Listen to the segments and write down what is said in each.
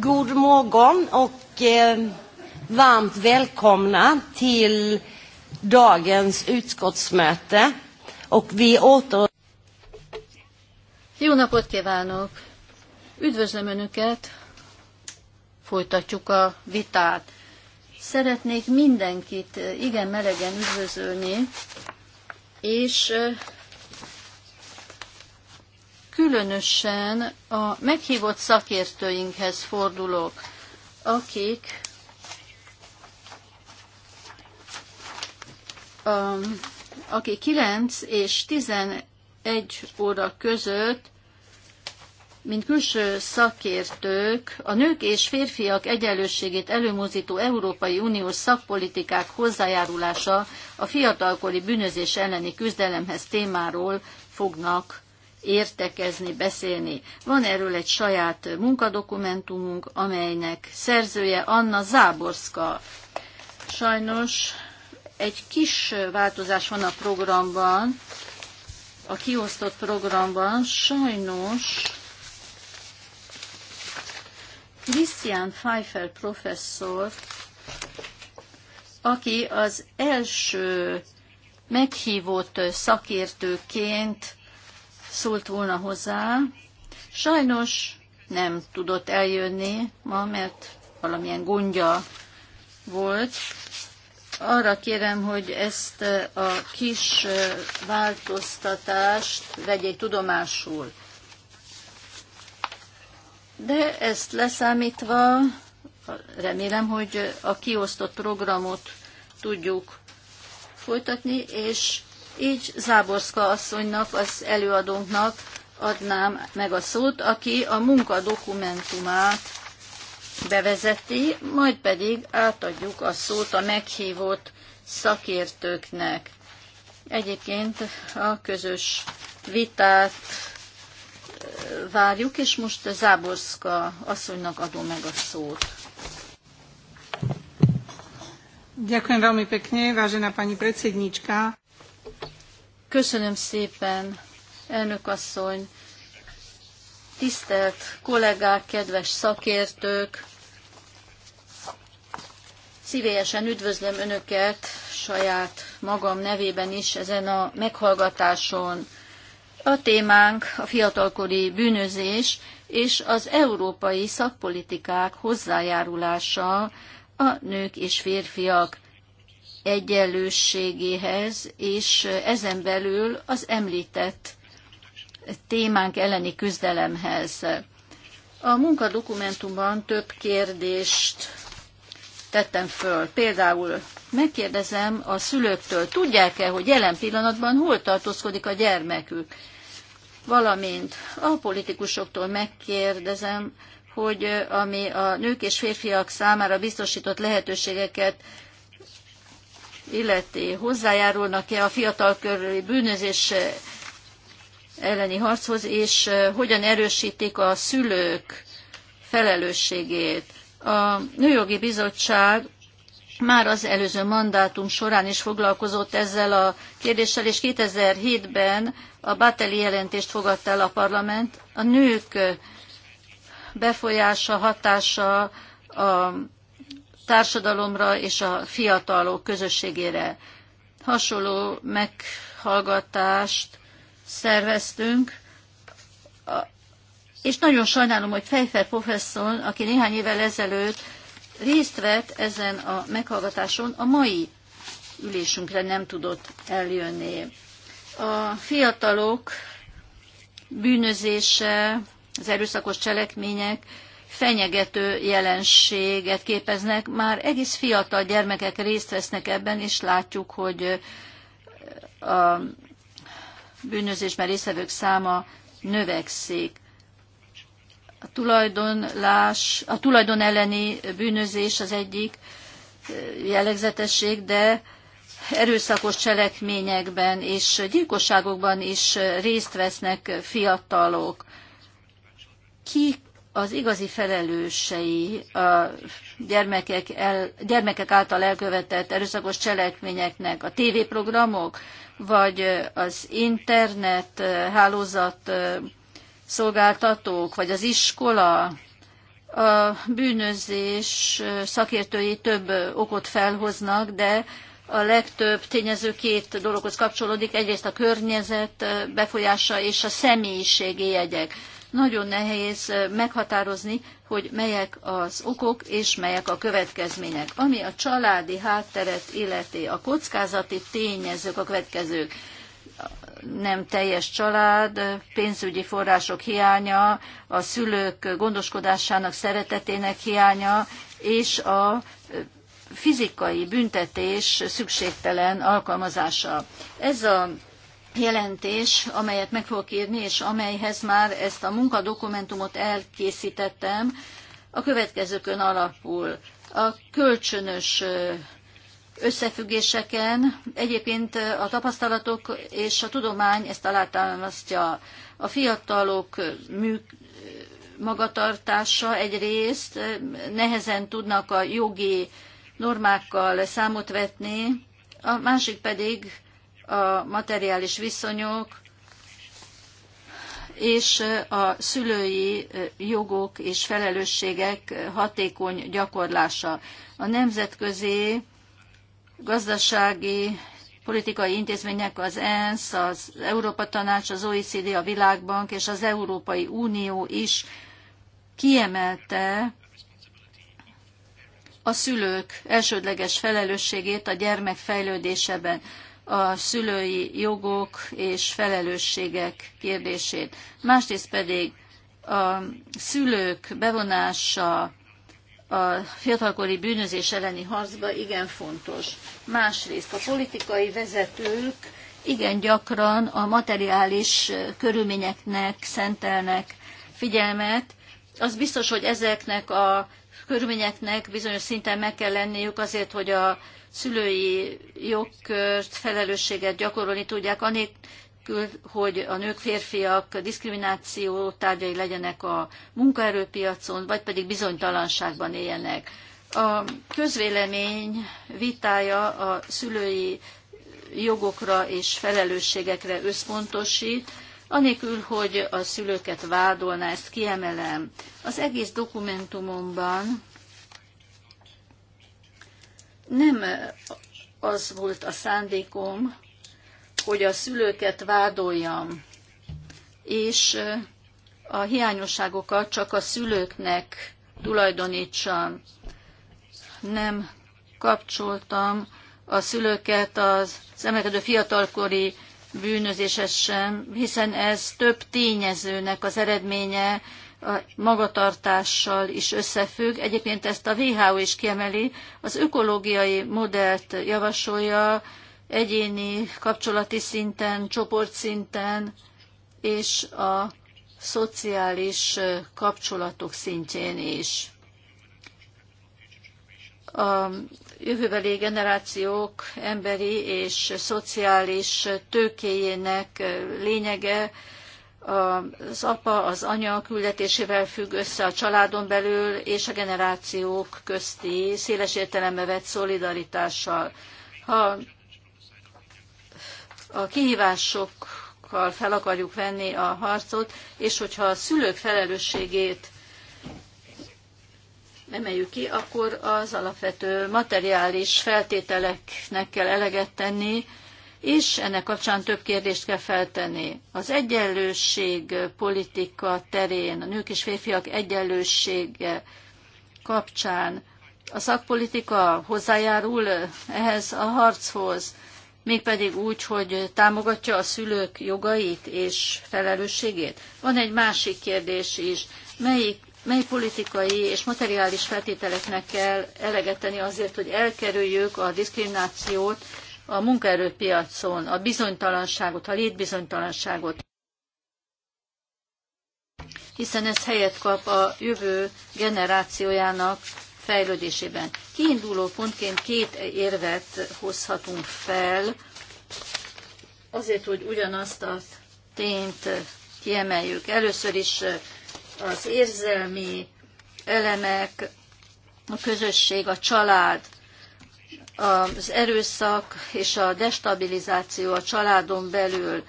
God morgon och eh, varmt välkomna till dagens utskottsmöte. Och vi åter... Jó napot kívánok! Üdvözlöm Önöket! Folytatjuk a vitát. Szeretnék mindenkit eh, igen melegen üdvözölni, és eh, különösen a meghívott szakértőinkhez fordulok, akik um, akik 9 és 11 óra között mint külső szakértők a nők és férfiak egyenlőségét előmozító Európai Uniós szakpolitikák hozzájárulása a fiatalkori bűnözés elleni küzdelemhez témáról fognak értekezni, beszélni. Van erről egy saját munkadokumentumunk, amelynek szerzője Anna Záborska. Sajnos egy kis változás van a programban, a kiosztott programban. Sajnos Christian Pfeiffer professzor, aki az első meghívott szakértőként szólt volna hozzá. Sajnos nem tudott eljönni ma, mert valamilyen gondja volt. Arra kérem, hogy ezt eh, a kis eh, változtatást vegyék tudomásul. De ezt leszámítva remélem, hogy a kiosztott programot tudjuk folytatni, és így Záborszka asszonynak, az előadónknak adnám meg a szót, aki a munka dokumentumát bevezeti, majd pedig átadjuk a szót a meghívott szakértőknek. Egyébként a közös vitát eh, várjuk, és most Záborszka asszonynak adom meg a szót. Ďakujem veľmi pekne, vážená pani predsedníčka. Köszönöm szépen, elnök asszony, tisztelt kollégák, kedves szakértők, Szívélyesen üdvözlöm Önöket saját magam nevében is ezen a meghallgatáson. A témánk a fiatalkori bűnözés és az európai szakpolitikák hozzájárulása a nők és férfiak egyenlőségéhez, és ezen belül az említett témánk elleni küzdelemhez. A munkadokumentumban több kérdést tettem föl. Például megkérdezem a szülőktől, tudják-e, hogy jelen pillanatban hol tartózkodik a gyermekük? Valamint a politikusoktól megkérdezem, hogy ami a nők és férfiak számára biztosított lehetőségeket illeti hozzájárulnak-e a fiatal bűnözés elleni harchoz, és hogyan erősítik a szülők felelősségét. A Nőjogi Bizottság már az előző mandátum során is foglalkozott ezzel a kérdéssel, és 2007-ben a Bateli jelentést fogadta el a parlament. A nők befolyása, hatása a társadalomra és a fiatalok közösségére. Hasonló meghallgatást szerveztünk, és nagyon sajnálom, hogy Fejfer professzor, aki néhány évvel ezelőtt részt vett ezen a meghallgatáson, a mai ülésünkre nem tudott eljönni. A fiatalok bűnözése, az erőszakos cselekmények fenyegető jelenséget képeznek. Már egész fiatal gyermekek részt vesznek ebben, és látjuk, hogy a bűnözésben részvevők száma növekszik. A tulajdonlás, a tulajdon elleni bűnözés az egyik jellegzetesség, de erőszakos cselekményekben és gyilkosságokban is részt vesznek fiatalok. Kik az igazi felelősei a gyermekek, el, gyermekek által elkövetett erőszakos cselekményeknek a tévéprogramok, vagy az internet hálózat szolgáltatók, vagy az iskola, a bűnözés szakértői több okot felhoznak, de a legtöbb tényező két dologhoz kapcsolódik, egyrészt a környezet befolyása és a személyiségi jegyek nagyon nehéz meghatározni, hogy melyek az okok és melyek a következmények. Ami a családi hátteret illeti, a kockázati tényezők a következők nem teljes család, pénzügyi források hiánya, a szülők gondoskodásának, szeretetének hiánya, és a fizikai büntetés szükségtelen alkalmazása. Ez a jelentés, amelyet meg fogok írni, és amelyhez már ezt a munkadokumentumot elkészítettem, a következőkön alapul. A kölcsönös összefüggéseken. Egyébként a tapasztalatok és a tudomány ezt alátámasztja. A fiatalok mű, magatartása egyrészt nehezen tudnak a jogi normákkal számot vetni, a másik pedig a materiális viszonyok és a szülői jogok és felelősségek hatékony gyakorlása. A nemzetközi gazdasági politikai intézmények, az ENSZ, az Európa Tanács, az OECD, a Világbank és az Európai Unió is kiemelte a szülők elsődleges felelősségét a gyermek fejlődésében a szülői jogok és felelősségek kérdését. Másrészt pedig a szülők bevonása a fiatalkori bűnözés elleni harcba igen fontos. Másrészt a politikai vezetők igen gyakran a materiális körülményeknek szentelnek figyelmet. Az biztos, hogy ezeknek a körülményeknek bizonyos szinten meg kell lenniük azért, hogy a szülői jogkört, felelősséget gyakorolni tudják, anélkül, hogy a nők, férfiak diszkrimináció tárgyai legyenek a munkaerőpiacon, vagy pedig bizonytalanságban éljenek. A közvélemény vitája a szülői jogokra és felelősségekre összpontosít, anélkül, hogy a szülőket vádolná, ezt kiemelem. Az egész dokumentumomban nem az volt a szándékom, hogy a szülőket vádoljam, és eh, a hiányosságokat csak a szülőknek tulajdonítsam. Nem kapcsoltam a szülőket az emelkedő fiatalkori bűnözéshez sem, hiszen ez több tényezőnek az eredménye, a magatartással is összefügg. Egyébként ezt a WHO is kiemeli, az ökológiai modellt javasolja egyéni kapcsolati szinten, csoportszinten és a szociális kapcsolatok szintjén is. A jövőbeli generációk emberi és szociális tőkéjének lényege az apa, az anya küldetésével függ össze a családon belül és a generációk közti széles értelembe vett szolidaritással. Ha a kihívásokkal fel akarjuk venni a harcot, és hogyha a szülők felelősségét emeljük ki, akkor az alapvető materiális feltételeknek kell eleget tenni, és ennek kapcsán több kérdést kell feltenni. Az egyenlőség politika terén, a nők és férfiak egyenlősége kapcsán a szakpolitika hozzájárul ehhez a harchoz, mégpedig úgy, hogy támogatja a szülők jogait és felelősségét. Van egy másik kérdés is, melyik mely politikai és materiális feltételeknek kell eleget tenni azért, hogy elkerüljük a diszkriminációt a munkaerőpiacon, a bizonytalanságot, a létbizonytalanságot, hiszen ez helyet kap a jövő generációjának fejlődésében. Kiinduló pontként két érvet hozhatunk fel, azért, hogy ugyanazt a tényt kiemeljük. Először is az érzelmi elemek, a közösség, a család az erőszak és a destabilizáció a családon belül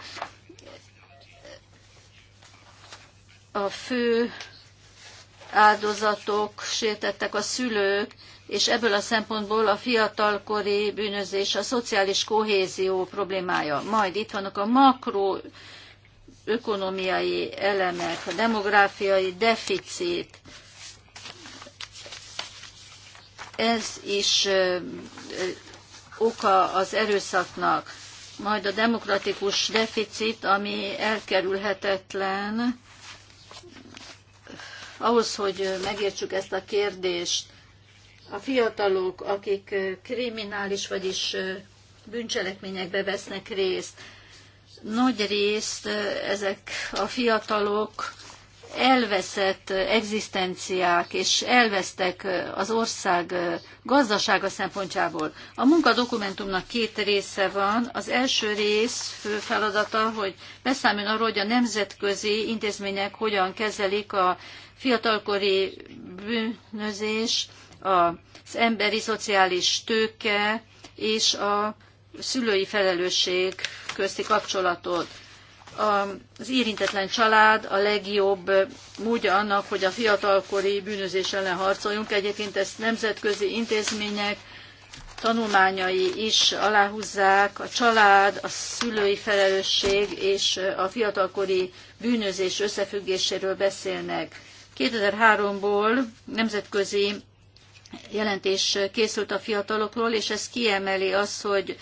a fő áldozatok, sértettek a szülők, és ebből a szempontból a fiatalkori bűnözés a szociális kohézió problémája. Majd itt vannak a makro ökonomiai elemek, a demográfiai deficit, ez is oka az erőszaknak. Majd a demokratikus deficit, ami elkerülhetetlen, ahhoz, hogy megértsük ezt a kérdést, a fiatalok, akik kriminális, vagyis bűncselekményekbe vesznek részt, nagy részt ezek a fiatalok elveszett egzisztenciák, és elvesztek az ország gazdasága szempontjából. A munkadokumentumnak két része van. Az első rész fő feladata, hogy beszámoljon arról, hogy a nemzetközi intézmények hogyan kezelik a fiatalkori bűnözés, az emberi szociális tőke és a szülői felelősség közti kapcsolatot az érintetlen család a legjobb módja annak, hogy a fiatalkori bűnözés ellen harcoljunk. Egyébként ezt nemzetközi intézmények tanulmányai is aláhúzzák, a család, a szülői felelősség és a fiatalkori bűnözés összefüggéséről beszélnek. 2003-ból nemzetközi jelentés készült a fiatalokról, és ez kiemeli azt, hogy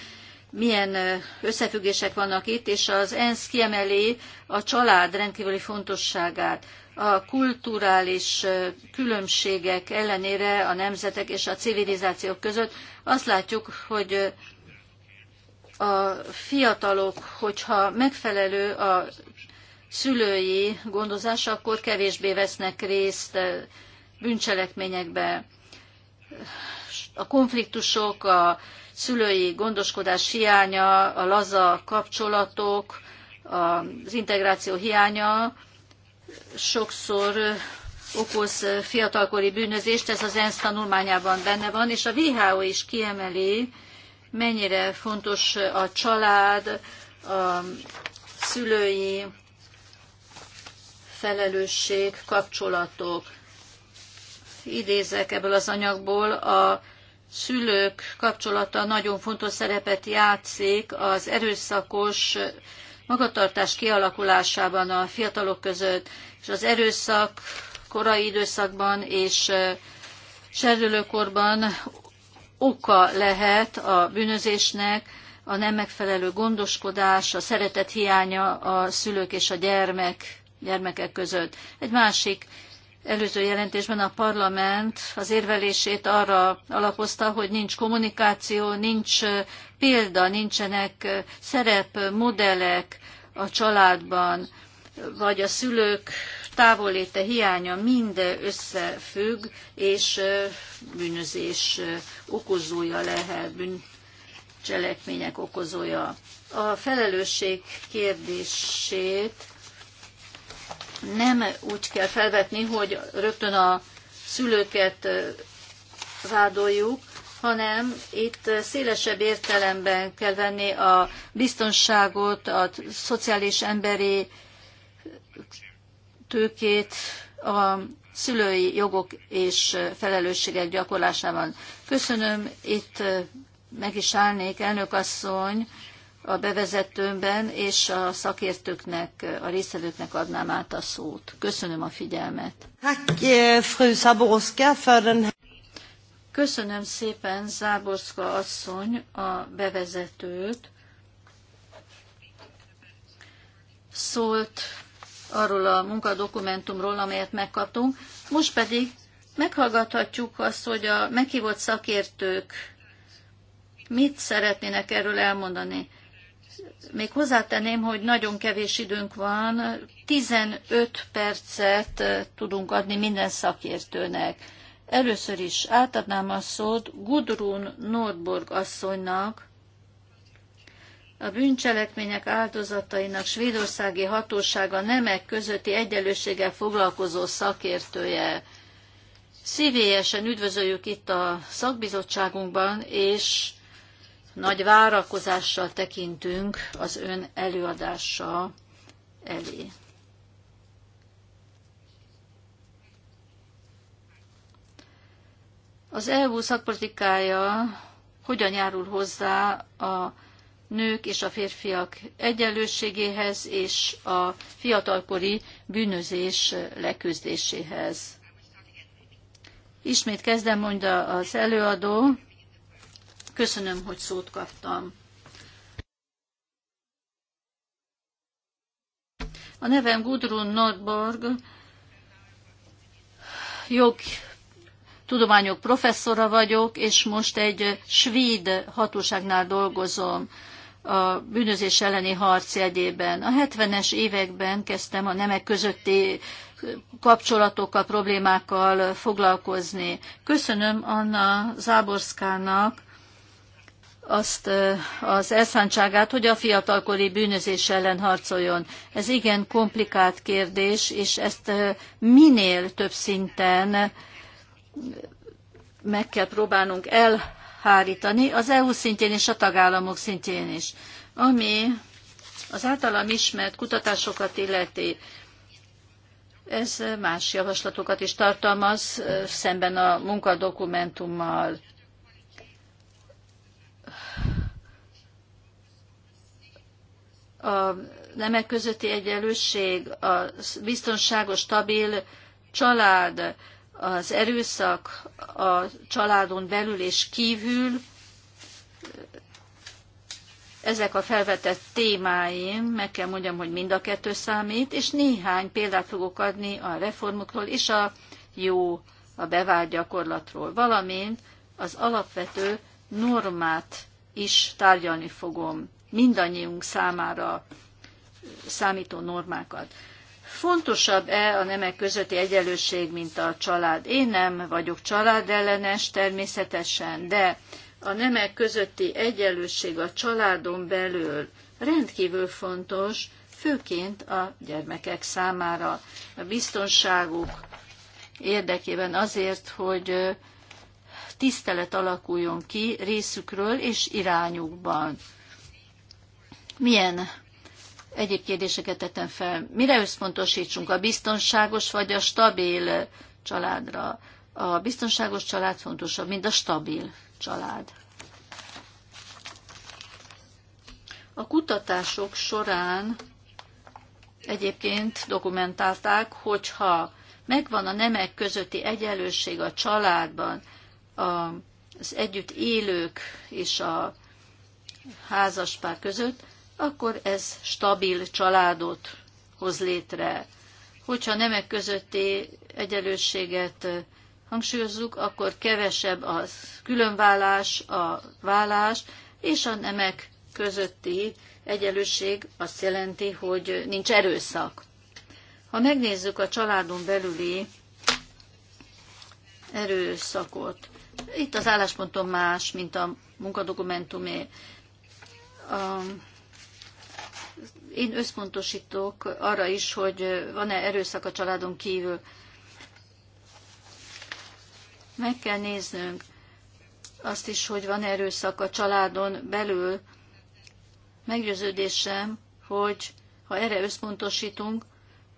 milyen összefüggések vannak itt, és az ENSZ kiemeli a család rendkívüli fontosságát. A kulturális különbségek ellenére a nemzetek és a civilizációk között azt látjuk, hogy a fiatalok, hogyha megfelelő a szülői gondozás, akkor kevésbé vesznek részt bűncselekményekbe. A konfliktusok, a szülői gondoskodás hiánya, a laza kapcsolatok, az integráció hiánya sokszor okoz fiatalkori bűnözést, ez az ENSZ tanulmányában benne van, és a WHO is kiemeli, mennyire fontos a család, a szülői felelősség, kapcsolatok. Idézek ebből az anyagból a szülők kapcsolata nagyon fontos szerepet játszik az erőszakos magatartás kialakulásában a fiatalok között, és az erőszak korai időszakban és serdülőkorban oka lehet a bűnözésnek, a nem megfelelő gondoskodás, a szeretet hiánya a szülők és a gyermek, gyermekek között. Egy másik előző jelentésben a parlament az érvelését arra alapozta, hogy nincs kommunikáció, nincs példa, nincsenek szerepmodellek a családban, vagy a szülők távoléte hiánya mind összefügg, és bűnözés okozója lehet, bűncselekmények okozója. A felelősség kérdését nem úgy kell felvetni, hogy rögtön a szülőket vádoljuk, hanem itt szélesebb értelemben kell venni a biztonságot, a szociális emberi tőkét, a szülői jogok és felelősségek gyakorlásában. Köszönöm, itt meg is állnék, elnök asszony, a bevezetőmben, és a szakértőknek, a részvevőknek adnám át a szót. Köszönöm a figyelmet. Eh, Köszönöm szépen, Záborszka asszony, a bevezetőt. Szólt arról a munkadokumentumról, amelyet megkaptunk. Most pedig meghallgathatjuk azt, hogy a meghívott szakértők mit szeretnének erről elmondani még hozzátenném, hogy nagyon kevés időnk van, 15 percet tudunk adni minden szakértőnek. Először is átadnám a szót Gudrun Nordborg asszonynak, a bűncselekmények áldozatainak svédországi hatósága nemek közötti egyenlőséggel foglalkozó szakértője. Szívélyesen üdvözöljük itt a szakbizottságunkban, és nagy várakozással tekintünk az ön előadása elé. Az EU szakpolitikája hogyan járul hozzá a nők és a férfiak egyenlőségéhez és a fiatalkori bűnözés leküzdéséhez. Ismét kezdem, mondja az előadó, Köszönöm, hogy szót kaptam. A nevem Gudrun Nordborg, jog tudományok professzora vagyok, és most egy svéd hatóságnál dolgozom a bűnözés elleni harc jegyében. A 70-es években kezdtem a nemek közötti kapcsolatokkal, problémákkal foglalkozni. Köszönöm Anna Záborszkának azt az elszántságát, hogy a fiatalkori bűnözés ellen harcoljon. Ez igen komplikált kérdés, és ezt minél több szinten meg kell próbálnunk elhárítani, az EU szintjén és a tagállamok szintjén is. Ami az általam ismert kutatásokat illeti, ez más javaslatokat is tartalmaz szemben a munkadokumentummal. a nemek közötti egyenlőség, a biztonságos, stabil család, az erőszak a családon belül és kívül, ezek a felvetett témáim, meg kell mondjam, hogy mind a kettő számít, és néhány példát fogok adni a reformokról és a jó, a bevált gyakorlatról, valamint az alapvető normát is tárgyalni fogom mindannyiunk számára számító normákat. Fontosabb-e a nemek közötti egyenlőség, mint a család? Én nem vagyok családellenes természetesen, de a nemek közötti egyenlőség a családon belül rendkívül fontos, főként a gyermekek számára. A biztonságuk érdekében azért, hogy tisztelet alakuljon ki részükről és irányukban. Milyen egyéb kérdéseket tettem fel. Mire összpontosítsunk? A biztonságos vagy a stabil családra? A biztonságos család fontosabb, mint a stabil család. A kutatások során egyébként dokumentálták, hogyha megvan a nemek közötti egyenlőség a családban, az együtt élők és a házaspár között, akkor ez stabil családot hoz létre. Hogyha nemek közötti egyenlőséget eh, hangsúlyozzuk, akkor kevesebb a különvállás, a vállás, és a nemek közötti egyenlőség azt jelenti, hogy nincs erőszak. Ha megnézzük a családon belüli erőszakot, itt az álláspontom más, mint a munkadokumentumé. A én összpontosítok arra is, hogy van-e erőszak a családon kívül. Meg kell néznünk azt is, hogy van erőszak a családon belül. Meggyőződésem, hogy ha erre összpontosítunk,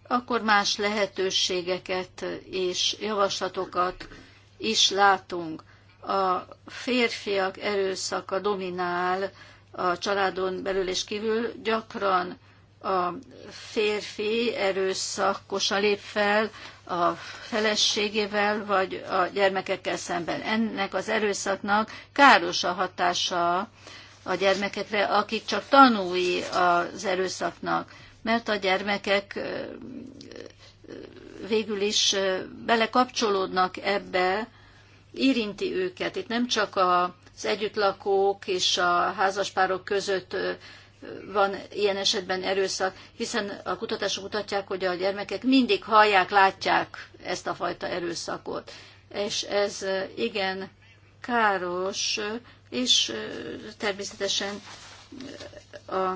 akkor más lehetőségeket és javaslatokat is látunk. A férfiak erőszaka dominál a családon belül és kívül, gyakran a férfi erőszakosan lép fel a feleségével vagy a gyermekekkel szemben. Ennek az erőszaknak káros a hatása a gyermekekre, akik csak tanúi az erőszaknak, mert a gyermekek végül is belekapcsolódnak ebbe, érinti őket. Itt nem csak az együttlakók és a házaspárok között van ilyen esetben erőszak, hiszen a kutatások mutatják, hogy a gyermekek mindig hallják, látják ezt a fajta erőszakot. És ez igen káros, és természetesen a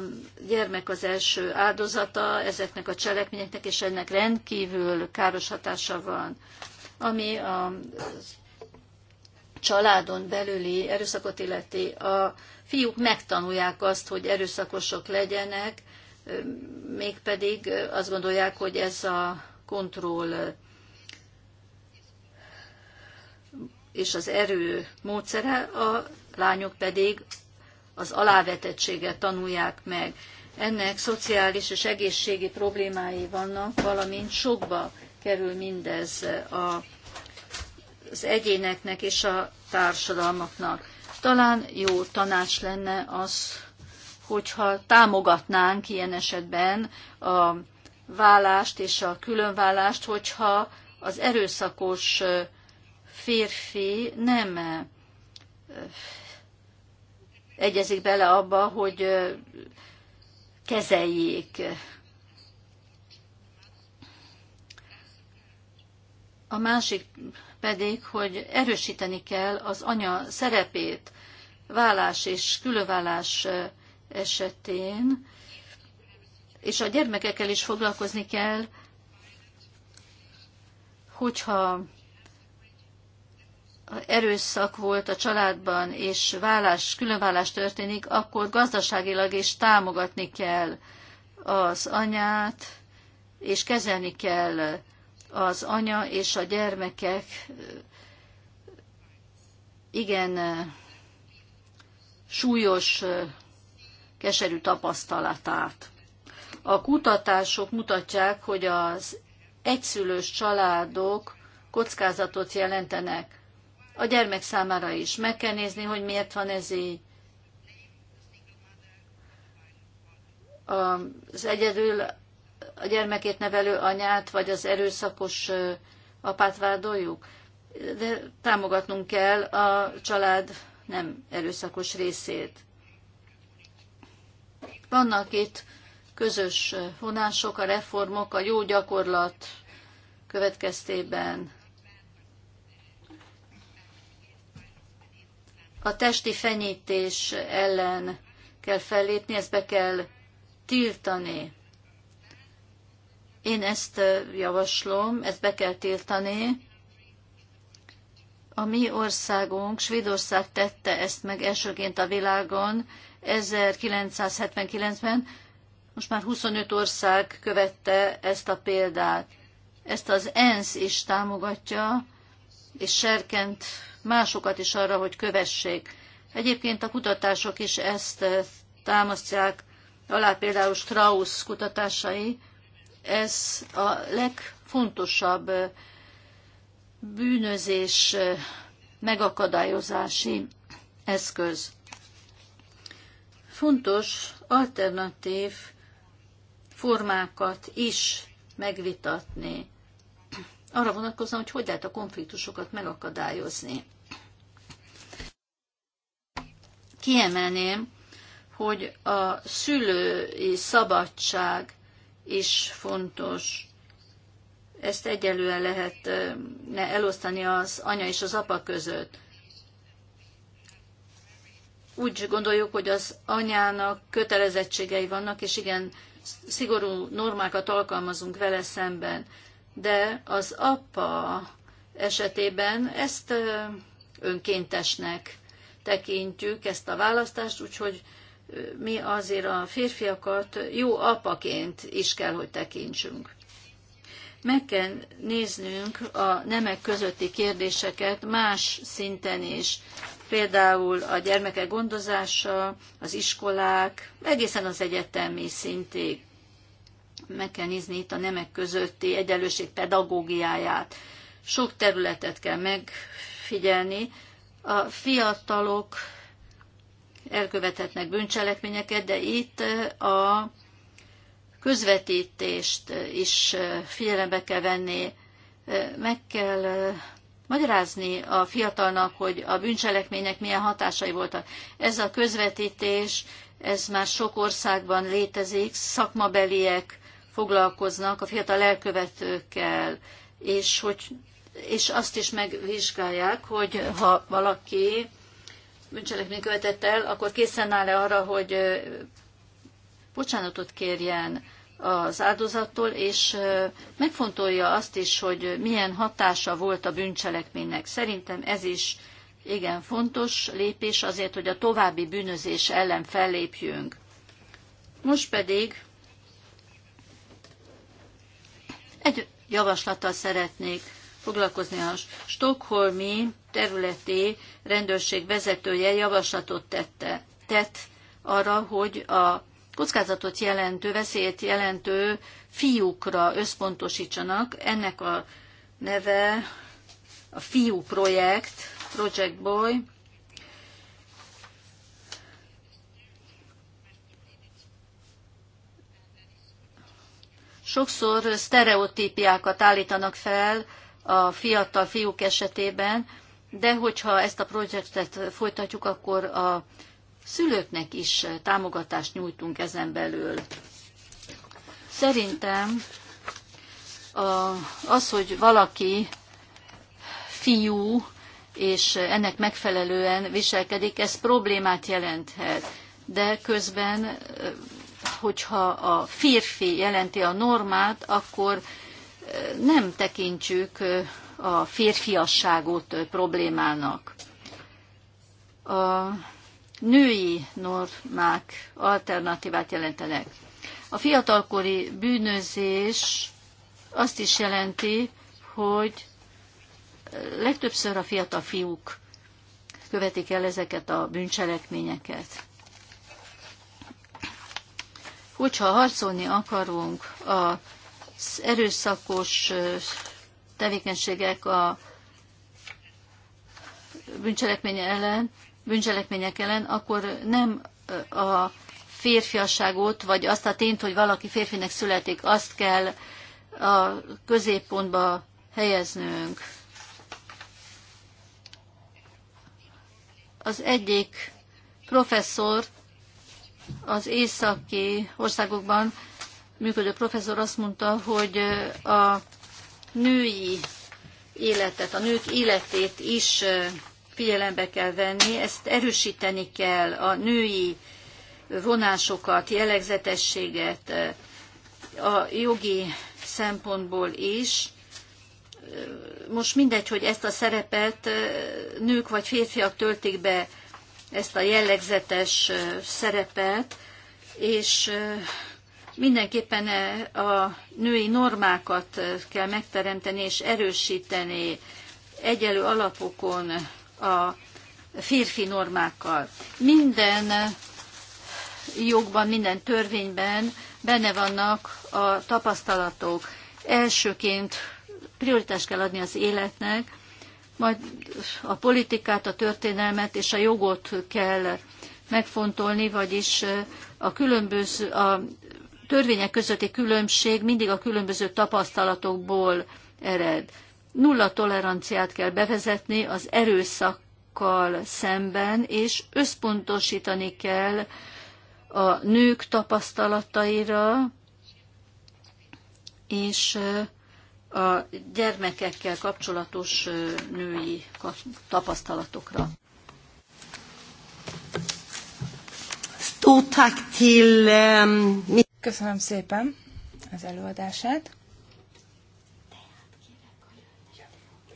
gyermek az első áldozata ezeknek a cselekményeknek, és ennek rendkívül káros hatása van. Ami a családon belüli erőszakot illeti, a fiúk megtanulják azt, hogy erőszakosok legyenek, mégpedig azt gondolják, hogy ez a kontroll és az erő módszere, a lányok pedig az alávetettséget tanulják meg. Ennek szociális és egészségi problémái vannak, valamint sokba kerül mindez a, az egyéneknek és a társadalmaknak. Talán jó tanács lenne az, hogyha támogatnánk ilyen esetben a vállást és a különvállást, hogyha az erőszakos férfi nem egyezik bele abba, hogy kezeljék. A másik pedig, hogy erősíteni kell az anya szerepét vállás és külövállás esetén, és a gyermekekkel is foglalkozni kell, hogyha erőszak volt a családban, és vállás, különvállás történik, akkor gazdaságilag is támogatni kell az anyát, és kezelni kell az anya és a gyermekek igen súlyos, keserű tapasztalatát. A kutatások mutatják, hogy az egyszülős családok kockázatot jelentenek a gyermek számára is. Meg kell nézni, hogy miért van ez így. Az egyedül a gyermekét nevelő anyát, vagy az erőszakos apát vádoljuk. De támogatnunk kell a család nem erőszakos részét. Vannak itt közös vonások, a reformok, a jó gyakorlat következtében. A testi fenyítés ellen kell fellépni, ezt be kell tiltani. Én ezt javaslom, ezt be kell tiltani. A mi országunk, Svédország tette ezt meg elsőként a világon 1979-ben, most már 25 ország követte ezt a példát. Ezt az ENSZ is támogatja, és serkent másokat is arra, hogy kövessék. Egyébként a kutatások is ezt támasztják alá, például Strauss kutatásai, ez a legfontosabb bűnözés megakadályozási eszköz. Fontos alternatív formákat is megvitatni. Arra vonatkozóan, hogy hogy lehet a konfliktusokat megakadályozni. Kiemelném, hogy a szülői szabadság is fontos. Ezt egyelően lehet ne elosztani az anya és az apa között. Úgy gondoljuk, hogy az anyának kötelezettségei vannak, és igen, szigorú normákat alkalmazunk vele szemben. De az apa esetében ezt önkéntesnek tekintjük, ezt a választást, úgyhogy mi azért a férfiakat jó apaként is kell, hogy tekintsünk. Meg kell néznünk a nemek közötti kérdéseket más szinten is, például a gyermekek gondozása, az iskolák, egészen az egyetemi szintig. Meg kell nézni itt a nemek közötti egyenlőség pedagógiáját. Sok területet kell megfigyelni. A fiatalok elkövethetnek bűncselekményeket, de itt a közvetítést is figyelembe kell venni, meg kell magyarázni a fiatalnak, hogy a bűncselekmények milyen hatásai voltak. Ez a közvetítés, ez már sok országban létezik, szakmabeliek foglalkoznak a fiatal elkövetőkkel, és, hogy, és azt is megvizsgálják, hogy ha valaki bűncselekmény követett el, akkor készen áll-e arra, hogy bocsánatot kérjen az áldozattól, és megfontolja azt is, hogy milyen hatása volt a bűncselekménynek. Szerintem ez is igen fontos lépés azért, hogy a további bűnözés ellen fellépjünk. Most pedig egy javaslattal szeretnék foglalkozni a Stockholmi területi rendőrség vezetője javaslatot tette, tett arra, hogy a kockázatot jelentő, veszélyt jelentő fiúkra összpontosítsanak. Ennek a neve a fiú projekt, Project Boy. Sokszor sztereotípiákat állítanak fel a fiatal fiúk esetében, de hogyha ezt a projektet folytatjuk, akkor a szülőknek is támogatást nyújtunk ezen belül. Szerintem az, hogy valaki fiú, és ennek megfelelően viselkedik, ez problémát jelenthet. De közben, hogyha a férfi jelenti a normát, akkor nem tekintjük a férfiasságot problémának. A női normák alternatívát jelentenek. A fiatalkori bűnözés azt is jelenti, hogy legtöbbször a fiatal fiúk követik el ezeket a bűncselekményeket. Hogyha harcolni akarunk az erőszakos tevékenységek a bűncselekmények ellen, bűncselekmények ellen, akkor nem a férfiasságot, vagy azt a tényt, hogy valaki férfinek születik, azt kell a középpontba helyeznünk. Az egyik professzor az északi országokban működő professzor azt mondta, hogy a női életet, a nők életét is figyelembe kell venni, ezt erősíteni kell, a női vonásokat, jellegzetességet a jogi szempontból is. Most mindegy, hogy ezt a szerepet nők vagy férfiak töltik be, ezt a jellegzetes szerepet, és Mindenképpen eh, a női normákat eh, kell megteremteni és erősíteni egyelő alapokon a férfi normákkal. Minden eh, jogban, minden törvényben benne vannak a tapasztalatok. Elsőként prioritást kell adni az életnek, majd a politikát, a történelmet és a jogot kell megfontolni, vagyis a különböző a törvények közötti különbség mindig a különböző tapasztalatokból ered. Nulla toleranciát kell bevezetni az erőszakkal szemben, és összpontosítani kell a nők tapasztalataira, és a gyermekekkel kapcsolatos női tapasztalatokra. Stort tack till... Ehm, Köszönöm szépen az előadását.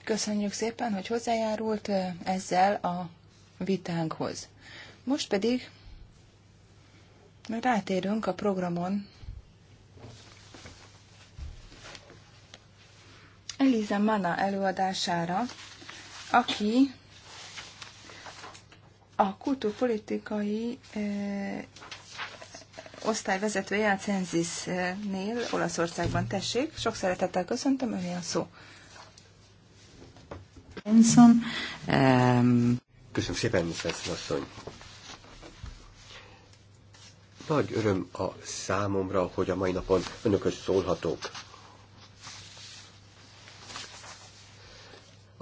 Köszönjük szépen, hogy hozzájárult ezzel a vitánkhoz. Most pedig rátérünk a programon. Eliza Mana előadására, aki a kultúrpolitikai osztályvezetője a Cenzisnél Olaszországban. Tessék, sok szeretettel köszöntöm, Ön a szó. Köszönöm szépen, Mr. asszony. Nagy öröm a számomra, hogy a mai napon önökös szólhatok.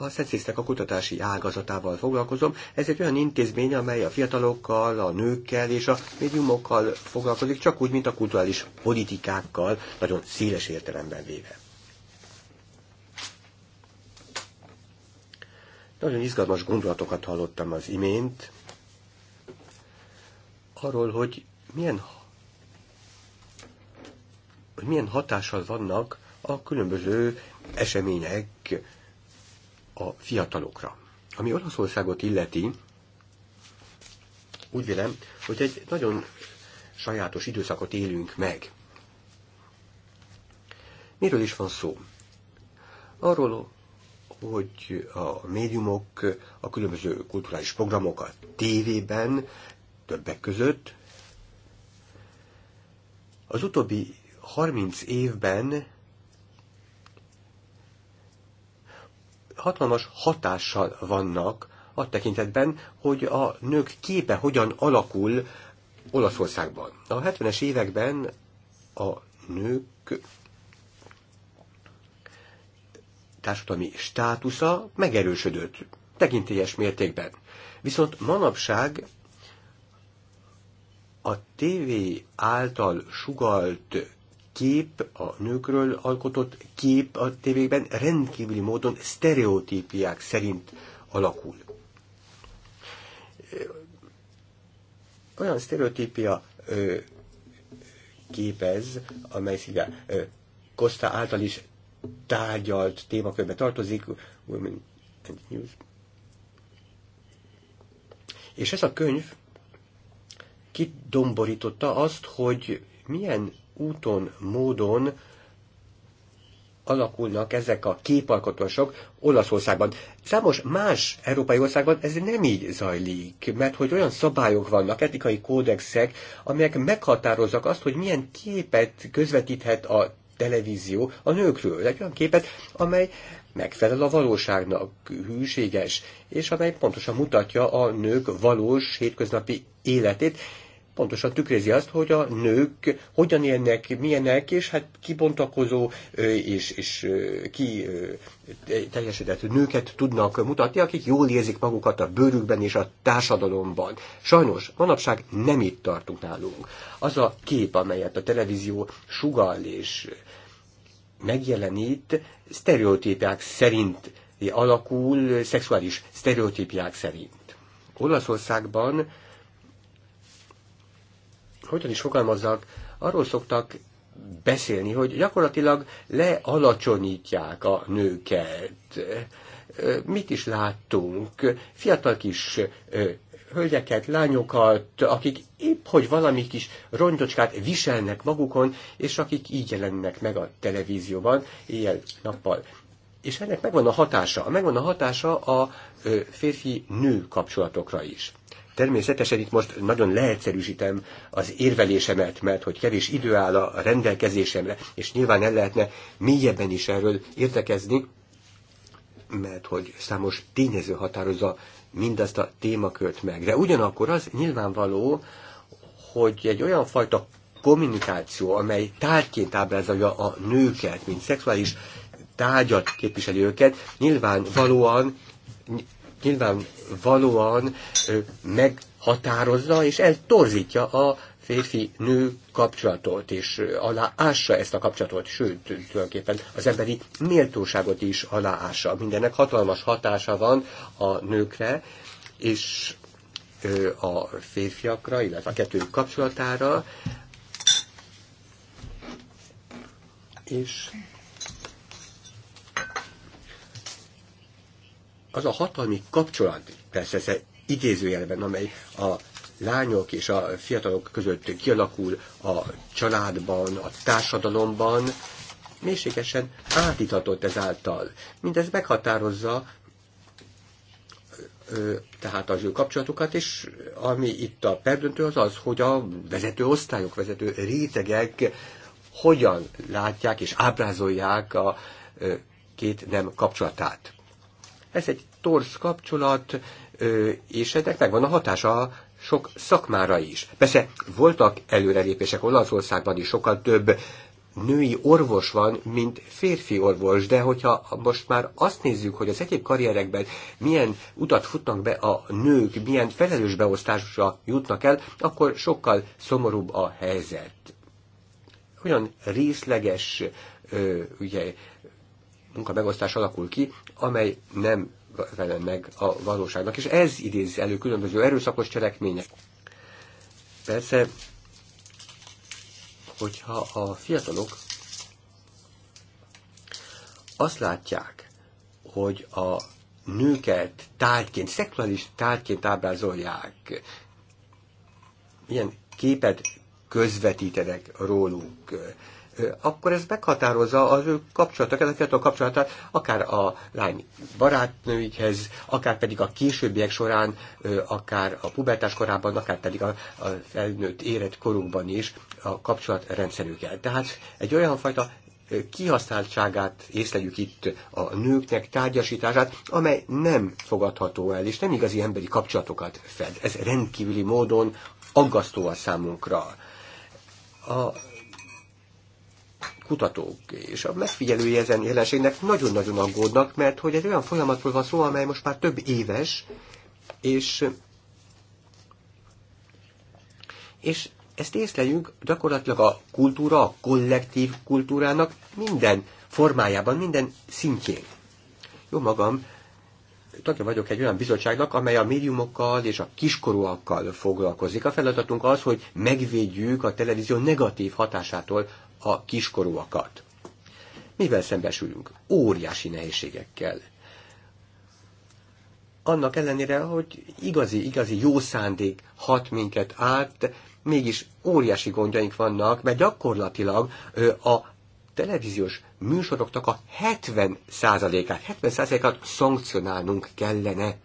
a szexisztek a kutatási ágazatával foglalkozom. Ez egy olyan intézmény, amely a fiatalokkal, a nőkkel és a médiumokkal foglalkozik, csak úgy, mint a kulturális politikákkal, nagyon széles értelemben véve. Nagyon izgalmas gondolatokat hallottam az imént, arról, hogy milyen, hogy milyen hatással vannak a különböző események a fiatalokra. Ami Olaszországot illeti, úgy vélem, hogy egy nagyon sajátos időszakot élünk meg. Miről is van szó? Arról, hogy a médiumok a különböző kulturális programok a tévében, többek között, az utóbbi 30 évben hatalmas hatással vannak a tekintetben, hogy a nők képe hogyan alakul Olaszországban. A 70-es években a nők társadalmi státusza megerősödött, tekintélyes mértékben. Viszont manapság a tévé által sugalt kép, a nőkről alkotott kép a tévékben rendkívüli módon sztereotípiák szerint alakul. Olyan sztereotípia ö, képez, amely szíve Kosta által is tárgyalt témakörbe tartozik, Women and News. És ez a könyv kidomborította azt, hogy milyen úton, módon alakulnak ezek a képalkotások Olaszországban. Számos más európai országban ez nem így zajlik, mert hogy olyan szabályok vannak, etikai kódexek, amelyek meghatározzak azt, hogy milyen képet közvetíthet a televízió a nőkről. Egy olyan képet, amely megfelel a valóságnak, hűséges, és amely pontosan mutatja a nők valós hétköznapi életét, pontosan tükrézi azt, hogy a nők hogyan élnek, milyenek, és hát kibontakozó és, és ki teljesedett nőket tudnak mutatni, akik jól érzik magukat a bőrükben és a társadalomban. Sajnos manapság nem itt tartunk nálunk. Az a kép, amelyet a televízió sugal és megjelenít, sztereotípiák szerint alakul, szexuális sztereotípiák szerint. Olaszországban hogyan is fogalmazzak, arról szoktak beszélni, hogy gyakorlatilag lealacsonyítják a nőket. Mit is láttunk? Fiatal kis hölgyeket, lányokat, akik épp hogy valami kis rongyocskát viselnek magukon, és akik így jelennek meg a televízióban éjjel-nappal. És ennek megvan a hatása, megvan a hatása a férfi-nő kapcsolatokra is. Természetesen itt most nagyon leegyszerűsítem az érvelésemet, mert hogy kevés idő áll a rendelkezésemre, és nyilván el lehetne mélyebben is erről értekezni, mert hogy számos tényező határozza mindazt a témakört meg. De ugyanakkor az nyilvánvaló, hogy egy olyan fajta kommunikáció, amely tárgyként ábrázolja a nőket, mint szexuális tárgyat képviselőket, nyilvánvalóan nyilvánvalóan meghatározza és eltorzítja a férfi-nő kapcsolatot, és aláássa ezt a kapcsolatot, sőt, tulajdonképpen az emberi méltóságot is aláássa. Mindennek hatalmas hatása van a nőkre, és a férfiakra, illetve a kettő kapcsolatára, és az a hatalmi kapcsolat, persze ez idézőjelben, amely a lányok és a fiatalok között kialakul a családban, a társadalomban, mélységesen átitatott ezáltal. Mindez meghatározza tehát az ő kapcsolatukat, és ami itt a perdöntő az az, hogy a vezető osztályok, vezető rétegek hogyan látják és ábrázolják a két nem kapcsolatát. Ez egy torz kapcsolat, és ennek megvan a hatása sok szakmára is. Persze voltak előrelépések Olaszországban is, sokkal több női orvos van, mint férfi orvos, de hogyha most már azt nézzük, hogy az egyéb karrierekben milyen utat futnak be a nők, milyen felelős beosztásra jutnak el, akkor sokkal szomorúbb a helyzet. Olyan részleges ö, ugye, munkamegosztás alakul ki, amely nem felel meg a valóságnak, és ez idézi elő különböző erőszakos cselekmények. Persze, hogyha a fiatalok azt látják, hogy a nőket tárgyként, szexuális tárgyként ábrázolják, ilyen képet közvetítenek róluk, akkor ez meghatározza az ő kapcsolatok, ezeket a kapcsolatát, akár a lány barátnőihez, akár pedig a későbbiek során, akár a pubertás korában, akár pedig a, a felnőtt érett korukban is a kapcsolatrendszerükkel. Tehát egy olyan fajta kihasználtságát észleljük itt a nőknek tárgyasítását, amely nem fogadható el, és nem igazi emberi kapcsolatokat fed. Ez rendkívüli módon aggasztó a számunkra. A kutatók és a megfigyelői ezen jelenségnek nagyon-nagyon aggódnak, mert hogy egy olyan folyamatról van szó, amely most már több éves, és, és ezt észleljük gyakorlatilag a kultúra, a kollektív kultúrának minden formájában, minden szintjén. Jó magam, tagja vagyok egy olyan bizottságnak, amely a médiumokkal és a kiskorúakkal foglalkozik. A feladatunk az, hogy megvédjük a televízió negatív hatásától a kiskorúakat. Mivel szembesülünk? Óriási nehézségekkel. Annak ellenére, hogy igazi, igazi jó szándék hat minket át, mégis óriási gondjaink vannak, mert gyakorlatilag a televíziós műsoroknak a 70%-át, 70%-át szankcionálnunk kellene.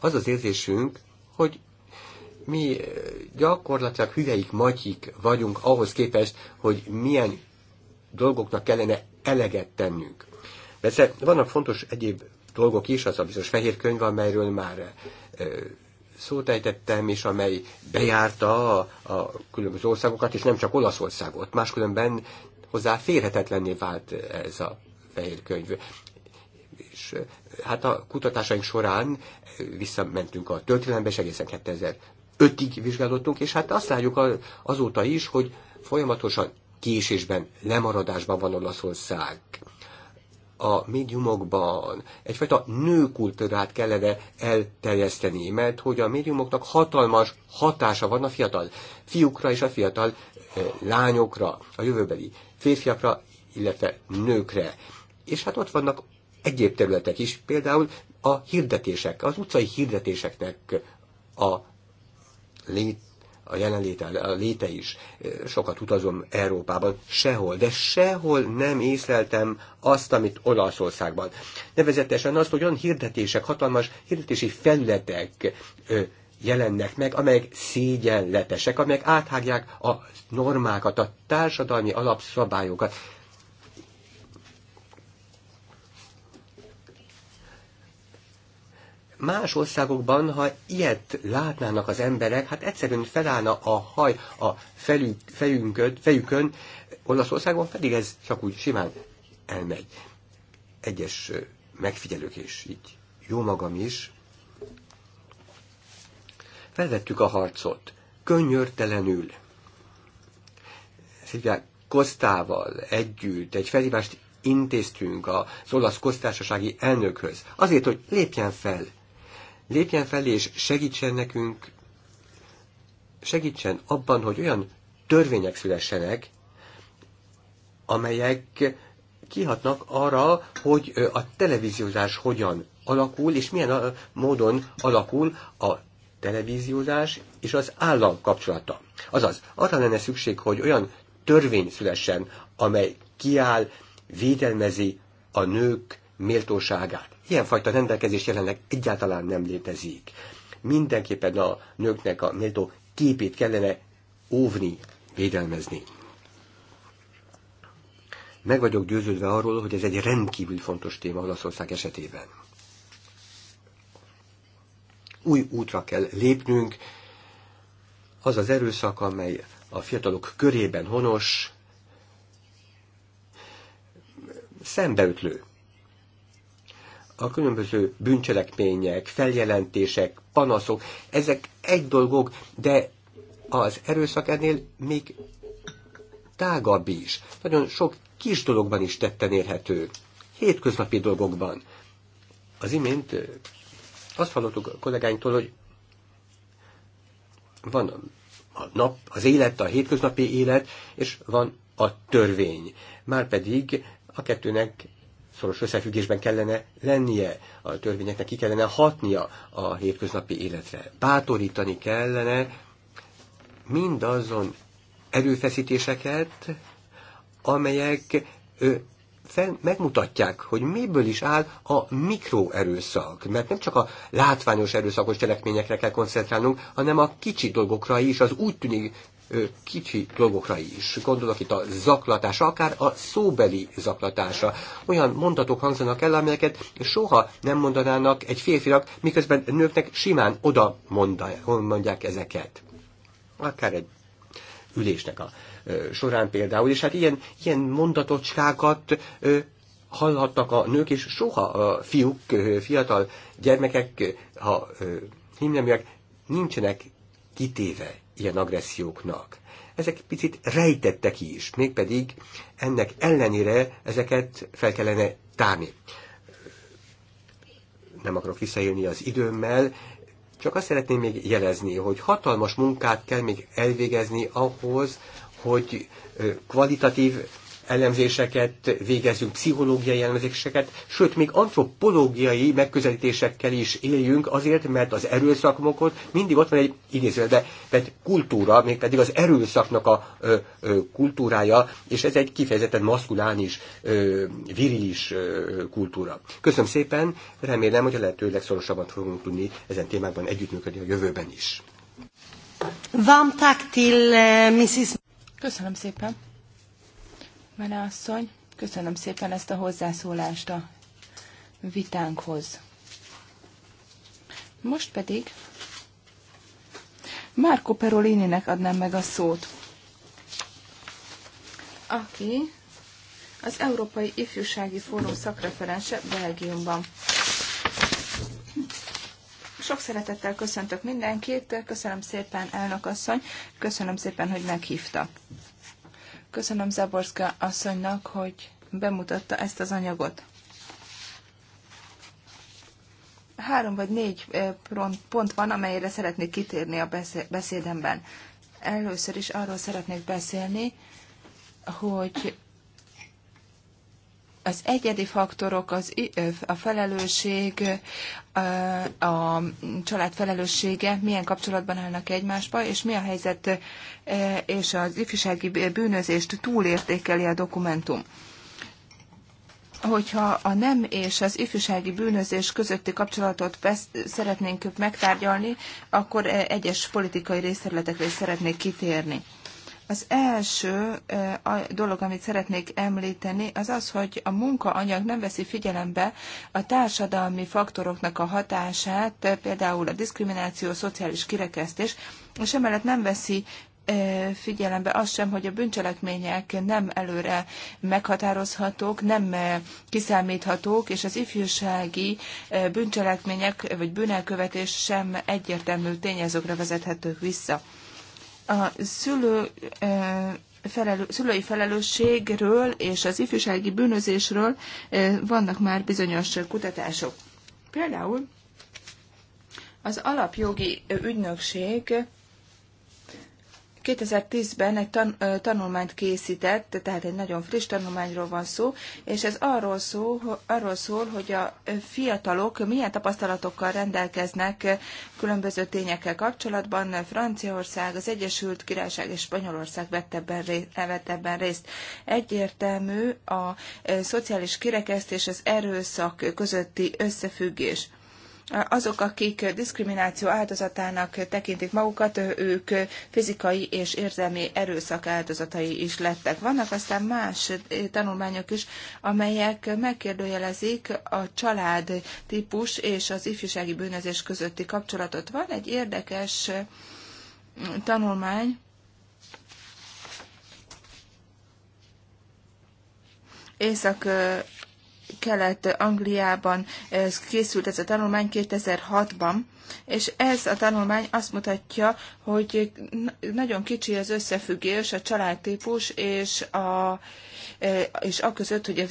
Az az érzésünk, hogy mi eh, gyakorlatilag hüveik, matyik vagyunk ahhoz képest, hogy milyen dolgoknak kellene eleget tennünk. Persze vannak fontos egyéb dolgok is, az a bizonyos fehér könyv, amelyről már eh, szót ejtettem, és amely bejárta a, a különböző országokat, és nem csak Olaszországot. Máskülönben hozzá férhetetlenné vált ez a fehér könyv. És eh, hát a kutatásaink során visszamentünk a történelembe, és egészen ötig vizsgálódtunk, és hát azt látjuk azóta is, hogy folyamatosan késésben, lemaradásban van Olaszország a médiumokban egyfajta nőkultúrát kellene elterjeszteni, mert hogy a médiumoknak hatalmas hatása van a fiatal fiúkra és a fiatal eh, lányokra, a jövőbeli férfiakra, illetve nőkre. És hát ott vannak egyéb területek is, például a hirdetések, az utcai hirdetéseknek a lét, a jelenléte, a léte is. Sokat utazom Európában, sehol, de sehol nem észleltem azt, amit Olaszországban. Nevezetesen azt, hogy olyan hirdetések, hatalmas hirdetési felületek jelennek meg, amelyek szégyenletesek, amelyek áthágják a normákat, a társadalmi alapszabályokat. más országokban, ha ilyet látnának az emberek, hát egyszerűen felállna a haj a felük, fejünkön, fejükön, Olaszországban pedig ez csak úgy simán elmegy. Egyes megfigyelők és így jó magam is. Felvettük a harcot, könnyörtelenül, Szívják Kosztával együtt egy felhívást intéztünk az olasz köztársasági elnökhöz, azért, hogy lépjen fel lépjen felé és segítsen nekünk, segítsen abban, hogy olyan törvények szülessenek, amelyek kihatnak arra, hogy a televíziózás hogyan alakul, és milyen módon alakul a televíziózás és az állam kapcsolata. Azaz, arra lenne szükség, hogy olyan törvény szülessen, amely kiáll, védelmezi a nők méltóságát. Ilyenfajta rendelkezés jelenleg egyáltalán nem létezik. Mindenképpen a nőknek a méltó képét kellene óvni, védelmezni. Meg vagyok győződve arról, hogy ez egy rendkívül fontos téma Olaszország esetében. Új útra kell lépnünk, az az erőszak, amely a fiatalok körében honos, szembeütlő a különböző bűncselekmények, feljelentések, panaszok, ezek egy dolgok, de az erőszak ennél még tágabb is. Nagyon sok kis dologban is tetten érhető. Hétköznapi dolgokban. Az imént azt hallottuk a kollégánktól, hogy van a nap, az élet, a hétköznapi élet, és van a törvény. Márpedig a kettőnek szoros összefüggésben kellene lennie, a törvényeknek ki kellene hatnia a hétköznapi életre. Bátorítani kellene mindazon erőfeszítéseket, amelyek ö, fel, megmutatják, hogy miből is áll a mikroerőszak. Mert nem csak a látványos erőszakos cselekményekre kell koncentrálnunk, hanem a kicsi dolgokra is, az úgy tűnik kicsi dolgokra is. Gondolok itt a zaklatásra, akár a szóbeli zaklatásra. Olyan mondatok hangzanak el, amelyeket soha nem mondanának egy férfinak, miközben nőknek simán oda mondják ezeket. Akár egy ülésnek a során például, és hát ilyen, ilyen mondatocskákat hallhattak a nők, és soha a fiúk, fiatal gyermekek, ha himneműek, nincsenek kitéve ilyen agresszióknak. Ezek picit rejtettek is, mégpedig ennek ellenére ezeket fel kellene tárni. Nem akarok visszajönni az időmmel, csak azt szeretném még jelezni, hogy hatalmas munkát kell még elvégezni ahhoz, hogy kvalitatív elemzéseket végezzünk, pszichológiai elemzéseket, sőt, még antropológiai megközelítésekkel is éljünk azért, mert az erőszakmokot mindig ott van egy de vett kultúra, mégpedig az erőszaknak a ö, ö, kultúrája, és ez egy kifejezetten maszkulánis, ö, virilis ö, kultúra. Köszönöm szépen, remélem, hogy a lehető legszorosabban fogunk tudni ezen témákban együttműködni a jövőben is. Vám tak eh, Mrs. Köszönöm szépen. Mene asszony, köszönöm szépen ezt a hozzászólást a vitánkhoz. Most pedig Márko Perolininek adnám meg a szót, aki az Európai Ifjúsági Fórum szakreferense Belgiumban. Sok szeretettel köszöntök mindenkit, köszönöm szépen, elnök asszony, köszönöm szépen, hogy meghívta. Köszönöm Zaborszka asszonynak, hogy bemutatta ezt az anyagot. Három vagy négy pont van, amelyre szeretnék kitérni a beszédemben. Először is arról szeretnék beszélni, hogy az egyedi faktorok, az, a felelősség, a család felelőssége milyen kapcsolatban állnak egymásba, és mi a helyzet, és az ifjúsági bűnözést túlértékeli a dokumentum hogyha a nem és az ifjúsági bűnözés közötti kapcsolatot szeretnénk megtárgyalni, akkor egyes politikai részterületekre is szeretnék kitérni. Az első a dolog, amit szeretnék említeni, az az, hogy a munkaanyag nem veszi figyelembe a társadalmi faktoroknak a hatását, például a diszkrimináció, a szociális kirekesztés, és emellett nem veszi figyelembe azt sem, hogy a bűncselekmények nem előre meghatározhatók, nem kiszámíthatók, és az ifjúsági bűncselekmények vagy bűnelkövetés sem egyértelmű tényezőkre vezethetők vissza a szülő, e, felelő, szülői felelősségről és az ifjúsági bűnözésről e, vannak már bizonyos kutatások. Például az alapjogi ügynökség 2010-ben egy tan- tanulmányt készített, tehát egy nagyon friss tanulmányról van szó, és ez arról szól, arról szól, hogy a fiatalok milyen tapasztalatokkal rendelkeznek különböző tényekkel kapcsolatban. Franciaország, az Egyesült Királyság és Spanyolország vett ebben, ré- vett ebben részt. Egyértelmű a szociális kirekesztés, az erőszak közötti összefüggés azok, akik diszkrimináció áldozatának tekintik magukat, ők fizikai és érzelmi erőszak áldozatai is lettek. Vannak aztán más tanulmányok is, amelyek megkérdőjelezik a család típus és az ifjúsági bűnözés közötti kapcsolatot. Van egy érdekes tanulmány, Észak Kelet-Angliában készült ez a tanulmány 2006-ban, és ez a tanulmány azt mutatja, hogy nagyon kicsi az összefüggés a családtípus és a és a között, hogy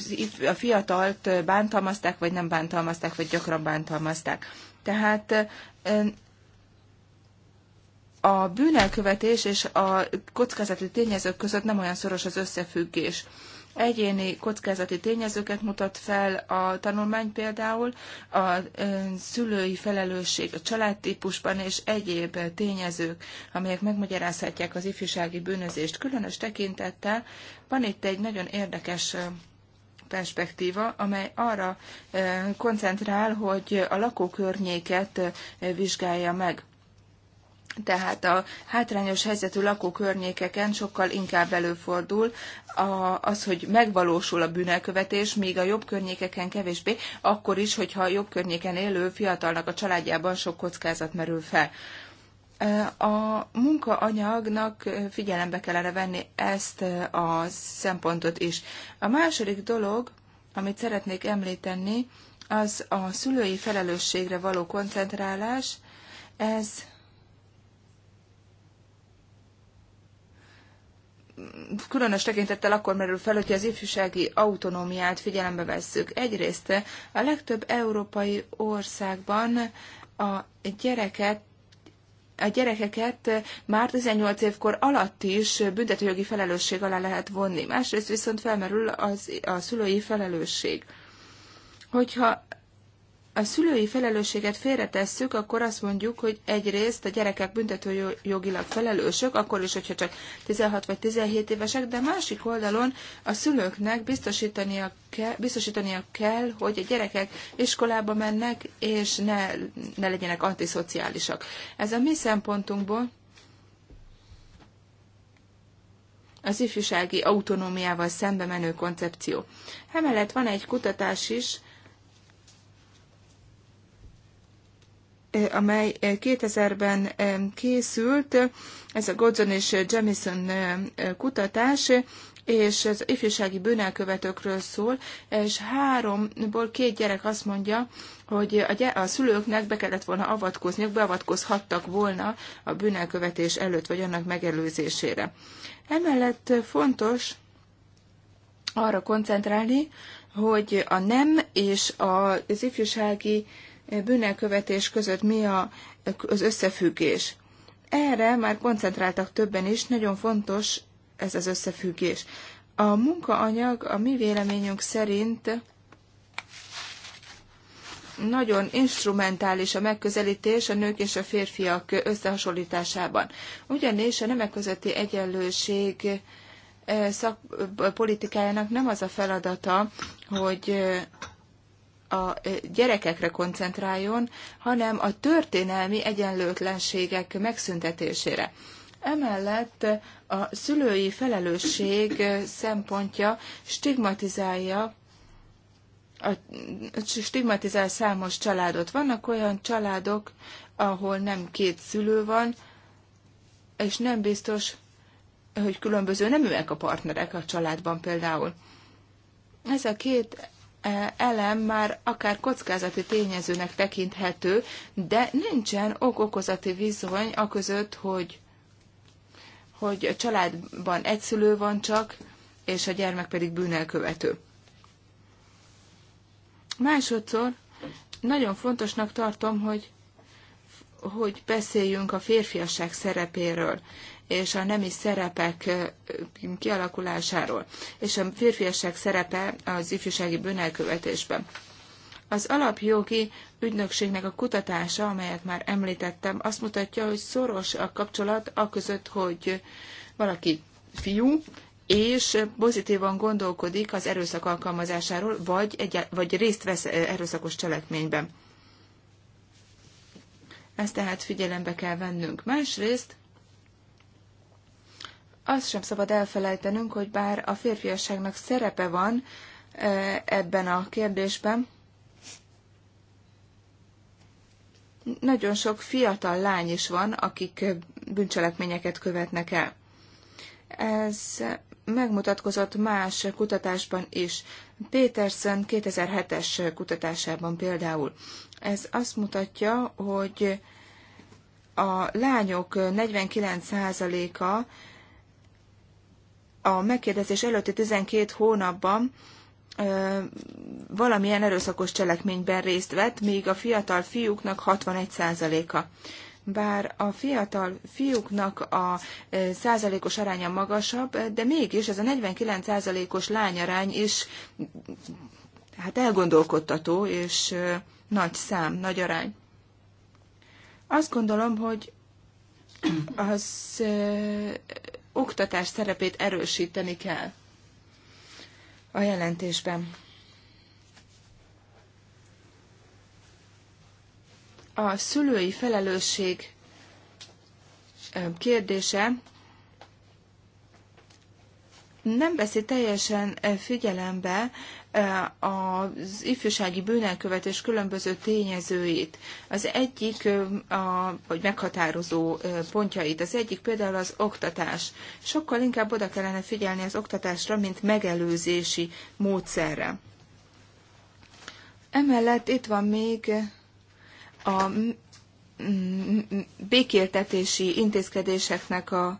a fiatalt bántalmazták, vagy nem bántalmazták, vagy gyakran bántalmazták. Tehát a bűnelkövetés és a kockázati tényezők között nem olyan szoros az összefüggés. Egyéni kockázati tényezőket mutat fel a tanulmány például, a szülői felelősség a családtípusban és egyéb tényezők, amelyek megmagyarázhatják az ifjúsági bűnözést. Különös tekintettel van itt egy nagyon érdekes perspektíva, amely arra koncentrál, hogy a lakókörnyéket vizsgálja meg tehát a hátrányos helyzetű lakókörnyékeken sokkal inkább előfordul az, hogy megvalósul a bűnelkövetés, míg a jobb környékeken kevésbé, akkor is, hogyha a jobb környéken élő fiatalnak a családjában sok kockázat merül fel. A munkaanyagnak figyelembe kellene venni ezt a szempontot is. A második dolog, amit szeretnék említeni, az a szülői felelősségre való koncentrálás. Ez különös tekintettel akkor merül fel, hogyha az ifjúsági autonómiát figyelembe vesszük. Egyrészt a legtöbb európai országban a gyereket a gyerekeket már 18 évkor alatt is büntetőjogi felelősség alá lehet vonni. Másrészt viszont felmerül az, a szülői felelősség. Hogyha a szülői felelősséget félretesszük, akkor azt mondjuk, hogy egyrészt a gyerekek büntető jogilag felelősök, akkor is, hogyha csak 16 vagy 17 évesek, de másik oldalon a szülőknek biztosítania kell, biztosítania kell hogy a gyerekek iskolába mennek, és ne, ne legyenek antiszociálisak. Ez a mi szempontunkból az ifjúsági autonómiával szembe menő koncepció. Emellett van egy kutatás is, Eh, amely 2000-ben eh, eh, készült, ez a Godson és Jamison kutatás, és az ifjúsági bűnelkövetőkről szól, és háromból két gyerek azt mondja, hogy a, a szülőknek be kellett volna avatkozniuk, beavatkozhattak volna a bűnelkövetés előtt, vagy annak megelőzésére. Emellett fontos arra koncentrálni, hogy a nem és az ifjúsági bűnelkövetés között mi a, az összefüggés. Erre már koncentráltak többen is, nagyon fontos ez az összefüggés. A munkaanyag a mi véleményünk szerint nagyon instrumentális a megközelítés a nők és a férfiak összehasonlításában. Ugyanis a nemek közötti egyenlőség eh, szakpolitikájának nem az a feladata, hogy eh, a gyerekekre koncentráljon, hanem a történelmi egyenlőtlenségek megszüntetésére. Emellett a szülői felelősség szempontja stigmatizálja a, stigmatizál számos családot. Vannak olyan családok, ahol nem két szülő van, és nem biztos, hogy különböző neműek a partnerek a családban például. Ez a két E, elem már akár kockázati tényezőnek tekinthető, de nincsen ok-okozati viszony a között, hogy, hogy a családban egy szülő van csak, és a gyermek pedig bűnelkövető. Másodszor nagyon fontosnak tartom, hogy hogy beszéljünk a férfiasság szerepéről és a nemi szerepek kialakulásáról, és a férfiasság szerepe az ifjúsági bűnelkövetésben. Az alapjogi ügynökségnek a kutatása, amelyet már említettem, azt mutatja, hogy szoros a kapcsolat aközött, hogy valaki fiú, és pozitívan gondolkodik az erőszak alkalmazásáról, vagy, egy, vagy részt vesz erőszakos cselekményben ezt tehát figyelembe kell vennünk. Másrészt azt sem szabad elfelejtenünk, hogy bár a férfiasságnak szerepe van e, ebben a kérdésben, nagyon sok fiatal lány is van, akik bűncselekményeket követnek el. Ez megmutatkozott más kutatásban is. Peterson 2007-es kutatásában például. Ez azt mutatja, hogy a lányok 49%-a a megkérdezés előtti 12 hónapban valamilyen erőszakos cselekményben részt vett, míg a fiatal fiúknak 61%-a. Bár a fiatal fiúknak a százalékos aránya magasabb, de mégis ez a 49 százalékos lányarány is hát elgondolkodtató, és nagy szám, nagy arány. Azt gondolom, hogy az oktatás szerepét erősíteni kell a jelentésben. A szülői felelősség kérdése nem veszi teljesen figyelembe Eh, az ifjúsági bűnelkövetés különböző tényezőit. Az egyik, eh, a, vagy meghatározó eh, pontjait, az egyik például az oktatás. Sokkal inkább oda kellene figyelni az oktatásra, mint megelőzési módszerre. Emellett itt van még a békéltetési intézkedéseknek a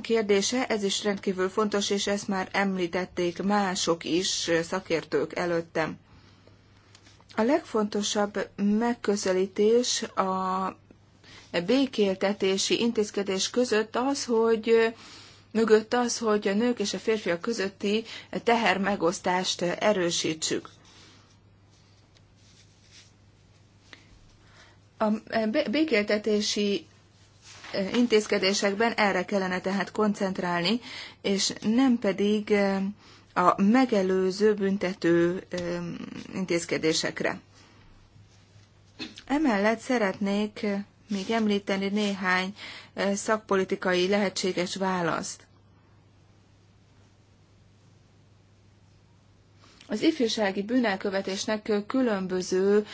kérdése, ez is rendkívül fontos, és ezt már említették mások is, szakértők előttem. A legfontosabb megközelítés a békéltetési intézkedés között az, hogy mögött az, hogy a nők és a férfiak közötti teher megosztást erősítsük. A békéltetési intézkedésekben erre kellene tehát koncentrálni, és nem pedig a megelőző büntető intézkedésekre. Emellett szeretnék még említeni néhány szakpolitikai lehetséges választ. Az ifjúsági bűnelkövetésnek különböző,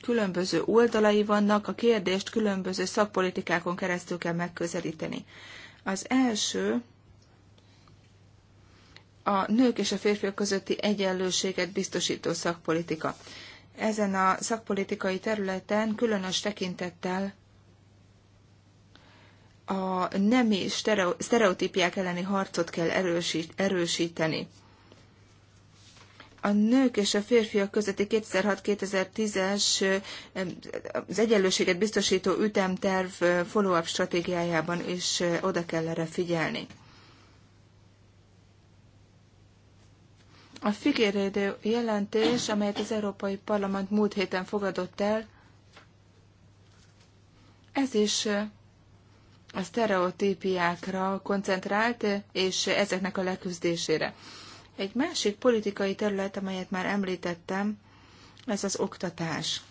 különböző oldalai vannak, a kérdést különböző szakpolitikákon keresztül kell megközelíteni. Az első a nők és a férfiak közötti egyenlőséget biztosító szakpolitika. Ezen a szakpolitikai területen különös tekintettel a nemi sztereotípiák elleni harcot kell erősíteni a nők és a férfiak közötti 2006-2010-es az egyenlőséget biztosító ütemterv follow-up stratégiájában is oda kell erre figyelni. A Figyelédő jelentés, amelyet az Európai Parlament múlt héten fogadott el, ez is a sztereotípiákra koncentrált, és ezeknek a leküzdésére. Egy másik politikai terület, amelyet már említettem, ez az oktatás.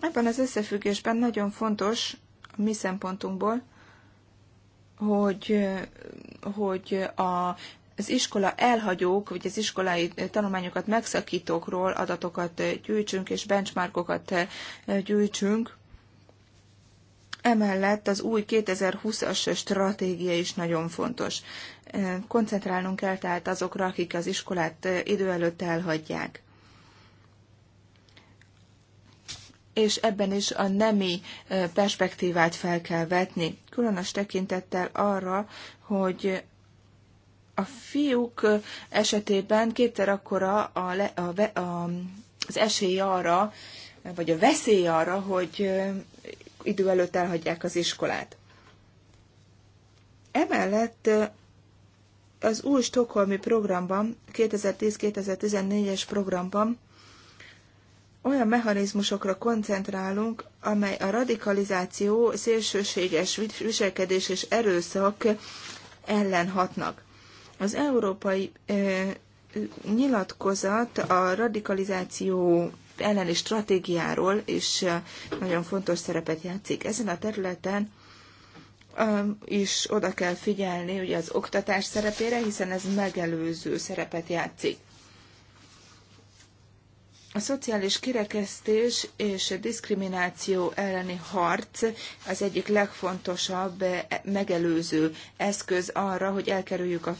Ebben az összefüggésben nagyon fontos a mi szempontunkból, hogy, hogy a, az iskola elhagyók, vagy az iskolai tanulmányokat megszakítókról adatokat gyűjtsünk, és benchmarkokat gyűjtsünk. Emellett az új 2020-as stratégia is nagyon fontos koncentrálnunk kell tehát azokra, akik az iskolát idő előtt elhagyják. és ebben is a nemi perspektívát fel kell vetni, különös tekintettel arra, hogy a fiúk esetében kétszer akkora a, le, a, a, az esély arra, vagy a veszély arra, hogy idő előtt elhagyják az iskolát. Emellett az új stokholmi programban, 2010-2014-es programban olyan mechanizmusokra koncentrálunk, amely a radikalizáció, szélsőséges viselkedés és erőszak ellen hatnak. Az európai e, nyilatkozat a radikalizáció elleni stratégiáról is nagyon fontos szerepet játszik. Ezen a területen is oda kell figyelni ugye az oktatás szerepére, hiszen ez megelőző szerepet játszik. A szociális kirekesztés és a diszkrimináció elleni harc az egyik legfontosabb eh, megelőző eszköz arra, hogy elkerüljük a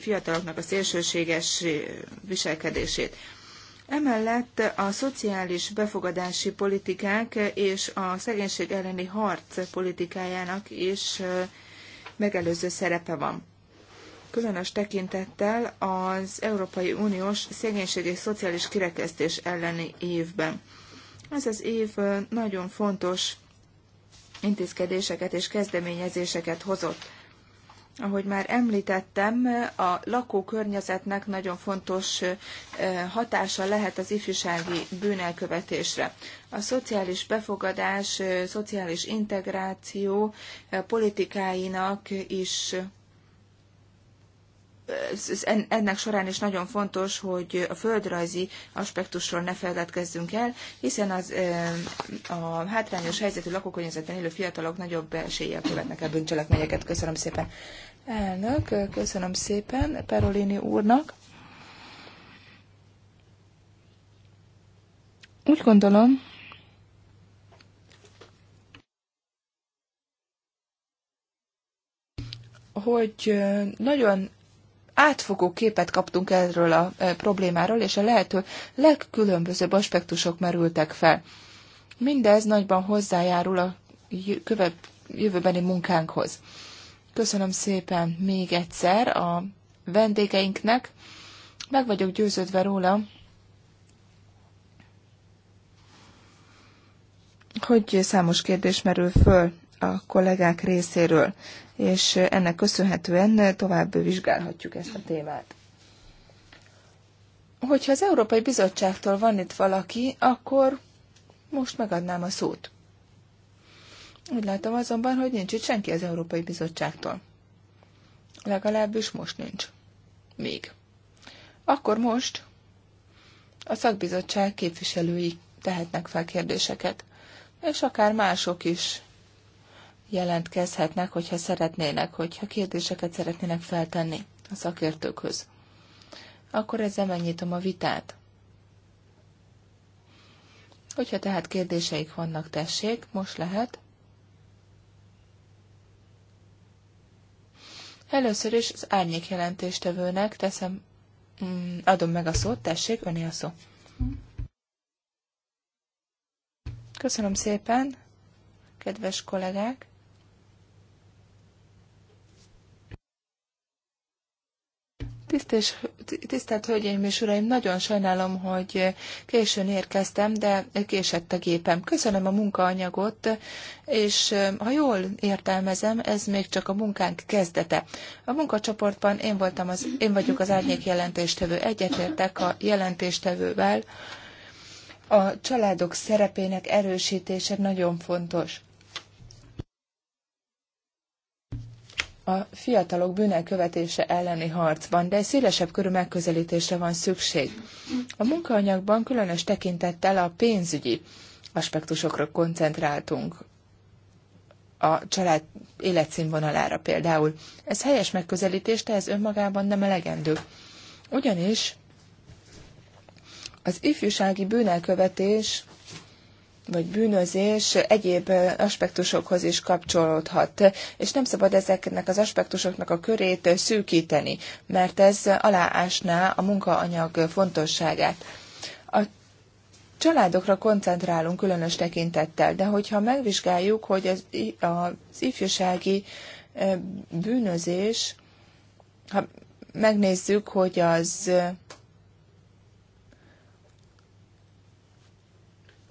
fiataloknak a szélsőséges eh, viselkedését. Emellett a szociális befogadási politikák és a szegénység elleni harc politikájának is megelőző szerepe van. Különös tekintettel az Európai Uniós szegénység és szociális kirekesztés elleni évben. Ez az év nagyon fontos intézkedéseket és kezdeményezéseket hozott. Ahogy már említettem, a lakókörnyezetnek nagyon fontos hatása lehet az ifjúsági bűnelkövetésre. A szociális befogadás, szociális integráció politikáinak is ennek során is nagyon fontos, hogy a földrajzi aspektusról ne feledkezzünk el, hiszen az, a hátrányos helyzetű lakókörnyezetben élő fiatalok nagyobb eséllyel követnek el bűncselekményeket. Köszönöm szépen. Elnök, köszönöm szépen Perolini úrnak. Úgy gondolom, hogy nagyon átfogó képet kaptunk erről a e, problémáról, és a lehető legkülönbözőbb aspektusok merültek fel. Mindez nagyban hozzájárul a követ, jövőbeni munkánkhoz. Köszönöm szépen még egyszer a vendégeinknek. Meg vagyok győződve róla, hogy számos kérdés merül föl a kollégák részéről, és ennek köszönhetően tovább vizsgálhatjuk ezt a témát. Hogyha az Európai Bizottságtól van itt valaki, akkor most megadnám a szót. Úgy látom azonban, hogy nincs itt senki az Európai Bizottságtól. Legalábbis most nincs. Még. Akkor most a szakbizottság képviselői tehetnek fel kérdéseket, és akár mások is jelentkezhetnek, hogyha szeretnének, hogyha kérdéseket szeretnének feltenni a szakértőkhöz. Akkor ezzel megnyitom a vitát. Hogyha tehát kérdéseik vannak, tessék, most lehet. Először is az árnyék jelentéstevőnek teszem, mm, adom meg a szót, tessék, öné a szó. Köszönöm szépen, kedves kollégák! Tisztés, tisztelt Hölgyeim és Uraim, nagyon sajnálom, hogy későn érkeztem, de késett a gépem. Köszönöm a munkaanyagot, és ha jól értelmezem, ez még csak a munkánk kezdete. A munkacsoportban én, voltam az, én vagyok az árnyék jelentéstevő. Egyetértek a jelentéstevővel. A családok szerepének erősítése nagyon fontos. a fiatalok bűnelkövetése elleni harcban, de egy szélesebb körű megközelítésre van szükség. A munkaanyagban különös tekintettel a pénzügyi aspektusokra koncentráltunk, a család életszínvonalára például. Ez helyes megközelítés, de ez önmagában nem elegendő. Ugyanis az ifjúsági bűnelkövetés vagy bűnözés egyéb aspektusokhoz is kapcsolódhat, és nem szabad ezeknek az aspektusoknak a körét szűkíteni, mert ez aláásná a munkaanyag fontosságát. A családokra koncentrálunk különös tekintettel, de hogyha megvizsgáljuk, hogy az, az ifjúsági bűnözés, ha megnézzük, hogy az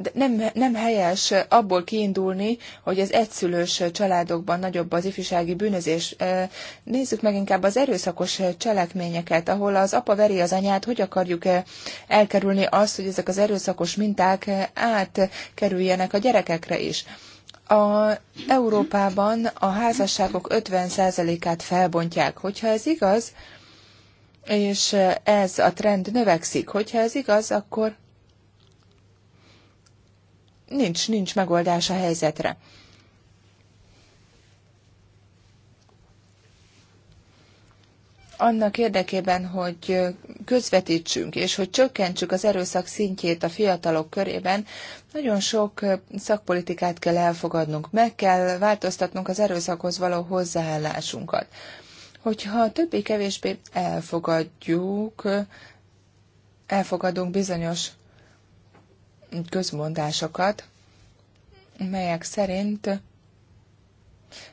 de nem, nem helyes abból kiindulni, hogy az egyszülős családokban nagyobb az ifjúsági bűnözés. Nézzük meg inkább az erőszakos cselekményeket, ahol az apa veri az anyát, hogy akarjuk elkerülni azt, hogy ezek az erőszakos minták átkerüljenek a gyerekekre is. A Európában a házasságok 50%-át felbontják. Hogyha ez igaz, és ez a trend növekszik, hogyha ez igaz, akkor nincs, nincs megoldás a helyzetre. annak érdekében, hogy közvetítsünk, és hogy csökkentsük az erőszak szintjét a fiatalok körében, nagyon sok szakpolitikát kell elfogadnunk. Meg kell változtatnunk az erőszakhoz való hozzáállásunkat. Hogyha többé-kevésbé elfogadjuk, elfogadunk bizonyos közmondásokat, melyek szerint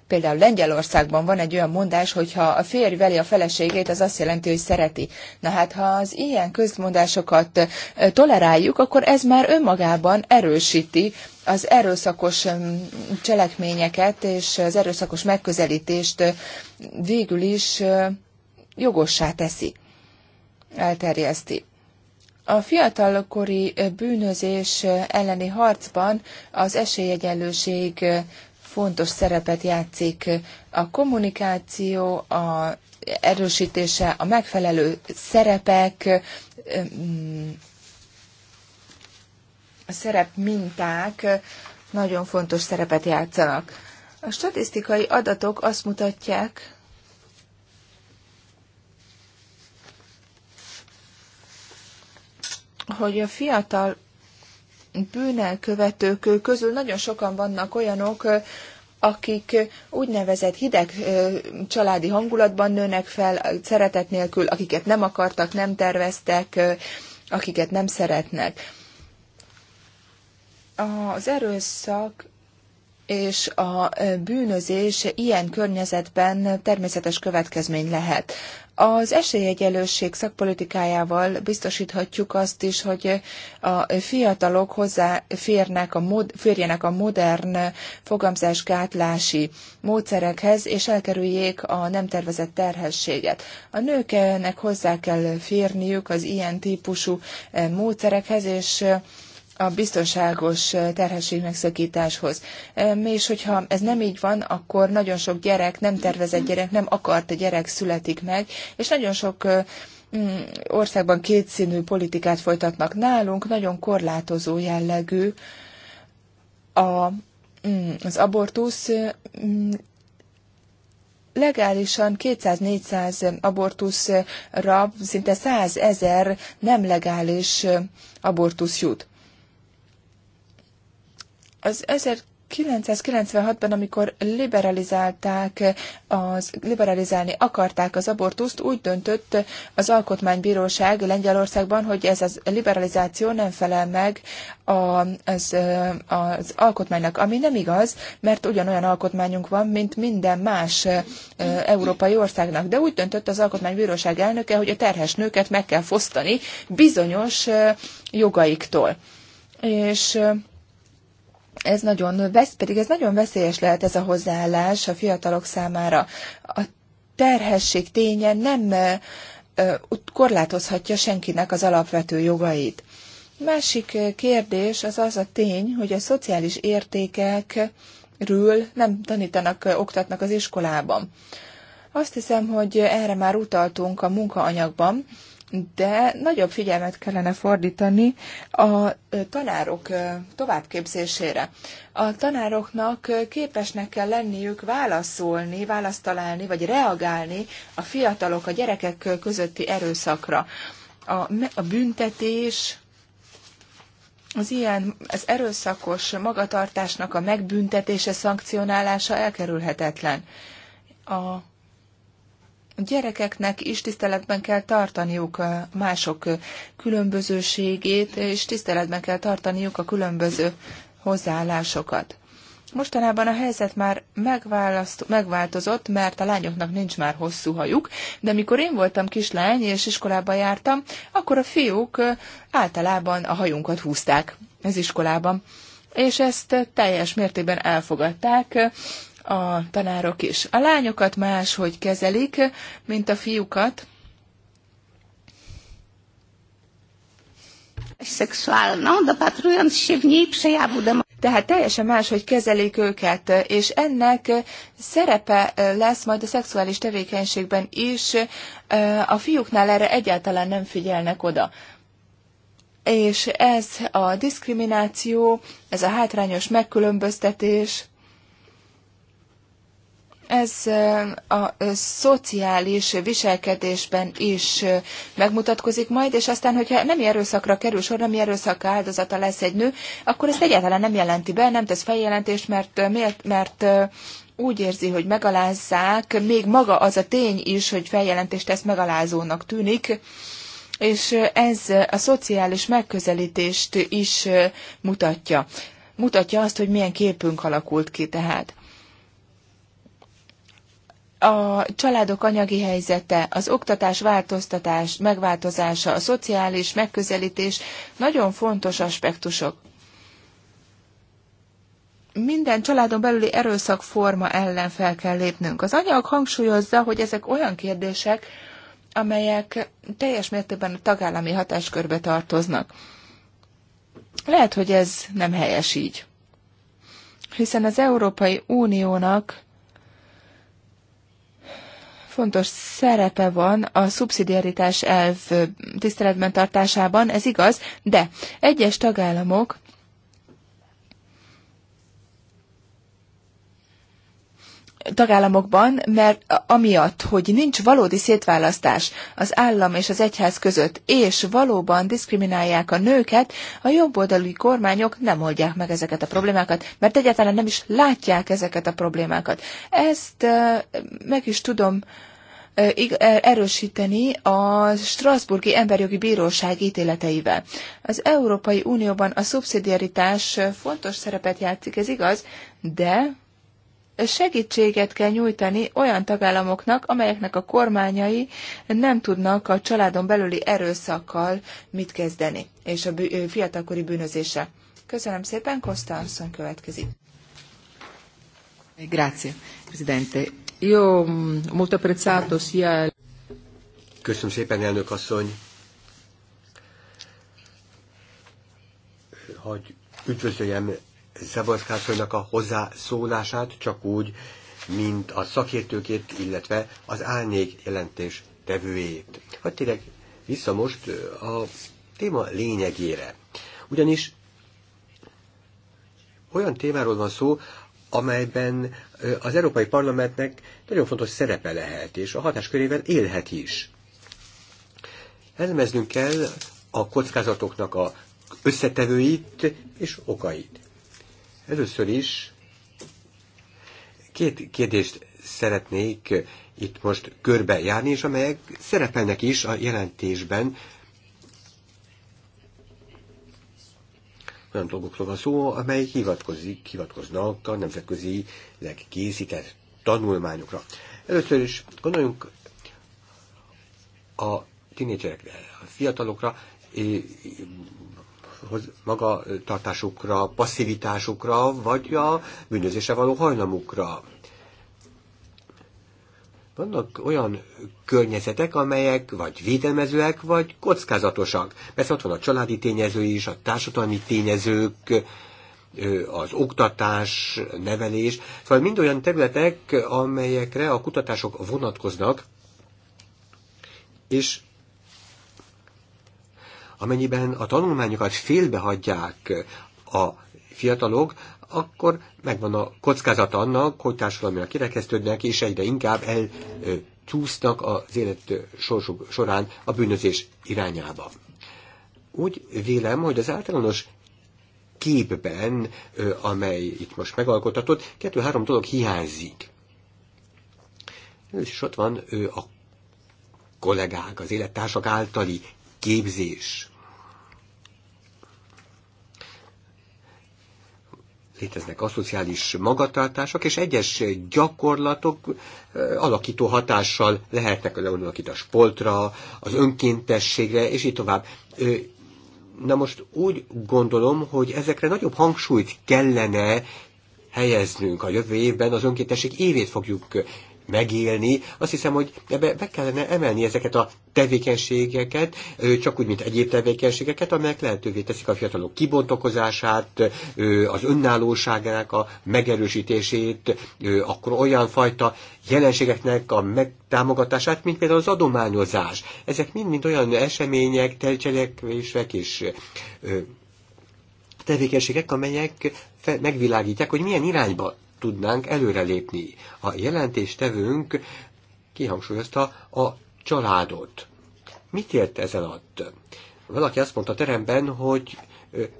Például Lengyelországban van egy olyan mondás, hogy ha a férj veli a feleségét, az azt jelenti, hogy szereti. Na hát, ha az ilyen közmondásokat toleráljuk, akkor ez már önmagában erősíti az erőszakos cselekményeket és az erőszakos megközelítést végül is jogossá teszi, elterjeszti. A fiatalkori bűnözés elleni harcban az esélyegyenlőség fontos szerepet játszik. A kommunikáció, a erősítése, a megfelelő szerepek, mm, a szerep minták nagyon fontos szerepet játszanak. A statisztikai adatok azt mutatják, hogy a fiatal bűnelkövetők közül nagyon sokan vannak olyanok, akik úgynevezett hideg családi hangulatban nőnek fel, szeretet nélkül, akiket nem akartak, nem terveztek, akiket nem szeretnek. Az erőszak és a bűnözés ilyen környezetben természetes következmény lehet. Az esélyegyelősség szakpolitikájával biztosíthatjuk azt is, hogy a fiatalok hozzáférnek a mod, férjenek a modern fogamzásgátlási módszerekhez, és elkerüljék a nem tervezett terhességet. A nőknek hozzá kell férniük az ilyen típusú módszerekhez, és a biztonságos terhesség megszakításhoz. És hogyha ez nem így van, akkor nagyon sok gyerek, nem tervezett gyerek, nem akart gyerek születik meg, és nagyon sok mm, országban kétszínű politikát folytatnak nálunk, nagyon korlátozó jellegű a, mm, az abortusz, mm, legálisan 200-400 abortuszra szinte 100 ezer nem legális abortusz jut. Az 1996-ban, amikor liberalizálták, az, liberalizálni akarták az abortuszt, úgy döntött az Alkotmánybíróság Lengyelországban, hogy ez a liberalizáció nem felel meg az, az alkotmánynak, ami nem igaz, mert ugyanolyan alkotmányunk van, mint minden más európai országnak. De úgy döntött az Alkotmánybíróság elnöke, hogy a terhes nőket meg kell fosztani bizonyos jogaiktól. És ez nagyon vesz, pedig ez nagyon veszélyes lehet ez a hozzáállás a fiatalok számára. A terhesség ténye nem korlátozhatja senkinek az alapvető jogait. Másik kérdés az az a tény, hogy a szociális értékekről nem tanítanak, oktatnak az iskolában. Azt hiszem, hogy erre már utaltunk a munkaanyagban, de nagyobb figyelmet kellene fordítani a tanárok továbbképzésére. A tanároknak képesnek kell lenniük válaszolni, választ találni, vagy reagálni a fiatalok, a gyerekek közötti erőszakra. A, a büntetés, az ilyen, az erőszakos magatartásnak a megbüntetése, szankcionálása elkerülhetetlen. A gyerekeknek is tiszteletben kell tartaniuk mások különbözőségét, és tiszteletben kell tartaniuk a különböző hozzáállásokat. Mostanában a helyzet már megváltozott, mert a lányoknak nincs már hosszú hajuk, de mikor én voltam kislány és iskolába jártam, akkor a fiúk általában a hajunkat húzták az iskolában. És ezt teljes mértékben elfogadták, a tanárok is. A lányokat máshogy kezelik, mint a fiúkat. szexuál, dopatrując de w niej tehát teljesen más, hogy kezelik őket, és ennek szerepe lesz majd a szexuális tevékenységben is, a fiúknál erre egyáltalán nem figyelnek oda. És ez a diszkrimináció, ez a hátrányos megkülönböztetés, ez a szociális viselkedésben is megmutatkozik majd, és aztán, hogyha nem erőszakra kerül sor, nem erőszak áldozata lesz egy nő, akkor ezt egyáltalán nem jelenti be, nem tesz feljelentést, mert, mert, mert úgy érzi, hogy megalázzák, még maga az a tény is, hogy feljelentést tesz megalázónak tűnik, és ez a szociális megközelítést is mutatja. Mutatja azt, hogy milyen képünk alakult ki tehát a családok anyagi helyzete, az oktatás változtatás, megváltozása, a szociális megközelítés nagyon fontos aspektusok. Minden családon belüli forma ellen fel kell lépnünk. Az anyag hangsúlyozza, hogy ezek olyan kérdések, amelyek teljes mértékben a tagállami hatáskörbe tartoznak. Lehet, hogy ez nem helyes így. Hiszen az Európai Uniónak fontos szerepe van a szubszidiaritás elv tiszteletben tartásában, ez igaz, de egyes tagállamok tagállamokban, mert amiatt, hogy nincs valódi szétválasztás az állam és az egyház között, és valóban diszkriminálják a nőket, a jobboldali kormányok nem oldják meg ezeket a problémákat, mert egyáltalán nem is látják ezeket a problémákat. Ezt meg is tudom erősíteni a Strasburgi Emberjogi Bíróság ítéleteivel. Az Európai Unióban a szubszidiaritás fontos szerepet játszik, ez igaz, de segítséget kell nyújtani olyan tagállamoknak, amelyeknek a kormányai nem tudnak a családon belüli erőszakkal mit kezdeni, és a fiatalkori bűnözése. Köszönöm szépen, Kosta Anszon következik. Grazie, Presidente. Io mm, molto apprezzato sia... Köszönöm szépen, elnök asszony. Hogy üdvözöljem Szaborszkászonynak a hozzászólását, csak úgy, mint a szakértőkét, illetve az árnyék jelentés tevőjét. Hát tényleg vissza most a téma lényegére. Ugyanis olyan témáról van szó, amelyben az Európai Parlamentnek nagyon fontos szerepe lehet, és a hatáskörével élhet is. Elmeznünk kell a kockázatoknak a összetevőit és okait. Először is két kérdést szeretnék itt most körbejárni, és amelyek szerepelnek is a jelentésben. Olyan dolgokról van szó, amely hivatkozik, hivatkoznak a nemzetközi legkészített tanulmányokra. Először is gondoljunk a tinédzserekre, a fiatalokra, magatartásukra, passzivitásukra, vagy a bűnözésre való hajlamukra. Vannak olyan környezetek, amelyek vagy védelmezőek, vagy kockázatosak. Persze ott van a családi tényező is, a társadalmi tényezők, az oktatás, nevelés, szóval mind olyan területek, amelyekre a kutatások vonatkoznak, és Amennyiben a tanulmányokat félbehagyják a fiatalok, akkor megvan a kockázata annak, hogy társadalmilag kirekesztődnek, és egyre inkább elcsúsznak az élet sorsuk során a bűnözés irányába. Úgy vélem, hogy az általános képben, amely itt most megalkotatott, kettő-három dolog hiányzik. És ott van a kollégák, az élettársak általi képzés. léteznek aszociális magatartások, és egyes gyakorlatok alakító hatással lehetnek leonulnak itt a spoltra, az önkéntességre, és így tovább. Na most úgy gondolom, hogy ezekre nagyobb hangsúlyt kellene helyeznünk a jövő évben, az önkéntesség évét fogjuk megélni. Azt hiszem, hogy ebbe be kellene emelni ezeket a tevékenységeket, csak úgy, mint egyéb tevékenységeket, amelyek lehetővé teszik a fiatalok kibontakozását, az önállóságának a megerősítését, akkor olyan fajta jelenségeknek a megtámogatását, mint például az adományozás. Ezek mind-mind olyan események, telcselekvések és tevékenységek, amelyek megvilágítják, hogy milyen irányba tudnánk előrelépni. A jelentéstevőnk kihangsúlyozta a családot. Mit ért ezen alatt? Valaki azt mondta a teremben, hogy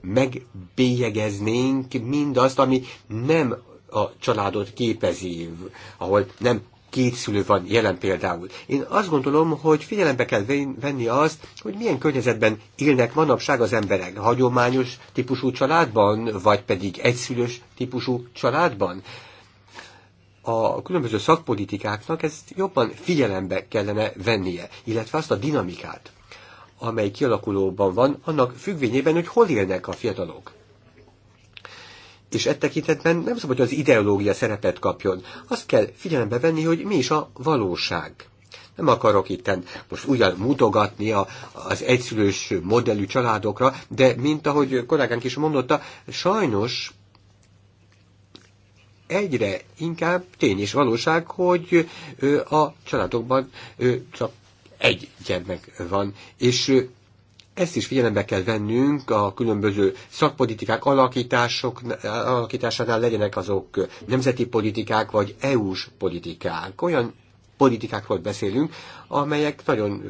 megbélyegeznénk mindazt, ami nem a családot képezi, ahol nem két szülő van jelen például. Én azt gondolom, hogy figyelembe kell venni azt, hogy milyen környezetben élnek manapság az emberek. Hagyományos típusú családban, vagy pedig egyszülős típusú családban. A különböző szakpolitikáknak ezt jobban figyelembe kellene vennie, illetve azt a dinamikát, amely kialakulóban van, annak függvényében, hogy hol élnek a fiatalok és e tekintetben nem szabad, hogy az ideológia szerepet kapjon. Azt kell figyelembe venni, hogy mi is a valóság. Nem akarok itt most ugyan mutogatni a, az egyszülős modellű családokra, de mint ahogy kollégánk is mondotta, sajnos egyre inkább tény és valóság, hogy a családokban csak egy gyermek van, és ezt is figyelembe kell vennünk a különböző szakpolitikák alakítások, alakításánál legyenek azok nemzeti politikák vagy EU-s politikák. Olyan politikákról beszélünk, amelyek nagyon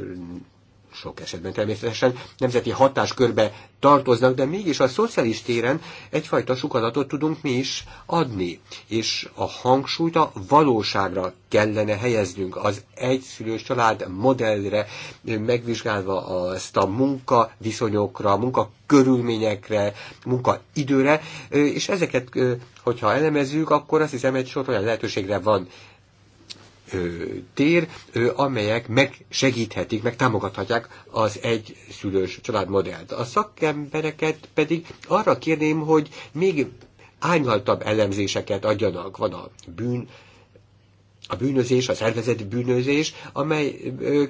sok esetben természetesen nemzeti hatáskörbe tartoznak, de mégis a szociális téren egyfajta sukadatot tudunk mi is adni, és a hangsúlyt a valóságra kellene helyeznünk, az egyszülős család modellre, megvizsgálva azt a munka viszonyokra, munka körülményekre, munka időre, és ezeket, hogyha elemezzük, akkor azt hiszem egy sor olyan lehetőségre van tér, amelyek megsegíthetik, meg támogathatják az egyszülős családmodellt. A szakembereket pedig arra kérném, hogy még ányaltabb elemzéseket adjanak. Van a bűn a bűnözés, a szervezett bűnözés, amely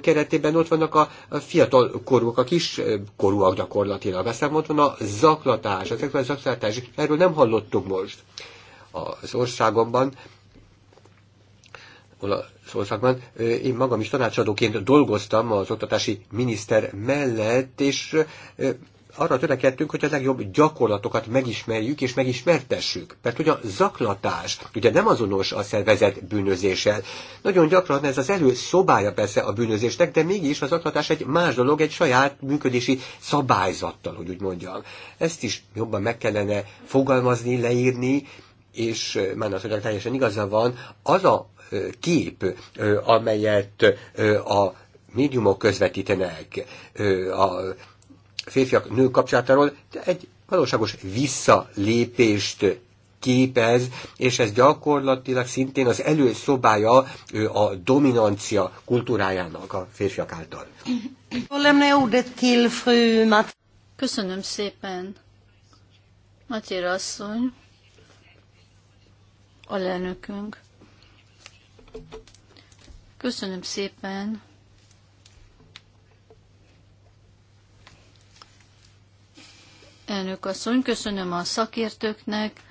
keretében ott vannak a fiatal korúak, a kis korúak gyakorlatilag. Aztán ott van a zaklatás, a zaklatás, erről nem hallottuk most. Az országomban Olaszországban. Én magam is tanácsadóként dolgoztam az oktatási miniszter mellett, és arra törekedtünk, hogy a legjobb gyakorlatokat megismerjük és megismertessük. Mert hogy a zaklatás ugye nem azonos a szervezet bűnözéssel. Nagyon gyakran ez az szobája persze a bűnözésnek, de mégis a zaklatás egy más dolog, egy saját működési szabályzattal, hogy úgy mondjam. Ezt is jobban meg kellene fogalmazni, leírni, és már az, hogy teljesen igaza van, az a kép, amelyet a médiumok közvetítenek a férfiak nő kapcsolatáról, egy valóságos visszalépést képez, és ez gyakorlatilag szintén az előszobája a dominancia kultúrájának a férfiak által. Köszönöm szépen, Matyér asszony, alelnökünk. Köszönöm szépen. Elnök asszony, köszönöm a szakértőknek,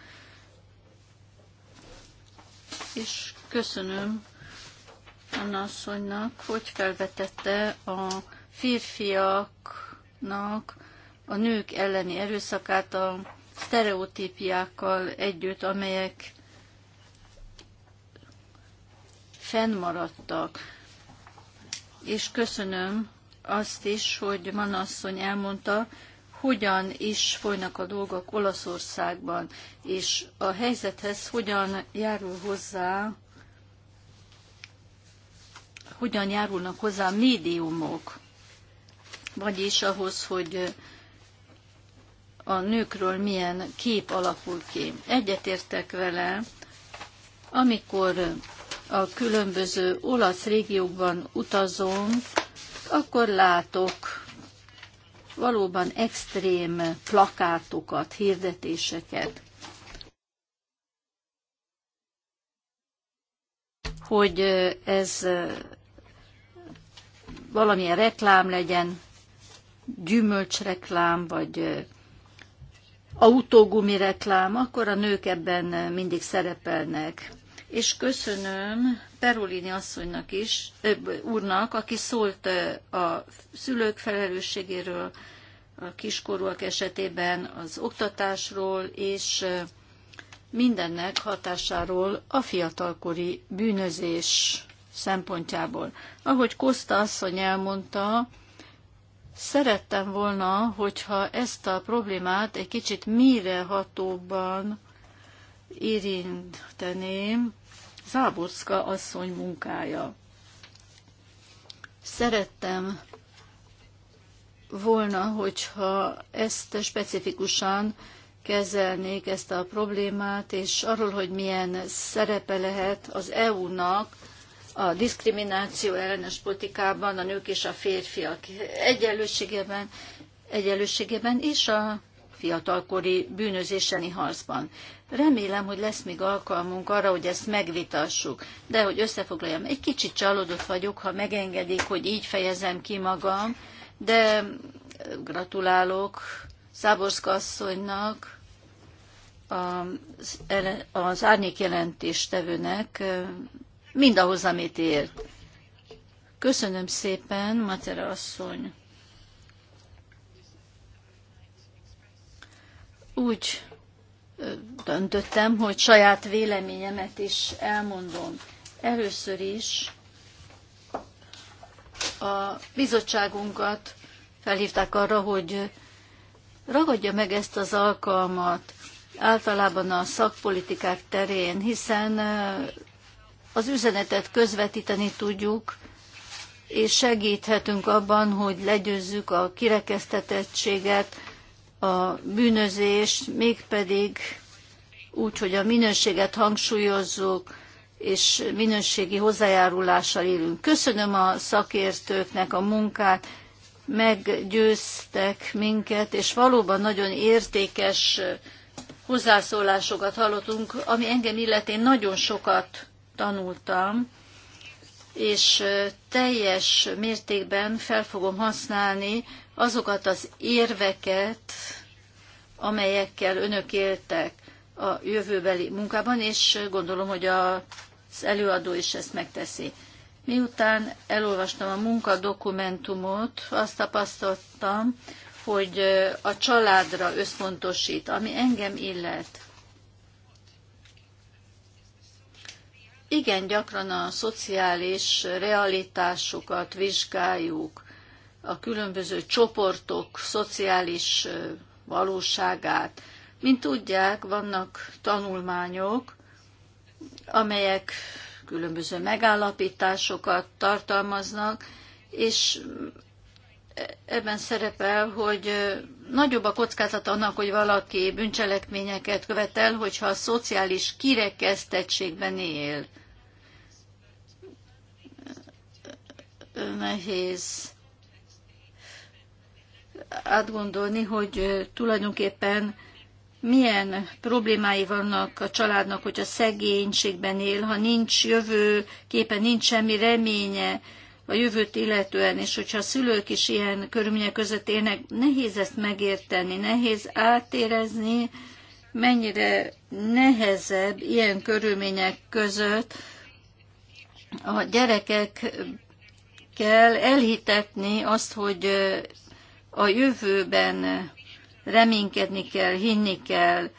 és köszönöm Anna asszonynak, hogy felvetette a férfiaknak a nők elleni erőszakát a sztereotípiákkal együtt, amelyek fennmaradtak. És köszönöm azt is, hogy Manasszony elmondta, hogyan is folynak a dolgok Olaszországban, és a helyzethez hogyan járul hozzá, hogyan járulnak hozzá médiumok, vagyis ahhoz, hogy a nőkről milyen kép alakul ki. Egyetértek vele, amikor a különböző olasz régiókban utazom, akkor látok valóban extrém plakátokat, hirdetéseket, hogy ez valamilyen reklám legyen, gyümölcsreklám, vagy autógumi reklám, akkor a nők ebben mindig szerepelnek és köszönöm Perolini asszonynak is, ö, úrnak, aki szólt a szülők felelősségéről, a kiskorúak esetében az oktatásról, és mindennek hatásáról a fiatalkori bűnözés szempontjából. Ahogy Koszta asszony elmondta, szerettem volna, hogyha ezt a problémát egy kicsit hatóban érinteném, Záborszka asszony munkája. Szerettem volna, hogyha ezt specifikusan kezelnék ezt a problémát, és arról, hogy milyen szerepe lehet az EU-nak a diszkrimináció ellenes politikában a nők és a férfiak egyenlőségében, egyenlőségében és a fiatalkori bűnözéseni harcban. Remélem, hogy lesz még alkalmunk arra, hogy ezt megvitassuk. De hogy összefoglaljam, egy kicsit csalódott vagyok, ha megengedik, hogy így fejezem ki magam, de gratulálok Száborszka asszonynak, az, árnyék jelentéstevőnek mindahhoz, amit ért. Köszönöm szépen, Matera asszony. úgy döntöttem, hogy saját véleményemet is elmondom. Először is a bizottságunkat felhívták arra, hogy ragadja meg ezt az alkalmat általában a szakpolitikák terén, hiszen az üzenetet közvetíteni tudjuk, és segíthetünk abban, hogy legyőzzük a kirekesztetettséget, a bűnözést, mégpedig úgy, hogy a minőséget hangsúlyozzuk, és minőségi hozzájárulással élünk. Köszönöm a szakértőknek a munkát, meggyőztek minket, és valóban nagyon értékes hozzászólásokat hallottunk, ami engem illetén nagyon sokat tanultam, és teljes mértékben fel fogom használni azokat az érveket, amelyekkel önök éltek a jövőbeli munkában, és gondolom, hogy az előadó is ezt megteszi. Miután elolvastam a munkadokumentumot, azt tapasztaltam, hogy a családra összpontosít, ami engem illet. Igen, gyakran a szociális realitásokat vizsgáljuk, a különböző csoportok szociális valóságát. Mint tudják, vannak tanulmányok, amelyek különböző megállapításokat tartalmaznak, és ebben szerepel, hogy nagyobb a kockázat annak, hogy valaki bűncselekményeket követel, hogyha a szociális kirekesztettségben él. Nehéz átgondolni, hogy tulajdonképpen milyen problémái vannak a családnak, hogy a szegénységben él, ha nincs jövő képe, nincs semmi reménye a jövőt illetően, és hogyha a szülők is ilyen körülmények között élnek, nehéz ezt megérteni, nehéz átérezni, mennyire nehezebb ilyen körülmények között a gyerekekkel elhitetni azt, hogy a jövőben reménykedni kell, hinni kell,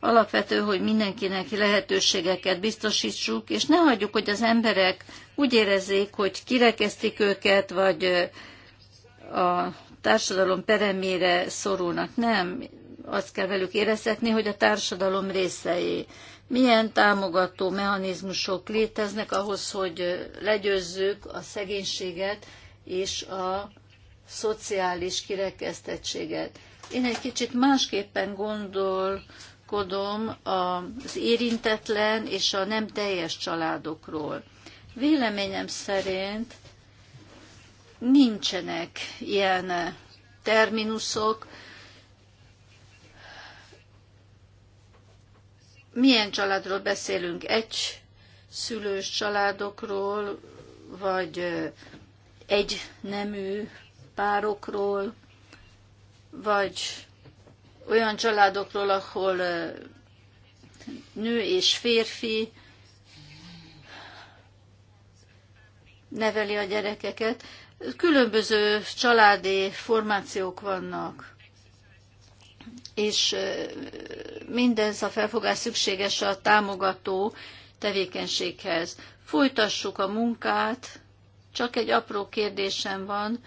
alapvető, hogy mindenkinek lehetőségeket biztosítsuk, és ne hagyjuk, hogy az emberek úgy érezzék, hogy kirekeztik őket, vagy a társadalom peremére szorulnak. Nem, azt kell velük érezhetni, hogy a társadalom részei. Milyen támogató mechanizmusok léteznek ahhoz, hogy legyőzzük a szegénységet és a szociális kirekesztettséget. Én egy kicsit másképpen gondolkodom az érintetlen és a nem teljes családokról. Véleményem szerint nincsenek ilyen terminusok, milyen családról beszélünk, egy szülős családokról, vagy egy nemű párokról, vagy olyan családokról, ahol nő és férfi neveli a gyerekeket. Különböző családi formációk vannak, és mindez a felfogás szükséges a támogató tevékenységhez. Folytassuk a munkát, csak egy apró kérdésem van,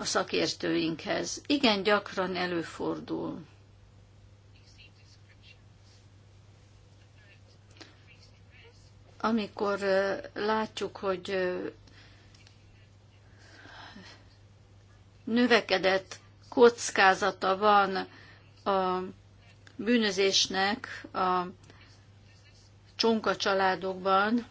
a szakértőinkhez. Igen gyakran előfordul. Amikor látjuk, hogy növekedett kockázata van a bűnözésnek a csonka családokban,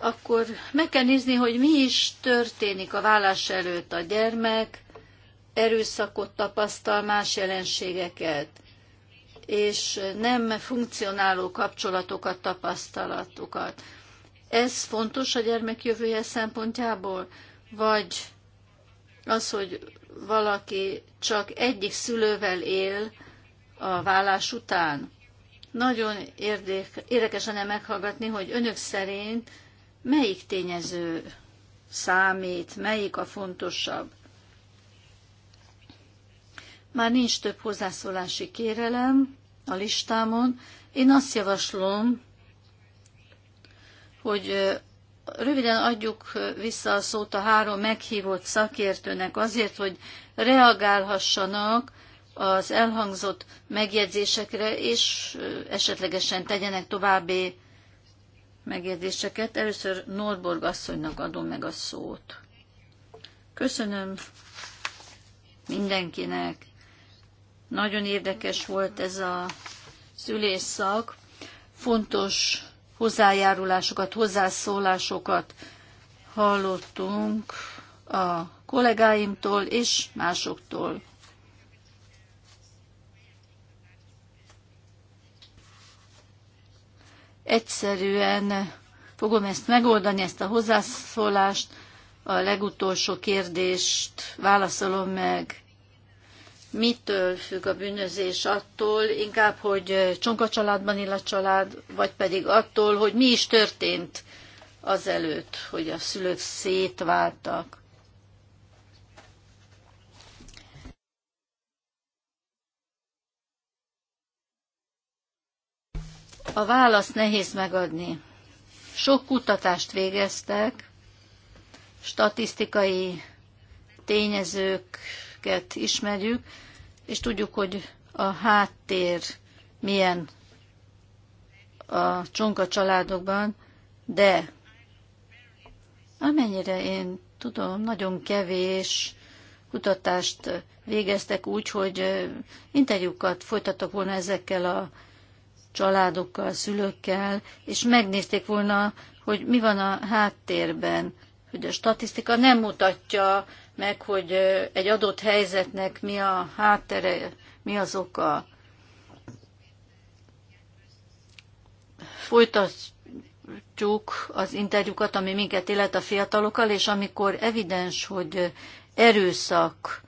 akkor meg kell nézni, hogy mi is történik a vállás előtt a gyermek, erőszakot tapasztal, más jelenségeket, és nem funkcionáló kapcsolatokat, tapasztalatokat. Ez fontos a gyermek jövője szempontjából, vagy az, hogy valaki csak egyik szülővel él a vállás után. Nagyon érdekes lenne meghallgatni, hogy önök szerint melyik tényező számít, melyik a fontosabb. Már nincs több hozzászólási kérelem a listámon. Én azt javaslom, hogy röviden adjuk vissza a szót a három meghívott szakértőnek azért, hogy reagálhassanak az elhangzott megjegyzésekre, és esetlegesen tegyenek további megjegyzéseket. Először Norborg asszonynak adom meg a szót. Köszönöm mindenkinek. Nagyon érdekes volt ez a szülésszak. Fontos hozzájárulásokat, hozzászólásokat hallottunk a kollégáimtól és másoktól. egyszerűen fogom ezt megoldani, ezt a hozzászólást. A legutolsó kérdést válaszolom meg. Mitől függ a bűnözés? Attól inkább, hogy csonka családban él a család, vagy pedig attól, hogy mi is történt azelőtt, hogy a szülők szétváltak. A választ nehéz megadni. Sok kutatást végeztek, statisztikai tényezőket ismerjük, és tudjuk, hogy a háttér milyen a csonka családokban, de amennyire én tudom, nagyon kevés kutatást végeztek úgy, hogy interjúkat folytattak volna ezekkel a családokkal, szülőkkel, és megnézték volna, hogy mi van a háttérben, hogy a statisztika nem mutatja meg, hogy egy adott helyzetnek mi a háttere, mi az oka. Folytatjuk az interjúkat, ami minket illet a fiatalokkal, és amikor evidens, hogy erőszak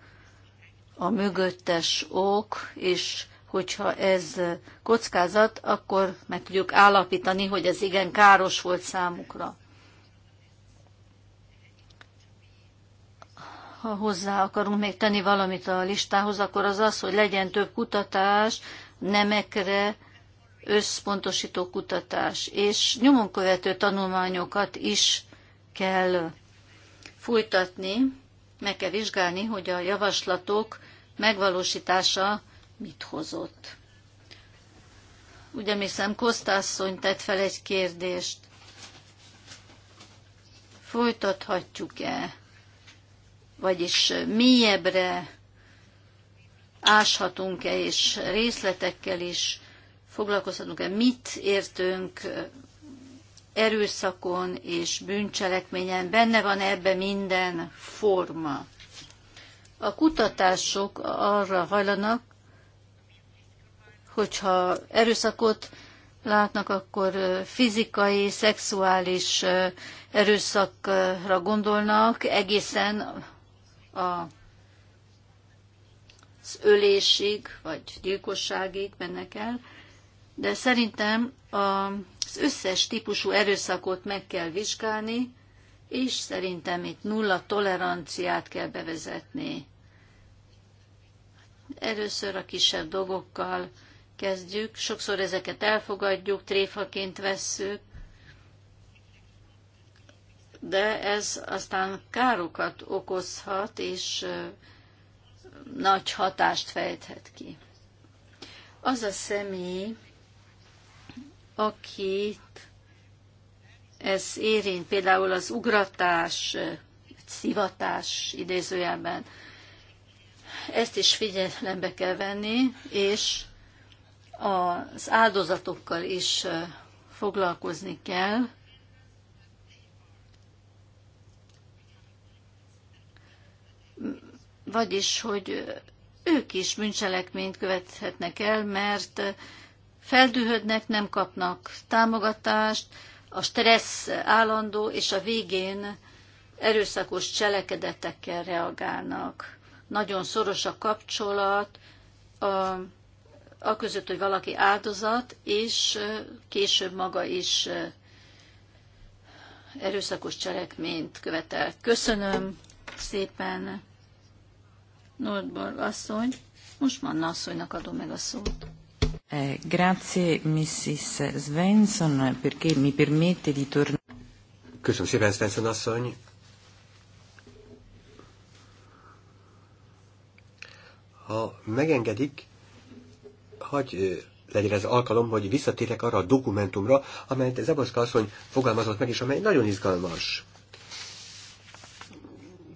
a mögöttes ok, és hogyha ez kockázat, akkor meg tudjuk állapítani, hogy ez igen káros volt számukra. Ha hozzá akarunk még tenni valamit a listához, akkor az az, hogy legyen több kutatás, nemekre összpontosító kutatás, és nyomonkövető tanulmányokat is kell folytatni, meg kell vizsgálni, hogy a javaslatok megvalósítása mit hozott. Ugye hiszem, Kosztászony tett fel egy kérdést. Folytathatjuk-e? Vagyis mélyebbre áshatunk-e, és részletekkel is foglalkozhatunk-e, mit értünk erőszakon és bűncselekményen, benne van ebbe minden forma. A kutatások arra hajlanak, hogyha erőszakot látnak, akkor fizikai, szexuális erőszakra gondolnak, egészen a, az ölésig, vagy gyilkosságig mennek el, de szerintem az összes típusú erőszakot meg kell vizsgálni, és szerintem itt nulla toleranciát kell bevezetni. Először a kisebb dolgokkal kezdjük, sokszor ezeket elfogadjuk, tréfaként vesszük, de ez aztán károkat okozhat, és nagy hatást fejthet ki. Az a személy, akit ez érint, például az ugratás, szivatás idézőjelben, ezt is figyelembe kell venni, és az áldozatokkal is foglalkozni kell. Vagyis, hogy ők is bűncselekményt követhetnek el, mert feldühödnek, nem kapnak támogatást, a stressz állandó, és a végén erőszakos cselekedetekkel reagálnak. Nagyon szoros a kapcsolat a a között, hogy valaki áldozat, és később maga is erőszakos cselekményt követel. Köszönöm szépen, Nordborg asszony. Most Manna asszonynak adom meg a szót. Eh, grazie, Mrs. Svensson, perché mi permette di tornare. Köszönöm szépen, Svensson asszony. Ha megengedik, hagy legyen ez alkalom, hogy visszatérek arra a dokumentumra, amelyet Zaboszka asszony fogalmazott meg, és amely nagyon izgalmas.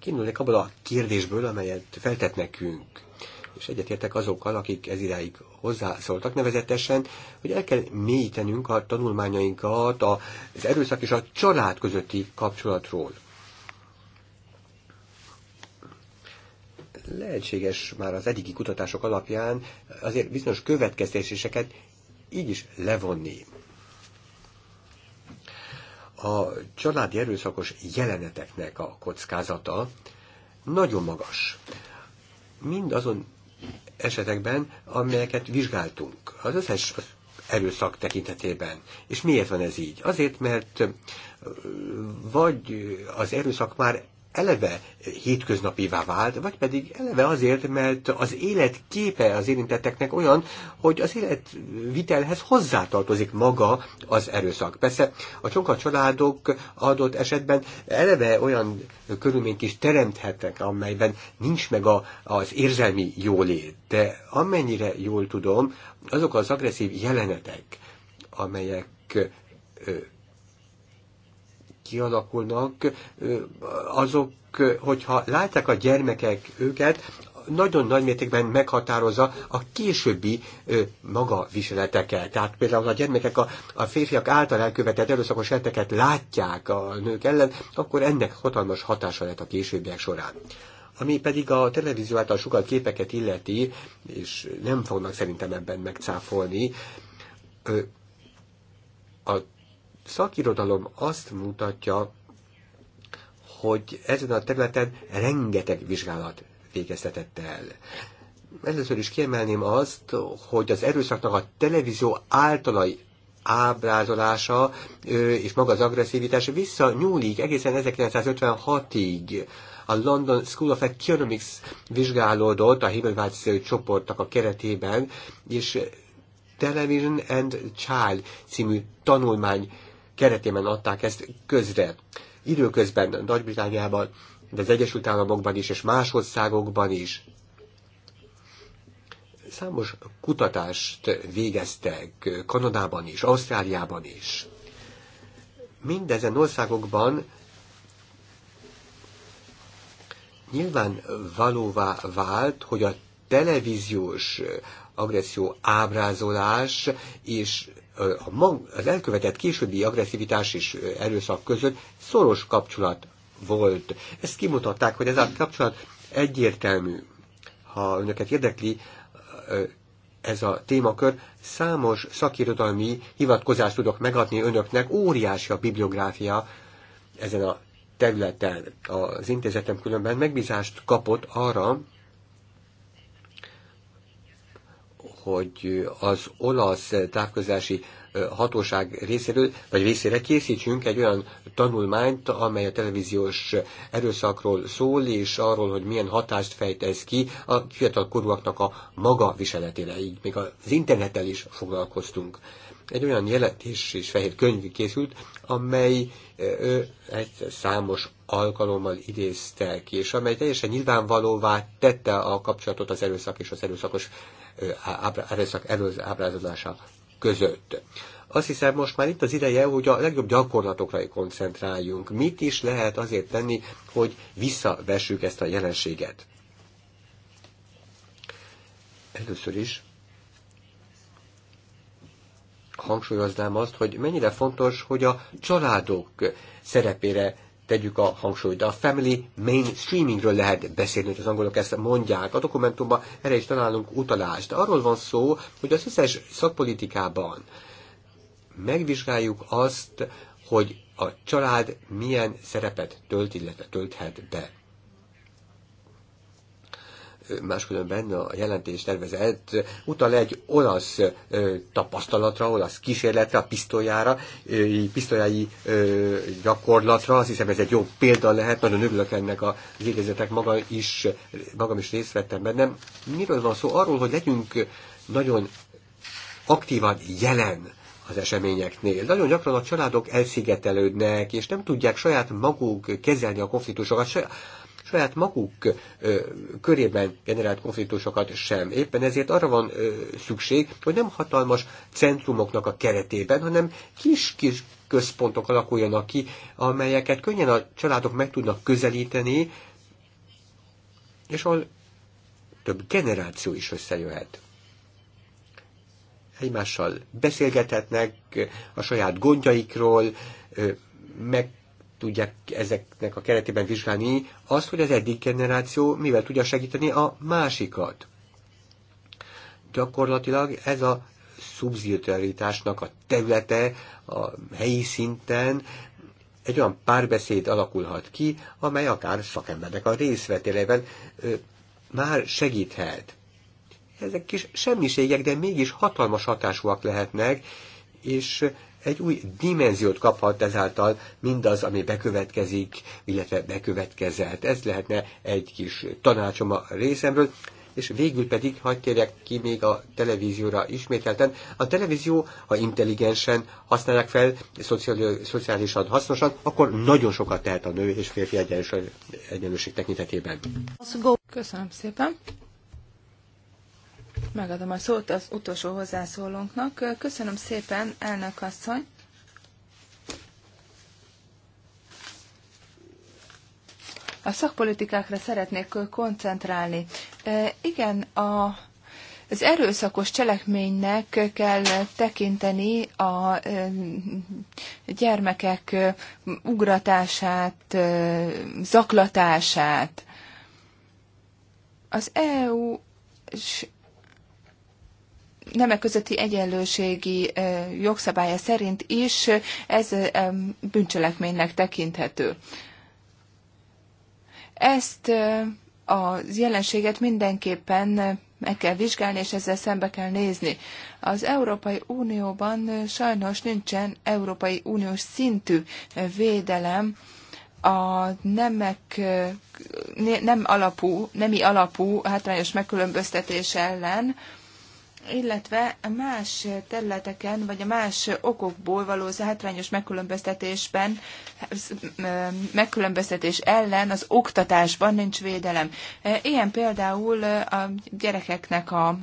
Kinnulnék abból a kérdésből, amelyet feltett nekünk és egyetértek azokkal, akik ez iráig hozzászóltak nevezetesen, hogy el kell mélyítenünk a tanulmányainkat az erőszak és a család közötti kapcsolatról. lehetséges már az eddigi kutatások alapján azért bizonyos következtetéseket így is levonni. A családi erőszakos jeleneteknek a kockázata nagyon magas. Mind azon esetekben, amelyeket vizsgáltunk. Az összes erőszak tekintetében. És miért van ez így? Azért, mert vagy az erőszak már eleve hétköznapivá vált, vagy pedig eleve azért, mert az élet képe az érintetteknek olyan, hogy az életvitelhez hozzátartozik maga az erőszak. Persze a csonka családok adott esetben eleve olyan körülményt is teremthetnek, amelyben nincs meg a, az érzelmi jólét. De amennyire jól tudom, azok az agresszív jelenetek, amelyek kialakulnak, azok, hogyha látják a gyermekek őket, nagyon nagy mértékben meghatározza a későbbi ö, maga viseleteket. Tehát például a gyermekek a, a férfiak által elkövetett erőszakos eteket látják a nők ellen, akkor ennek hatalmas hatása lett a későbbiek során. Ami pedig a televízió által sokat képeket illeti, és nem fognak szerintem ebben megcáfolni, ö, a szakirodalom azt mutatja, hogy ezen a területen rengeteg vizsgálat végeztetett el. Először is kiemelném azt, hogy az erőszaknak a televízió általai ábrázolása és maga az agresszivitás visszanyúlik egészen 1956-ig. A London School of Economics vizsgálódott a Himmelweis csoportnak a keretében, és Television and Child című tanulmány keretében adták ezt közre. Időközben Nagy-Britániában, de az Egyesült Államokban is, és más országokban is számos kutatást végeztek Kanadában is, Ausztráliában is. Mindezen országokban nyilván valóvá vált, hogy a televíziós agresszió ábrázolás és a mag, az elkövetett későbbi agresszivitás és erőszak között szoros kapcsolat volt. Ezt kimutatták, hogy ez a kapcsolat egyértelmű. Ha önöket érdekli ez a témakör, számos szakirodalmi hivatkozást tudok megadni önöknek, óriási a bibliográfia ezen a területen. Az intézetem különben megbízást kapott arra, hogy az olasz távközlási hatóság részéről, vagy részére készítsünk egy olyan tanulmányt, amely a televíziós erőszakról szól, és arról, hogy milyen hatást fejt ez ki a fiatal korúaknak a maga viseletére. Így még az internettel is foglalkoztunk. Egy olyan jelentés és fehér könyv készült, amely ő egy számos alkalommal ki, és amely teljesen nyilvánvalóvá tette a kapcsolatot az erőszak és az erőszakos erőszak ábrázolása között. Azt hiszem, most már itt az ideje, hogy a legjobb gyakorlatokra koncentráljunk. Mit is lehet azért tenni, hogy visszavessük ezt a jelenséget? Először is hangsúlyoznám azt, hogy mennyire fontos, hogy a családok szerepére tegyük a hangsúlyt. A family mainstreamingről lehet beszélni, hogy az angolok ezt mondják. A dokumentumban erre is találunk utalást. Arról van szó, hogy az összes szakpolitikában megvizsgáljuk azt, hogy a család milyen szerepet tölt, illetve tölthet be máskülönben a jelentés tervezett utal egy olasz tapasztalatra, olasz kísérletre, a pisztolyára, pisztolyai gyakorlatra, azt hiszem ez egy jó példa lehet, nagyon örülök ennek az idézetek, maga is, magam is részt vettem bennem. Miről van szó? Arról, hogy legyünk nagyon aktívan jelen az eseményeknél. Nagyon gyakran a családok elszigetelődnek, és nem tudják saját maguk kezelni a konfliktusokat saját maguk körében generált konfliktusokat sem. Éppen ezért arra van szükség, hogy nem hatalmas centrumoknak a keretében, hanem kis-kis központok alakuljanak ki, amelyeket könnyen a családok meg tudnak közelíteni, és ahol több generáció is összejöhet egymással beszélgethetnek a saját gondjaikról, meg tudják ezeknek a keretében vizsgálni azt, hogy az egyik generáció mivel tudja segíteni a másikat. Gyakorlatilag ez a szubszidiaritásnak a területe a helyi szinten egy olyan párbeszéd alakulhat ki, amely akár szakembernek a részvetélében már segíthet. Ezek kis semmiségek, de mégis hatalmas hatásúak lehetnek, és egy új dimenziót kaphat ezáltal mindaz, ami bekövetkezik, illetve bekövetkezett. Ez lehetne egy kis tanácsom a részemről, és végül pedig hagyd térjek ki még a televízióra ismételten. A televízió, ha intelligensen használják fel, szociálisan hasznosan, akkor nagyon sokat tehet a nő és férfi egyenlőség tekintetében. Köszönöm szépen. Megadom a szót az utolsó hozzászólónknak. Köszönöm szépen, elnök asszony. A szakpolitikákra szeretnék koncentrálni. E, igen, a az erőszakos cselekménynek kell tekinteni a e, gyermekek ugratását, e, zaklatását. Az EU nemek közötti egyenlőségi jogszabálya szerint is ez bűncselekménynek tekinthető. Ezt az jelenséget mindenképpen meg kell vizsgálni, és ezzel szembe kell nézni. Az Európai Unióban sajnos nincsen Európai Uniós szintű védelem a nemek, nem alapú, nemi alapú hátrányos megkülönböztetés ellen, illetve más területeken, vagy a más okokból való hátrányos megkülönböztetésben, megkülönböztetés ellen az oktatásban nincs védelem. Ilyen például a gyerekeknek a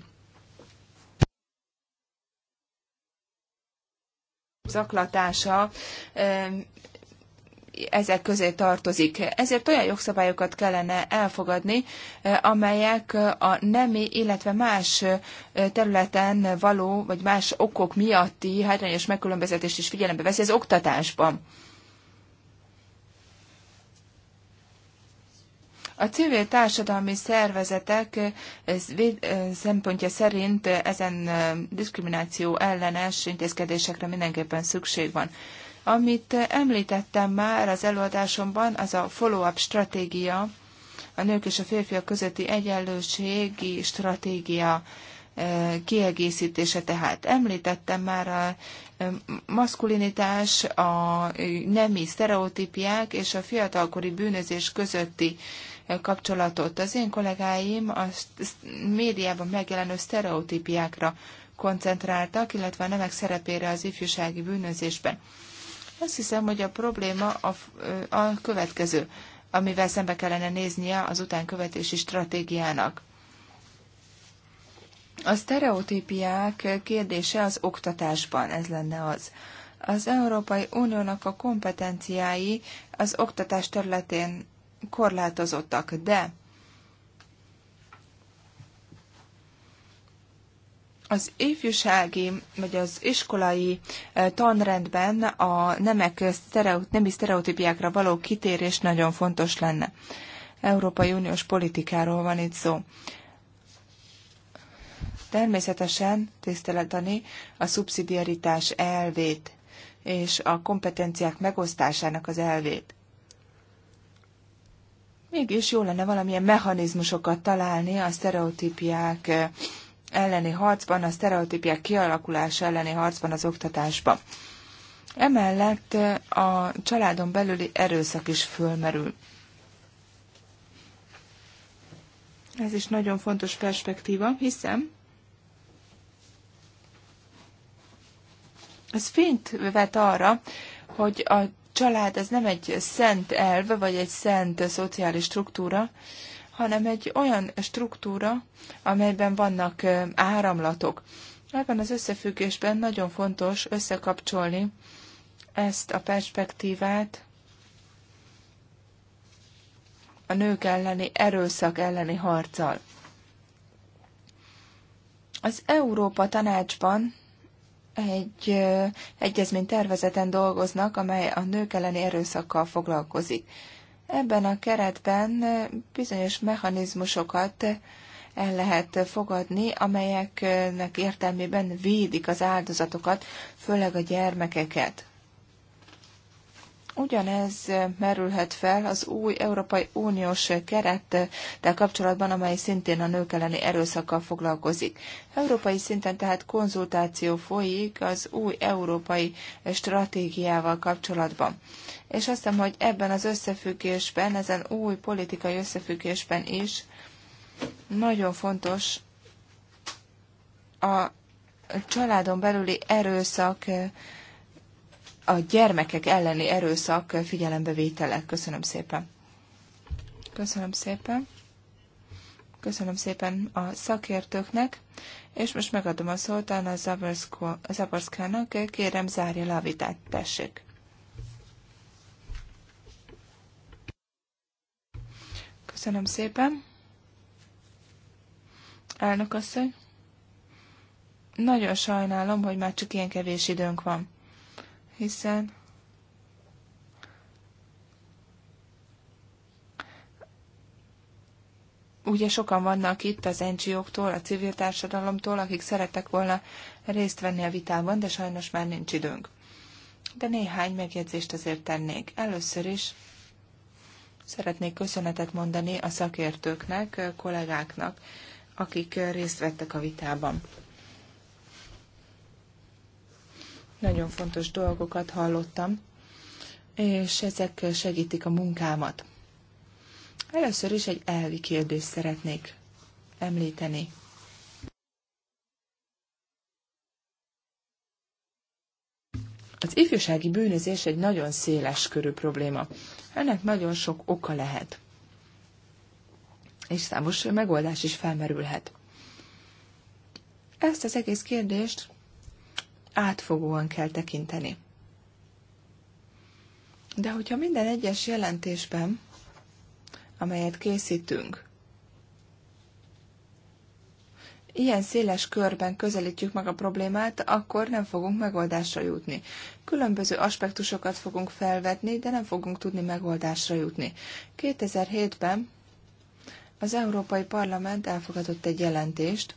zaklatása ezek közé tartozik. Ezért olyan jogszabályokat kellene elfogadni, amelyek a nemi, illetve más területen való, vagy más okok miatti hátrányos megkülönbözetést is figyelembe veszi az oktatásban. A civil társadalmi szervezetek szempontja szerint ezen diszkrimináció ellenes intézkedésekre mindenképpen szükség van. Amit említettem már az előadásomban, az a follow-up stratégia, a nők és a férfiak közötti egyenlőségi stratégia eh, kiegészítése. Tehát említettem már a eh, maszkulinitás, a eh, nemi sztereotípiák és a fiatalkori bűnözés közötti kapcsolatot. Az én kollégáim a médiában megjelenő sztereotípiákra koncentráltak, illetve a nemek szerepére az ifjúsági bűnözésben. Azt hiszem, hogy a probléma a, a következő, amivel szembe kellene néznie az utánkövetési stratégiának. A sztereotípiák kérdése az oktatásban, ez lenne az. Az Európai Uniónak a kompetenciái az oktatás területén korlátozottak, de Az ifjúsági, vagy az iskolai tanrendben a nemek nemi sztereotípiákra való kitérés nagyon fontos lenne. Európai Uniós politikáról van itt szó. Természetesen tiszteletani a szubszidiaritás elvét és a kompetenciák megosztásának az elvét. Mégis jó lenne valamilyen mechanizmusokat találni a sztereotípiák elleni harcban, a sztereotípiák kialakulása elleni harcban az oktatásban. Emellett a családon belüli erőszak is fölmerül. Ez is nagyon fontos perspektíva, hiszem. Ez fényt vet arra, hogy a család ez nem egy szent elv, vagy egy szent szociális struktúra, hanem egy olyan struktúra, amelyben vannak áramlatok. Ebben az összefüggésben nagyon fontos összekapcsolni ezt a perspektívát a nők elleni erőszak elleni harccal. Az Európa Tanácsban egy egyezménytervezeten dolgoznak, amely a nők elleni erőszakkal foglalkozik. Ebben a keretben bizonyos mechanizmusokat el lehet fogadni, amelyeknek értelmében védik az áldozatokat, főleg a gyermekeket. Ugyanez merülhet fel az új Európai Uniós kerettel kapcsolatban, amely szintén a nők elleni erőszakkal foglalkozik. Európai szinten tehát konzultáció folyik az új európai stratégiával kapcsolatban. És azt hiszem, hogy ebben az összefüggésben, ezen új politikai összefüggésben is nagyon fontos a családon belüli erőszak a gyermekek elleni erőszak figyelembevétele. Köszönöm szépen. Köszönöm szépen. Köszönöm szépen a szakértőknek, és most megadom a szót a Zaborszkának. Kérem, zárja le a vitát, tessék. Köszönöm szépen. Elnök asszony. Nagyon sajnálom, hogy már csak ilyen kevés időnk van hiszen ugye sokan vannak itt az NGO-któl, a civil társadalomtól, akik szerettek volna részt venni a vitában, de sajnos már nincs időnk. De néhány megjegyzést azért tennék. Először is szeretnék köszönetet mondani a szakértőknek, kollégáknak, akik részt vettek a vitában. Nagyon fontos dolgokat hallottam, és ezek segítik a munkámat. Először is egy elvi kérdést szeretnék említeni. Az ifjúsági bűnözés egy nagyon széles körű probléma. Ennek nagyon sok oka lehet. És számos megoldás is felmerülhet. Ezt az egész kérdést átfogóan kell tekinteni. De hogyha minden egyes jelentésben, amelyet készítünk, ilyen széles körben közelítjük meg a problémát, akkor nem fogunk megoldásra jutni. Különböző aspektusokat fogunk felvetni, de nem fogunk tudni megoldásra jutni. 2007-ben az Európai Parlament elfogadott egy jelentést,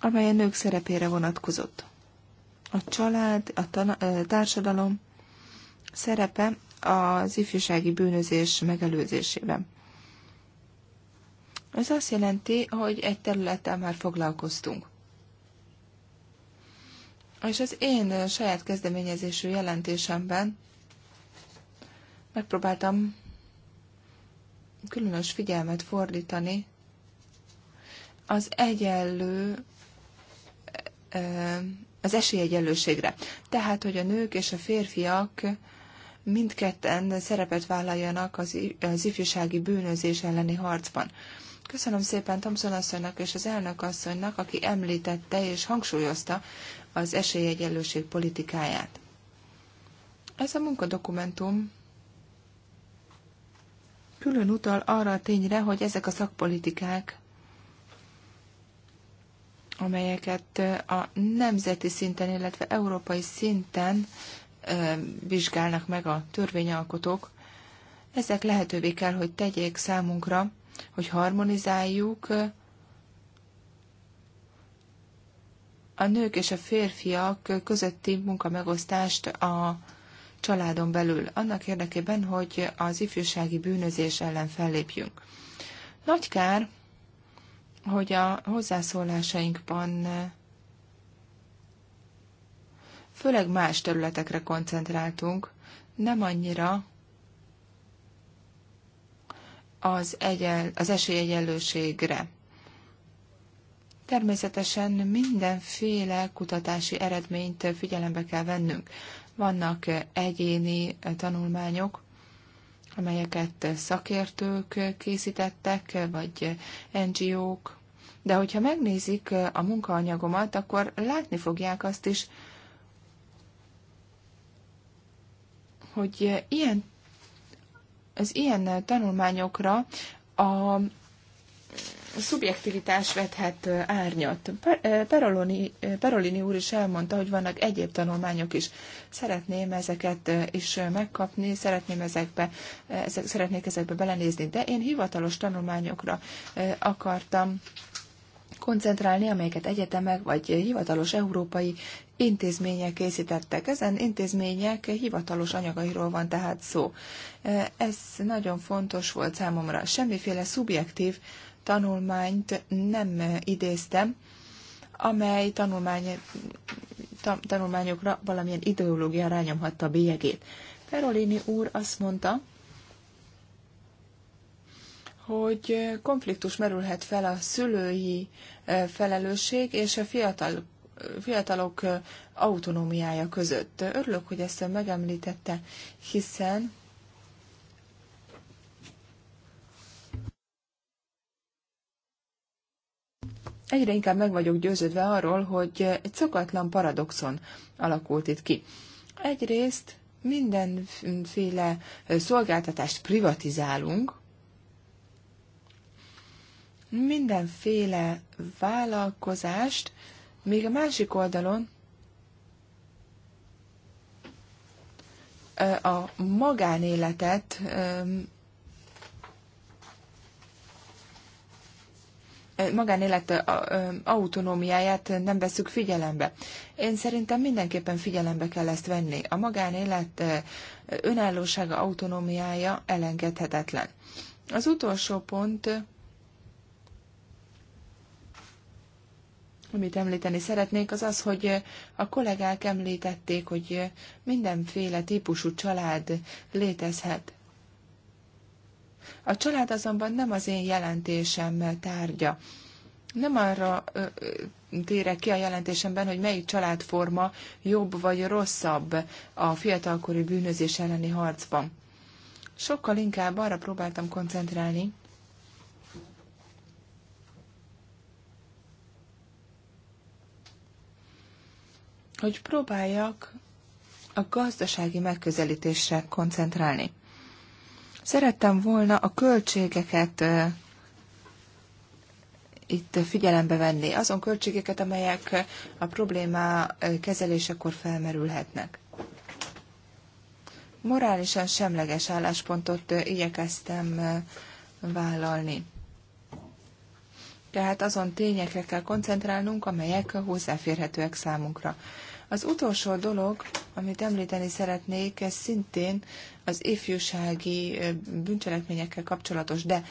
amely a nők szerepére vonatkozott. A család, a társadalom szerepe az ifjúsági bűnözés megelőzésében. Ez azt jelenti, hogy egy területtel már foglalkoztunk. És az én saját kezdeményezésű jelentésemben megpróbáltam különös figyelmet fordítani az egyenlő az esélyegyenlőségre. Tehát, hogy a nők és a férfiak mindketten szerepet vállaljanak az, az ifjúsági bűnözés elleni harcban. Köszönöm szépen Thompson asszonynak és az elnök asszonynak, aki említette és hangsúlyozta az esélyegyenlőség politikáját. Ez a munkadokumentum külön utal arra a tényre, hogy ezek a szakpolitikák amelyeket a nemzeti szinten, illetve európai szinten vizsgálnak meg a törvényalkotók. Ezek lehetővé kell, hogy tegyék számunkra, hogy harmonizáljuk a nők és a férfiak közötti munkamegosztást a családon belül, annak érdekében, hogy az ifjúsági bűnözés ellen fellépjünk. Nagy kár, hogy a hozzászólásainkban eh, főleg más területekre koncentráltunk, nem annyira az, egyel, az esélyegyenlőségre. Természetesen mindenféle kutatási eredményt figyelembe kell vennünk. Vannak egyéni tanulmányok, amelyeket szakértők készítettek, vagy NGO-k, de hogyha megnézik a munkaanyagomat, akkor látni fogják azt is, hogy ilyen, az ilyen tanulmányokra a szubjektivitás vethet árnyat. Peroloni, Perolini úr is elmondta, hogy vannak egyéb tanulmányok is. Szeretném ezeket is megkapni, szeretném ezekbe, ezek, szeretnék ezekbe belenézni, de én hivatalos tanulmányokra akartam koncentrálni, amelyeket egyetemek vagy hivatalos európai intézmények készítettek. Ezen intézmények hivatalos anyagairól van tehát szó. E, ez nagyon fontos volt számomra. Semmiféle szubjektív tanulmányt nem idéztem, amely tanulmány, ta, tanulmányokra valamilyen ideológia rányomhatta a bélyegét. Perolini úr azt mondta, hogy konfliktus merülhet fel a szülői felelősség és a fiatal, fiatalok autonómiája között. Örülök, hogy ezt megemlítette, hiszen egyre inkább meg vagyok győződve arról, hogy egy szokatlan paradoxon alakult itt ki. Egyrészt mindenféle szolgáltatást privatizálunk, mindenféle vállalkozást, még a másik oldalon a magánéletet magánélet autonómiáját nem veszük figyelembe. Én szerintem mindenképpen figyelembe kell ezt venni. A magánélet önállósága, autonómiája elengedhetetlen. Az utolsó pont Amit említeni szeretnék, az az, hogy a kollégák említették, hogy mindenféle típusú család létezhet. A család azonban nem az én jelentésem tárgya. Nem arra térek ki a jelentésemben, hogy melyik családforma jobb vagy rosszabb a fiatalkori bűnözés elleni harcban. Sokkal inkább arra próbáltam koncentrálni, hogy próbáljak a gazdasági megközelítésre koncentrálni. Szerettem volna a költségeket itt figyelembe venni, azon költségeket, amelyek a problémá kezelésekor felmerülhetnek. Morálisan semleges álláspontot igyekeztem vállalni. Tehát azon tényekre kell koncentrálnunk, amelyek hozzáférhetőek számunkra. Az utolsó dolog, amit említeni szeretnék, ez szintén az ifjúsági bűncselekményekkel kapcsolatos, de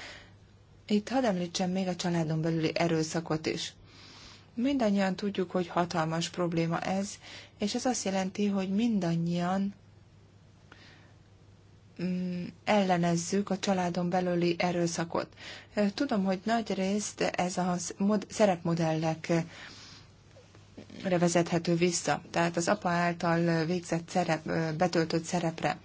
itt hadd említsem még a családon belüli erőszakot is. Mindannyian tudjuk, hogy hatalmas probléma ez, és ez azt jelenti, hogy mindannyian mm, ellenezzük a családon belüli erőszakot. Tudom, hogy nagy részt ez a szerepmodellek vezethető vissza, tehát az apa által végzett szerep, betöltött szerepre.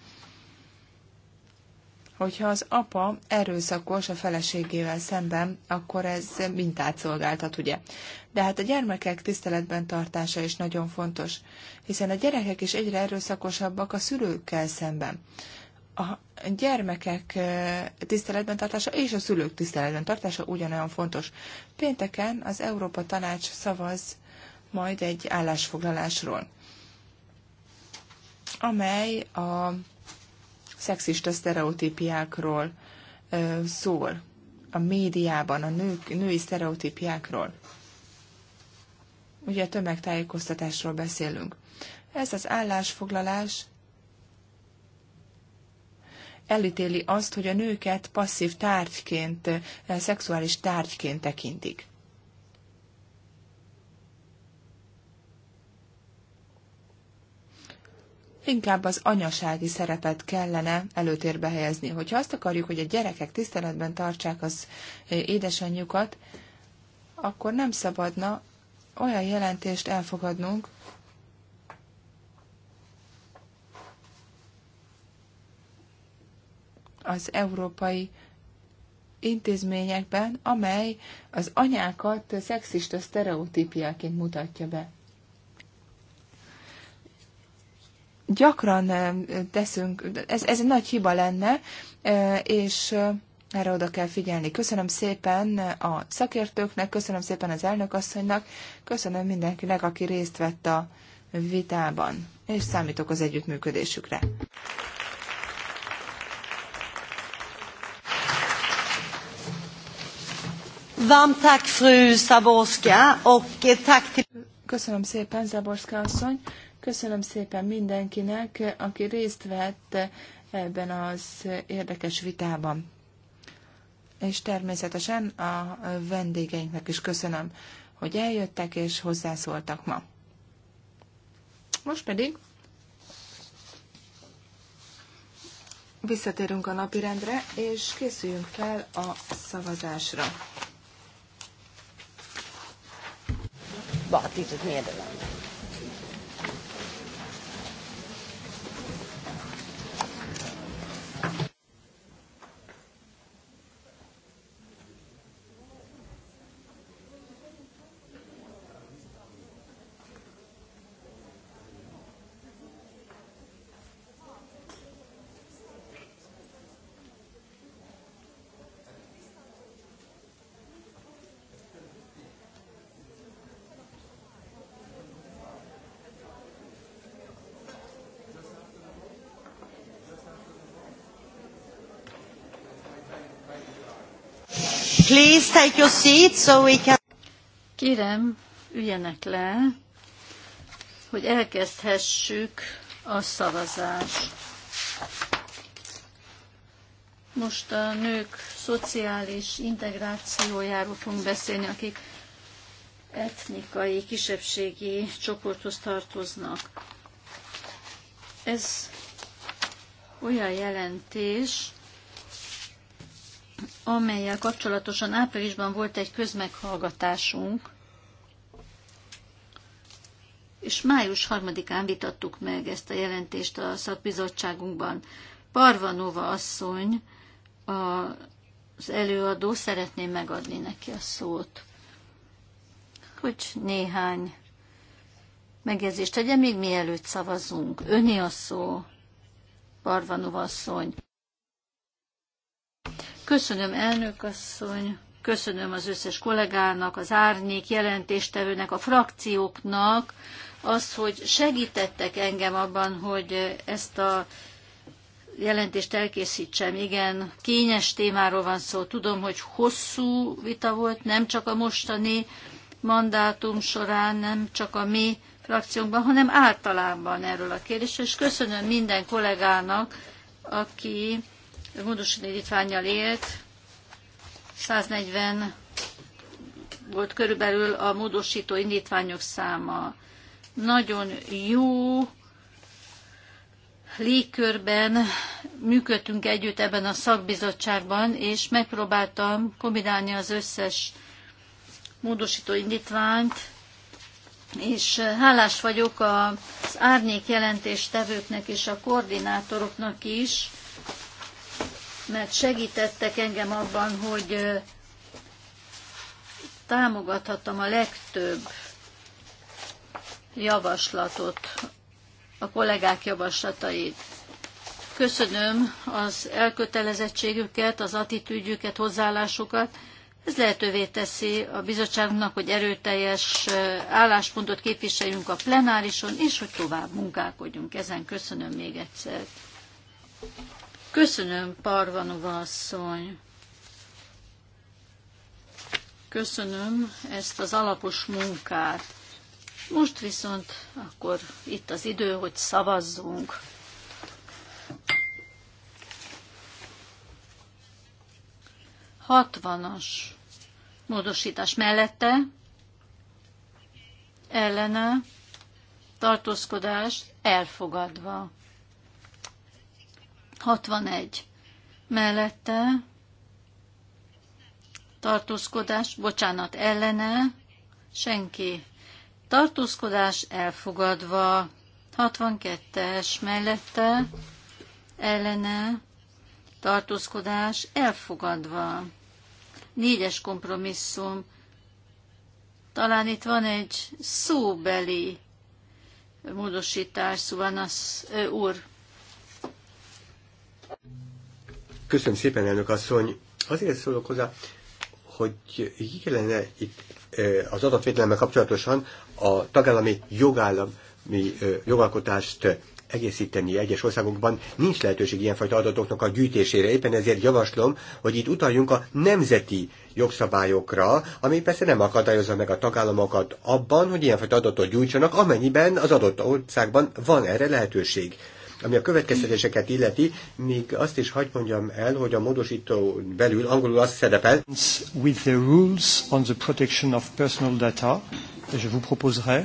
Hogyha az apa erőszakos a feleségével szemben, akkor ez mintát szolgáltat, ugye? De hát a gyermekek tiszteletben tartása is nagyon fontos, hiszen a gyerekek is egyre erőszakosabbak a szülőkkel szemben. A gyermekek tiszteletben tartása és a szülők tiszteletben tartása ugyanolyan fontos. Pénteken az Európa Tanács szavaz majd egy állásfoglalásról, amely a szexista sztereotípiákról szól, a médiában, a nők, női sztereotípiákról. Ugye tömegtájékoztatásról beszélünk. Ez az állásfoglalás elítéli azt, hogy a nőket passzív tárgyként, szexuális tárgyként tekintik. inkább az anyasági szerepet kellene előtérbe helyezni. Hogyha azt akarjuk, hogy a gyerekek tiszteletben tartsák az e, édesanyjukat, akkor nem szabadna olyan jelentést elfogadnunk, az európai intézményekben, amely az anyákat szexista sztereotípiaként mutatja be. gyakran teszünk, ez, ez egy nagy hiba lenne, és erre oda kell figyelni. Köszönöm szépen a szakértőknek, köszönöm szépen az elnökasszonynak, köszönöm mindenkinek, aki részt vett a vitában, és számítok az együttműködésükre. Varmt tack fru Saborska och eh, tack till Köszönöm szépen, Zaborszka asszony. Köszönöm szépen mindenkinek, aki részt vett ebben az érdekes vitában. És természetesen a vendégeinknek is köszönöm, hogy eljöttek és hozzászóltak ma. Most pedig visszatérünk a napirendre, és készüljünk fel a szavazásra. but at least Please take your seat so we can... Kérem, üljenek le, hogy elkezdhessük a szavazást. Most a nők szociális integrációjáról fogunk beszélni, akik etnikai, kisebbségi csoporthoz tartoznak. Ez olyan jelentés, amelyel kapcsolatosan áprilisban volt egy közmeghallgatásunk, és május 3-án vitattuk meg ezt a jelentést a szakbizottságunkban. Parvanova asszony, az előadó, szeretném megadni neki a szót, hogy néhány megjegyzést tegye, még mielőtt szavazunk. Öni a szó, Parvanova asszony. Köszönöm, elnök asszony, köszönöm az összes kollégának, az árnyék jelentéstevőnek, a frakcióknak azt, hogy segítettek engem abban, hogy ezt a jelentést elkészítsem. Igen, kényes témáról van szó. Tudom, hogy hosszú vita volt, nem csak a mostani mandátum során, nem csak a mi frakciónkban, hanem általában erről a kérdésről, és köszönöm minden kollégának, aki módosító indítványjal élt, 140 volt körülbelül a módosító indítványok száma. Nagyon jó légkörben működtünk együtt ebben a szakbizottságban, és megpróbáltam kombinálni az összes módosító indítványt, és hálás vagyok az árnyék jelentéstevőknek és a koordinátoroknak is, mert segítettek engem abban, hogy támogathattam a legtöbb javaslatot, a kollégák javaslatait. Köszönöm az elkötelezettségüket, az attitűdjüket, hozzáállásukat. Ez lehetővé teszi a bizottságunknak, hogy erőteljes álláspontot képviseljünk a plenárison, és hogy tovább munkálkodjunk ezen. Köszönöm még egyszer. Köszönöm, Parvanova asszony. Köszönöm ezt az alapos munkát. Most viszont akkor itt az idő, hogy szavazzunk. Hatvanas módosítás mellette, ellene, tartózkodás elfogadva. 61 mellette tartózkodás, bocsánat, ellene senki. Tartózkodás elfogadva. 62-es mellette ellene tartózkodás elfogadva. Négyes kompromisszum. Talán itt van egy szóbeli módosítás, Szuvanasz úr Köszönöm szépen, elnök asszony. Azért szólok hozzá, hogy így kellene itt az adatvédelemmel kapcsolatosan a tagállami jogállami jogalkotást egészíteni egyes országokban nincs lehetőség ilyenfajta adatoknak a gyűjtésére. Éppen ezért javaslom, hogy itt utaljunk a nemzeti jogszabályokra, ami persze nem akadályozza meg a tagállamokat abban, hogy ilyenfajta adatot gyújtsanak, amennyiben az adott országban van erre lehetőség. Ami a következtetéseket illeti, még azt is hagyd mondjam el, hogy a módosító belül angolul azt szerepel. With the rules on the protection of personal data, je vous proposerai.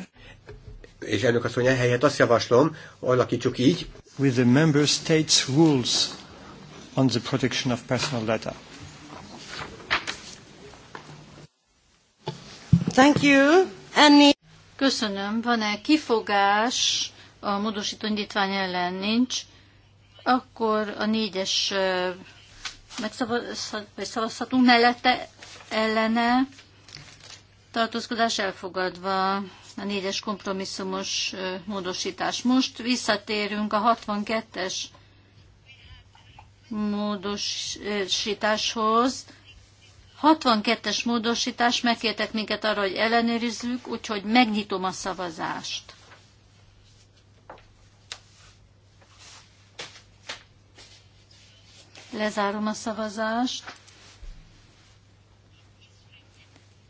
És elnök mondja, helyett azt javaslom, alakítsuk így. With the member states rules on the protection of personal data. Thank you. Annie. Köszönöm. Van-e kifogás a módosító indítvány ellen nincs, akkor a négyes megszavazhatunk mellette ellene tartózkodás elfogadva a négyes kompromisszumos módosítás. Most visszatérünk a 62-es módosításhoz. 62-es módosítás megkértek minket arra, hogy ellenőrizzük, úgyhogy megnyitom a szavazást. Lezárom a szavazást.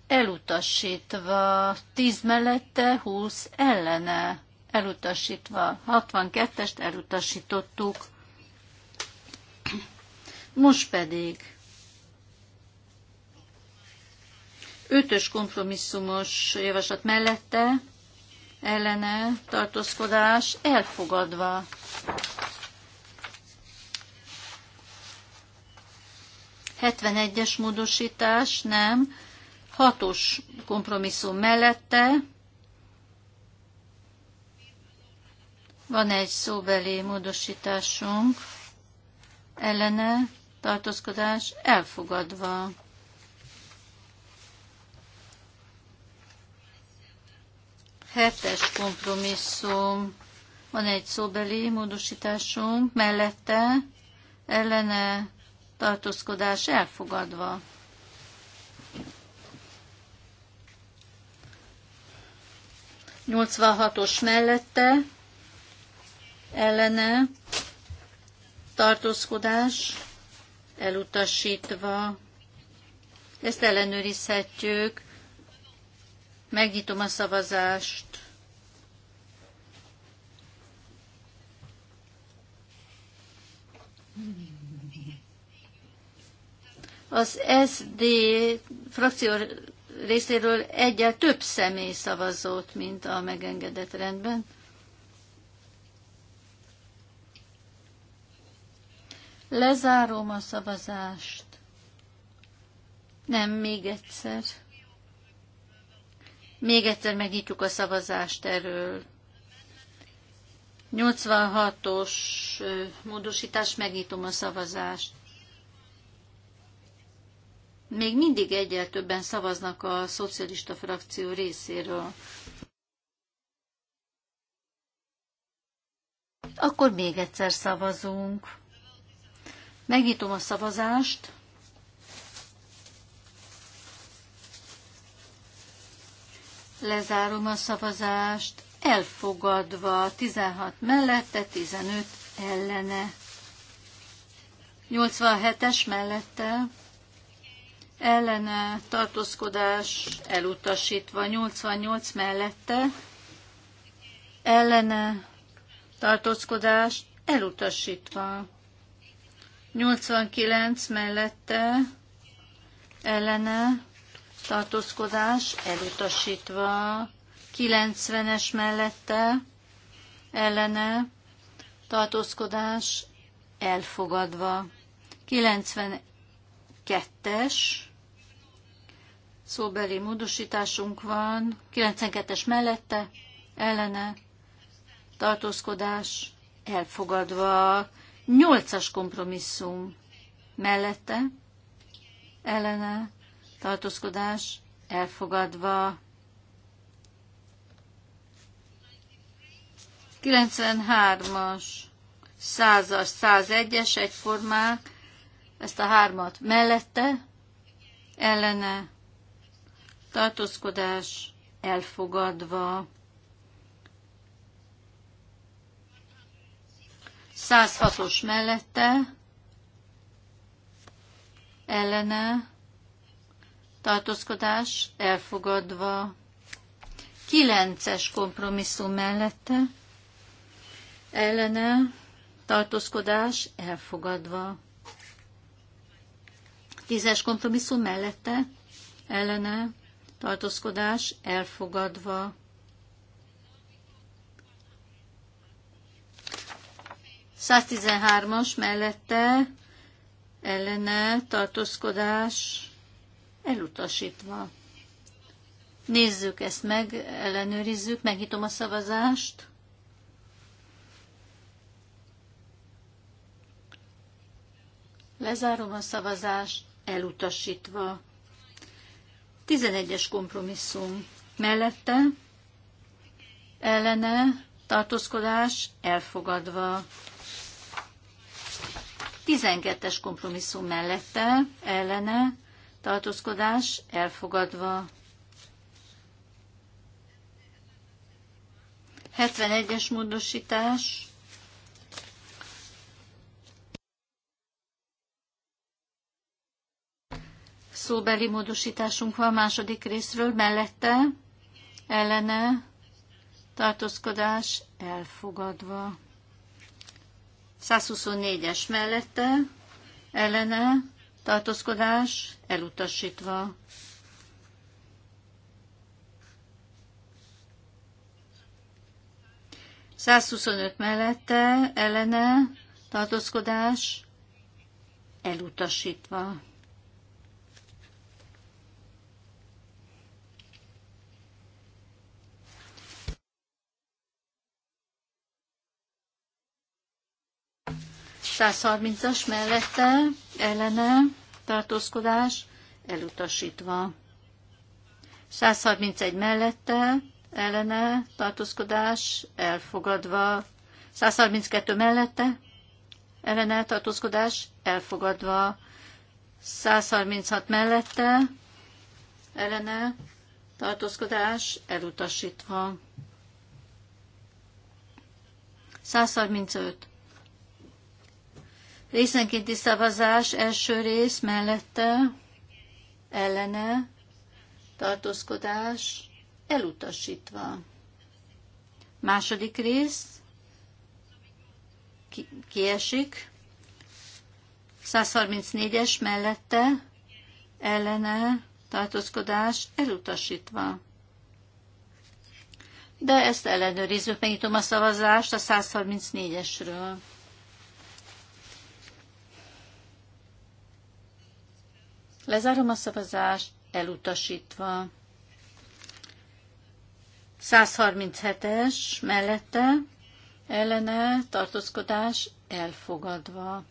Elutasítva 10 mellette, 20 ellene. Elutasítva 62-est elutasítottuk. Most pedig ötös kompromisszumos javaslat mellette ellene tartózkodás elfogadva. 71-es módosítás, nem. 6-os kompromisszum mellette van egy szóbeli módosításunk, ellene tartózkodás elfogadva. Hetes kompromisszum. Van egy szóbeli módosításunk mellette, ellene tartózkodás elfogadva. Nyolcvanhatos mellette ellene tartózkodás elutasítva. Ezt ellenőrizhetjük. Megnyitom a szavazást. Mm-hmm. Az SD frakció részéről egyel több személy szavazott, mint a megengedett rendben. Lezárom a szavazást. Nem, még egyszer. Még egyszer megnyitjuk a szavazást erről. 86-os módosítás, megnyitom a szavazást még mindig egyel többen szavaznak a szocialista frakció részéről. Akkor még egyszer szavazunk. Megnyitom a szavazást. Lezárom a szavazást. Elfogadva 16 mellette, 15 ellene. 87-es mellette ellene tartózkodás elutasítva, 88 mellette ellene tartózkodás elutasítva, 89 mellette ellene tartózkodás elutasítva, 90-es mellette ellene tartózkodás elfogadva, 91 92-es, szóbeli módosításunk van, 92-es mellette, ellene, tartózkodás, elfogadva, 8-as kompromisszum mellette, ellene, tartózkodás, elfogadva, 93-as, 100-as, 101-es egyformák, ezt a hármat mellette, ellene, tartózkodás elfogadva. 106-os mellette, ellene, tartózkodás elfogadva. 9-es kompromisszum mellette, ellene, tartózkodás elfogadva. Tízes kompromisszum mellette ellene tartózkodás elfogadva. Száztizenhármas mellette ellene tartózkodás elutasítva. Nézzük ezt meg, ellenőrizzük, megnyitom a szavazást. Lezárom a szavazást elutasítva. 11-es kompromisszum mellette ellene tartózkodás elfogadva. 12-es kompromisszum mellette ellene tartózkodás elfogadva. 71-es módosítás szóbeli módosításunk van második részről, mellette, ellene, tartózkodás elfogadva. 124-es mellette, ellene, tartózkodás elutasítva. Százhuszonöt mellette, ellene, tartózkodás elutasítva. 130-as mellette ellene tartózkodás elutasítva. 131 mellette ellene tartózkodás elfogadva. 132 mellette ellene tartózkodás elfogadva. 136 mellette ellene tartózkodás elutasítva. 135 Részenkénti szavazás első rész mellette, ellene, tartózkodás elutasítva. Második rész ki, kiesik. 134-es mellette, ellene, tartózkodás elutasítva. De ezt ellenőrizzük, megnyitom a szavazást a 134-esről. Lezárom a szavazást, elutasítva. 137-es mellette ellene tartózkodás elfogadva.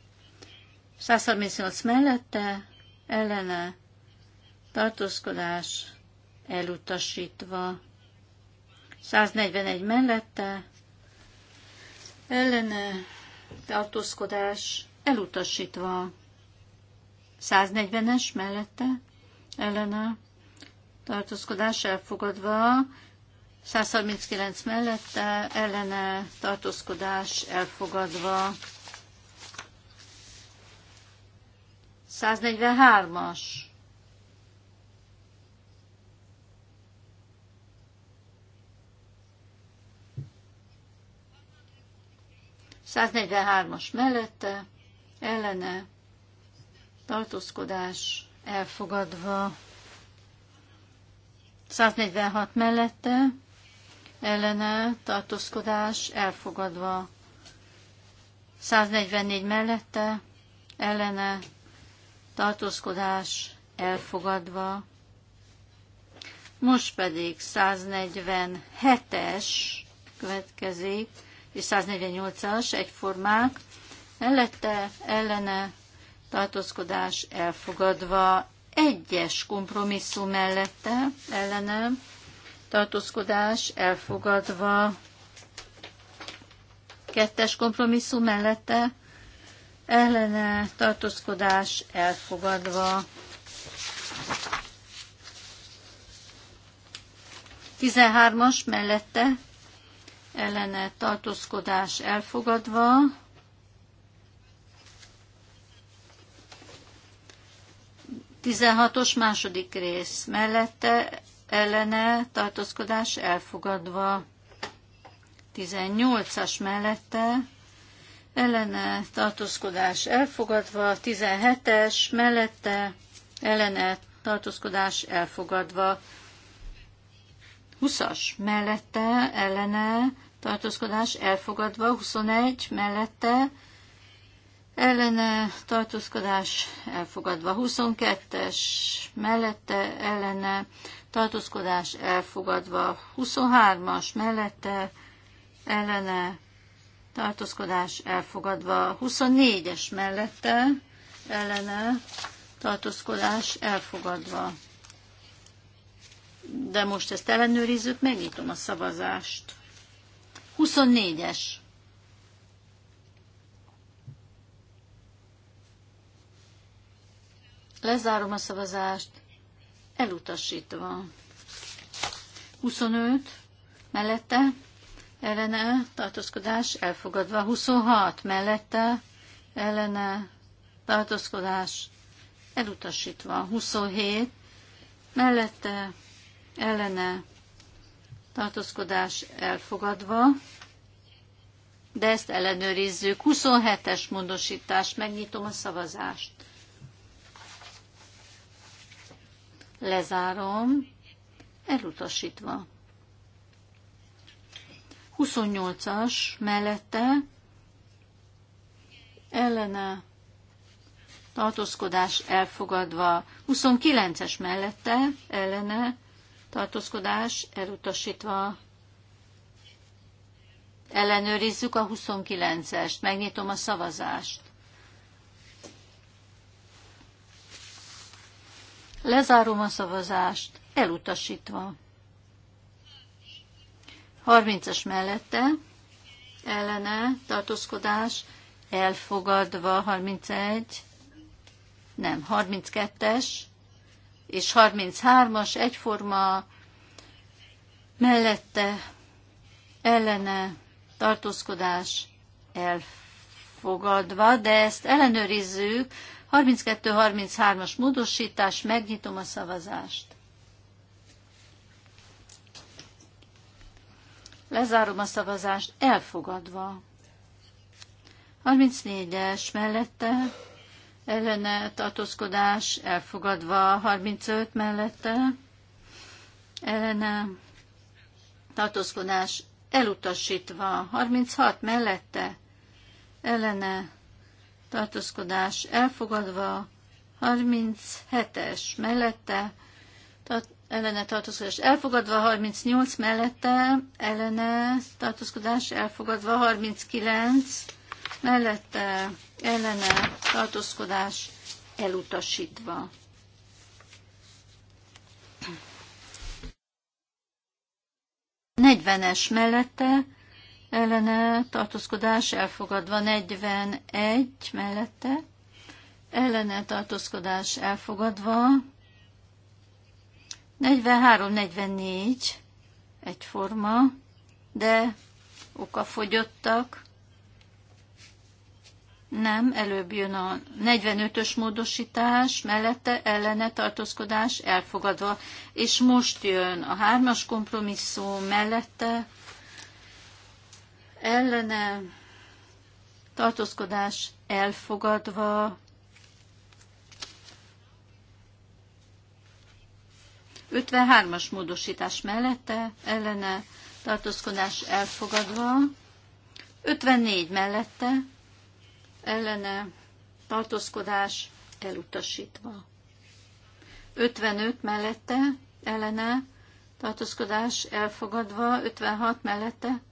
138 mellette ellene tartózkodás elutasítva. 141 mellette ellene tartózkodás elutasítva. 140-es mellette Elena tartózkodás elfogadva, 139 mellette Elena tartózkodás elfogadva. 143-as. Száznegyvenhármas mellette, ellene, tartózkodás elfogadva. 146 mellette ellene tartózkodás elfogadva. 144 mellette ellene tartózkodás elfogadva. Most pedig 147-es következik, és 148-as egyformák, mellette ellene tartózkodás elfogadva, egyes kompromisszum mellette ellene, tartózkodás elfogadva, kettes kompromisszum mellette ellene, tartózkodás elfogadva, 13-as mellette ellene tartózkodás elfogadva, 16-os második rész mellette ellene tartózkodás elfogadva. 18-as mellette ellene tartózkodás elfogadva, 17-es mellette ellene tartózkodás elfogadva, 20-as mellette ellene tartózkodás elfogadva, 21 mellette ellene tartózkodás elfogadva. 22-es mellette ellene tartózkodás elfogadva. 23-as mellette ellene tartózkodás elfogadva. 24-es mellette ellene tartózkodás elfogadva. De most ezt ellenőrizzük, megnyitom a szavazást. 24-es. Lezárom a szavazást. Elutasítva. 25 mellette ellene tartózkodás elfogadva. 26 mellette ellene tartózkodás elutasítva. 27 mellette ellene tartózkodás elfogadva, de ezt ellenőrizzük. 27-es módosítás, megnyitom a szavazást. Lezárom. Elutasítva. 28-as mellette ellene tartózkodás elfogadva, 29-es mellette ellene tartózkodás elutasítva. Ellenőrizzük a 29-est, megnyitom a szavazást. Lezárom a szavazást, elutasítva. 30-as mellette, ellene, tartózkodás, elfogadva, 31, nem, 32-es, és 33-as egyforma, mellette, ellene, tartózkodás, elfogadva, de ezt ellenőrizzük, 32-33-as módosítás, megnyitom a szavazást. Lezárom a szavazást, elfogadva. 34-es mellette ellene tartózkodás, elfogadva. 35 mellette ellene tartózkodás, elutasítva. 36 mellette ellene tartózkodás elfogadva, 37-es mellette, tart, ellene tartózkodás elfogadva, 38 mellette, ellene tartózkodás elfogadva, 39 mellette, ellene tartózkodás elutasítva. Negyvenes mellette ellene tartózkodás elfogadva 41 mellette, ellene tartózkodás elfogadva 43-44 egyforma, de okafogyottak, nem, előbb jön a 45-ös módosítás, mellette ellene tartózkodás elfogadva, és most jön a hármas kompromisszum mellette ellene tartózkodás elfogadva, 53-as módosítás mellette, ellene tartózkodás elfogadva, 54 mellette, ellene tartózkodás elutasítva. 55 mellette, ellene tartózkodás elfogadva, 56 mellette,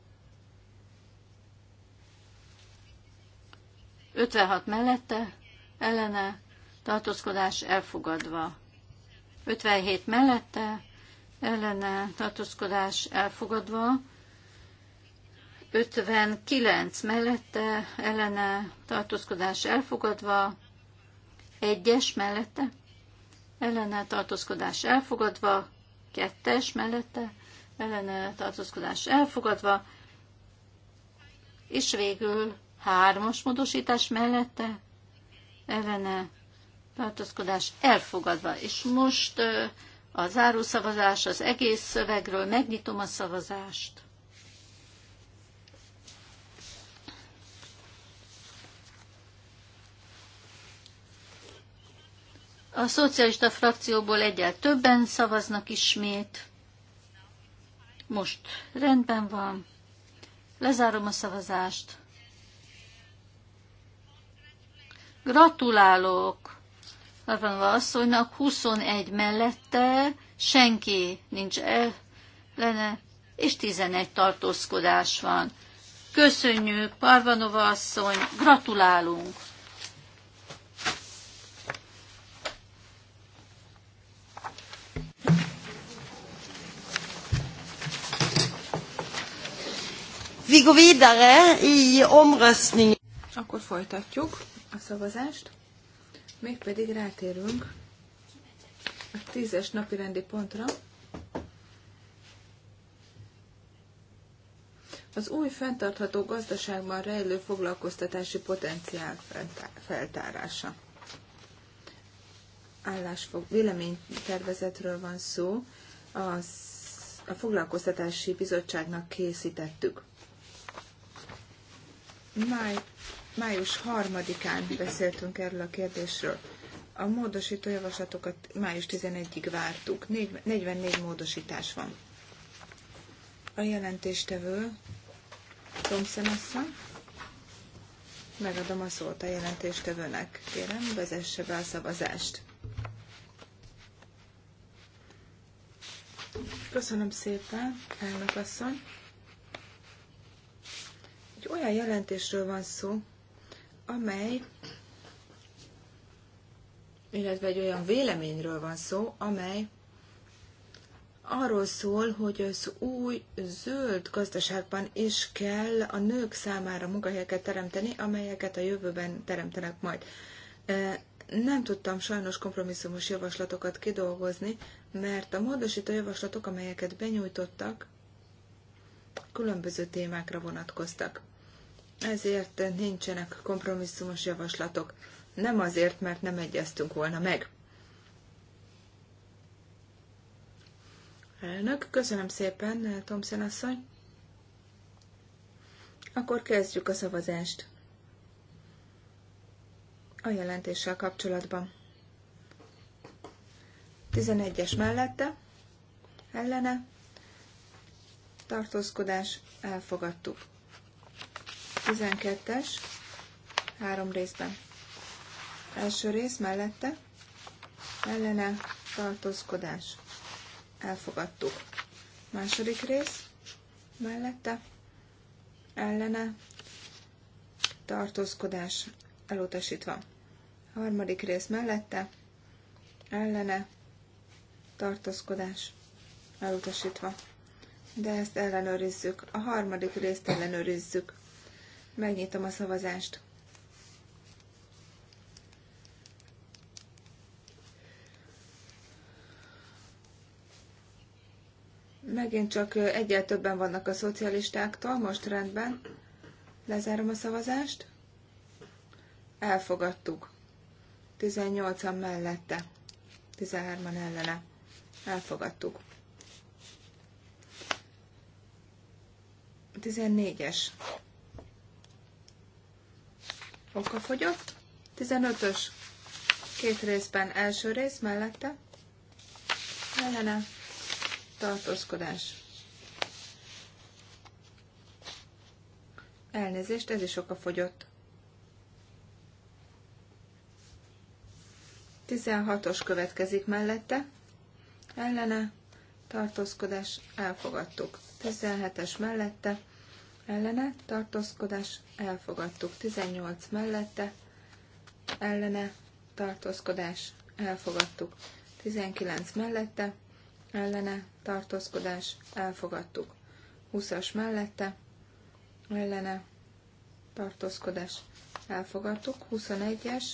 56 mellette, ellene, tartózkodás elfogadva. 57 mellette, ellene, tartózkodás elfogadva. 59 mellette, ellene, tartózkodás elfogadva. 1-es mellette, ellene, tartózkodás elfogadva. 2-es mellette, ellene, tartózkodás elfogadva. És végül Hármas módosítás mellette ellene tartozkodás elfogadva. És most a zárószavazás az egész szövegről. Megnyitom a szavazást. A szocialista frakcióból egyel többen szavaznak ismét. Most rendben van. Lezárom a szavazást. Gratulálok Lavanova asszonynak, 21 mellette senki nincs lenne és 11 tartózkodás van. Köszönjük, Parvanova asszony, gratulálunk! Vi går vidare i omröstningen. Akkor folytatjuk a szavazást, mégpedig rátérünk a tízes napi rendi pontra. Az új fenntartható gazdaságban rejlő foglalkoztatási potenciál feltárása. Állásfog, véleménytervezetről van szó, az, a foglalkoztatási bizottságnak készítettük. Mike Május 3-án beszéltünk erről a kérdésről. A módosító javaslatokat május 11-ig vártuk. 44 módosítás van. A jelentéstevő Thompson asszony. Megadom a szót a jelentéstevőnek. Kérem, vezesse be a szavazást. Köszönöm szépen, elnök asszony. Egy olyan jelentésről van szó, amely, illetve egy olyan véleményről van szó, amely arról szól, hogy az új zöld gazdaságban is kell a nők számára munkahelyeket teremteni, amelyeket a jövőben teremtenek majd. Nem tudtam sajnos kompromisszumos javaslatokat kidolgozni, mert a módosító javaslatok, amelyeket benyújtottak, különböző témákra vonatkoztak ezért nincsenek kompromisszumos javaslatok. Nem azért, mert nem egyeztünk volna meg. Elnök, köszönöm szépen, Tomszen asszony. Akkor kezdjük a szavazást. A jelentéssel kapcsolatban. 11-es mellette, ellene, tartózkodás, elfogadtuk. 12-es, három részben. Első rész mellette, ellene tartózkodás. Elfogadtuk. Második rész mellette, ellene tartózkodás elutasítva. Harmadik rész mellette, ellene tartózkodás elutasítva. De ezt ellenőrizzük. A harmadik részt ellenőrizzük. Megnyitom a szavazást. Megint csak egyel többen vannak a szocialistáktól, most rendben. Lezárom a szavazást. Elfogadtuk. 18-an mellette, 13-an ellene. Elfogadtuk. 14-es okafogyott. 15-ös két részben első rész mellette ellene tartózkodás. Elnézést, ez is okafogyott. 16-os következik mellette. Ellene tartózkodás elfogadtuk. 17-es mellette ellene, tartózkodás, elfogadtuk. 18 mellette, ellene, tartózkodás, elfogadtuk. 19 mellette, ellene, tartózkodás, elfogadtuk. 20-as mellette, ellene, tartózkodás, elfogadtuk. 21-es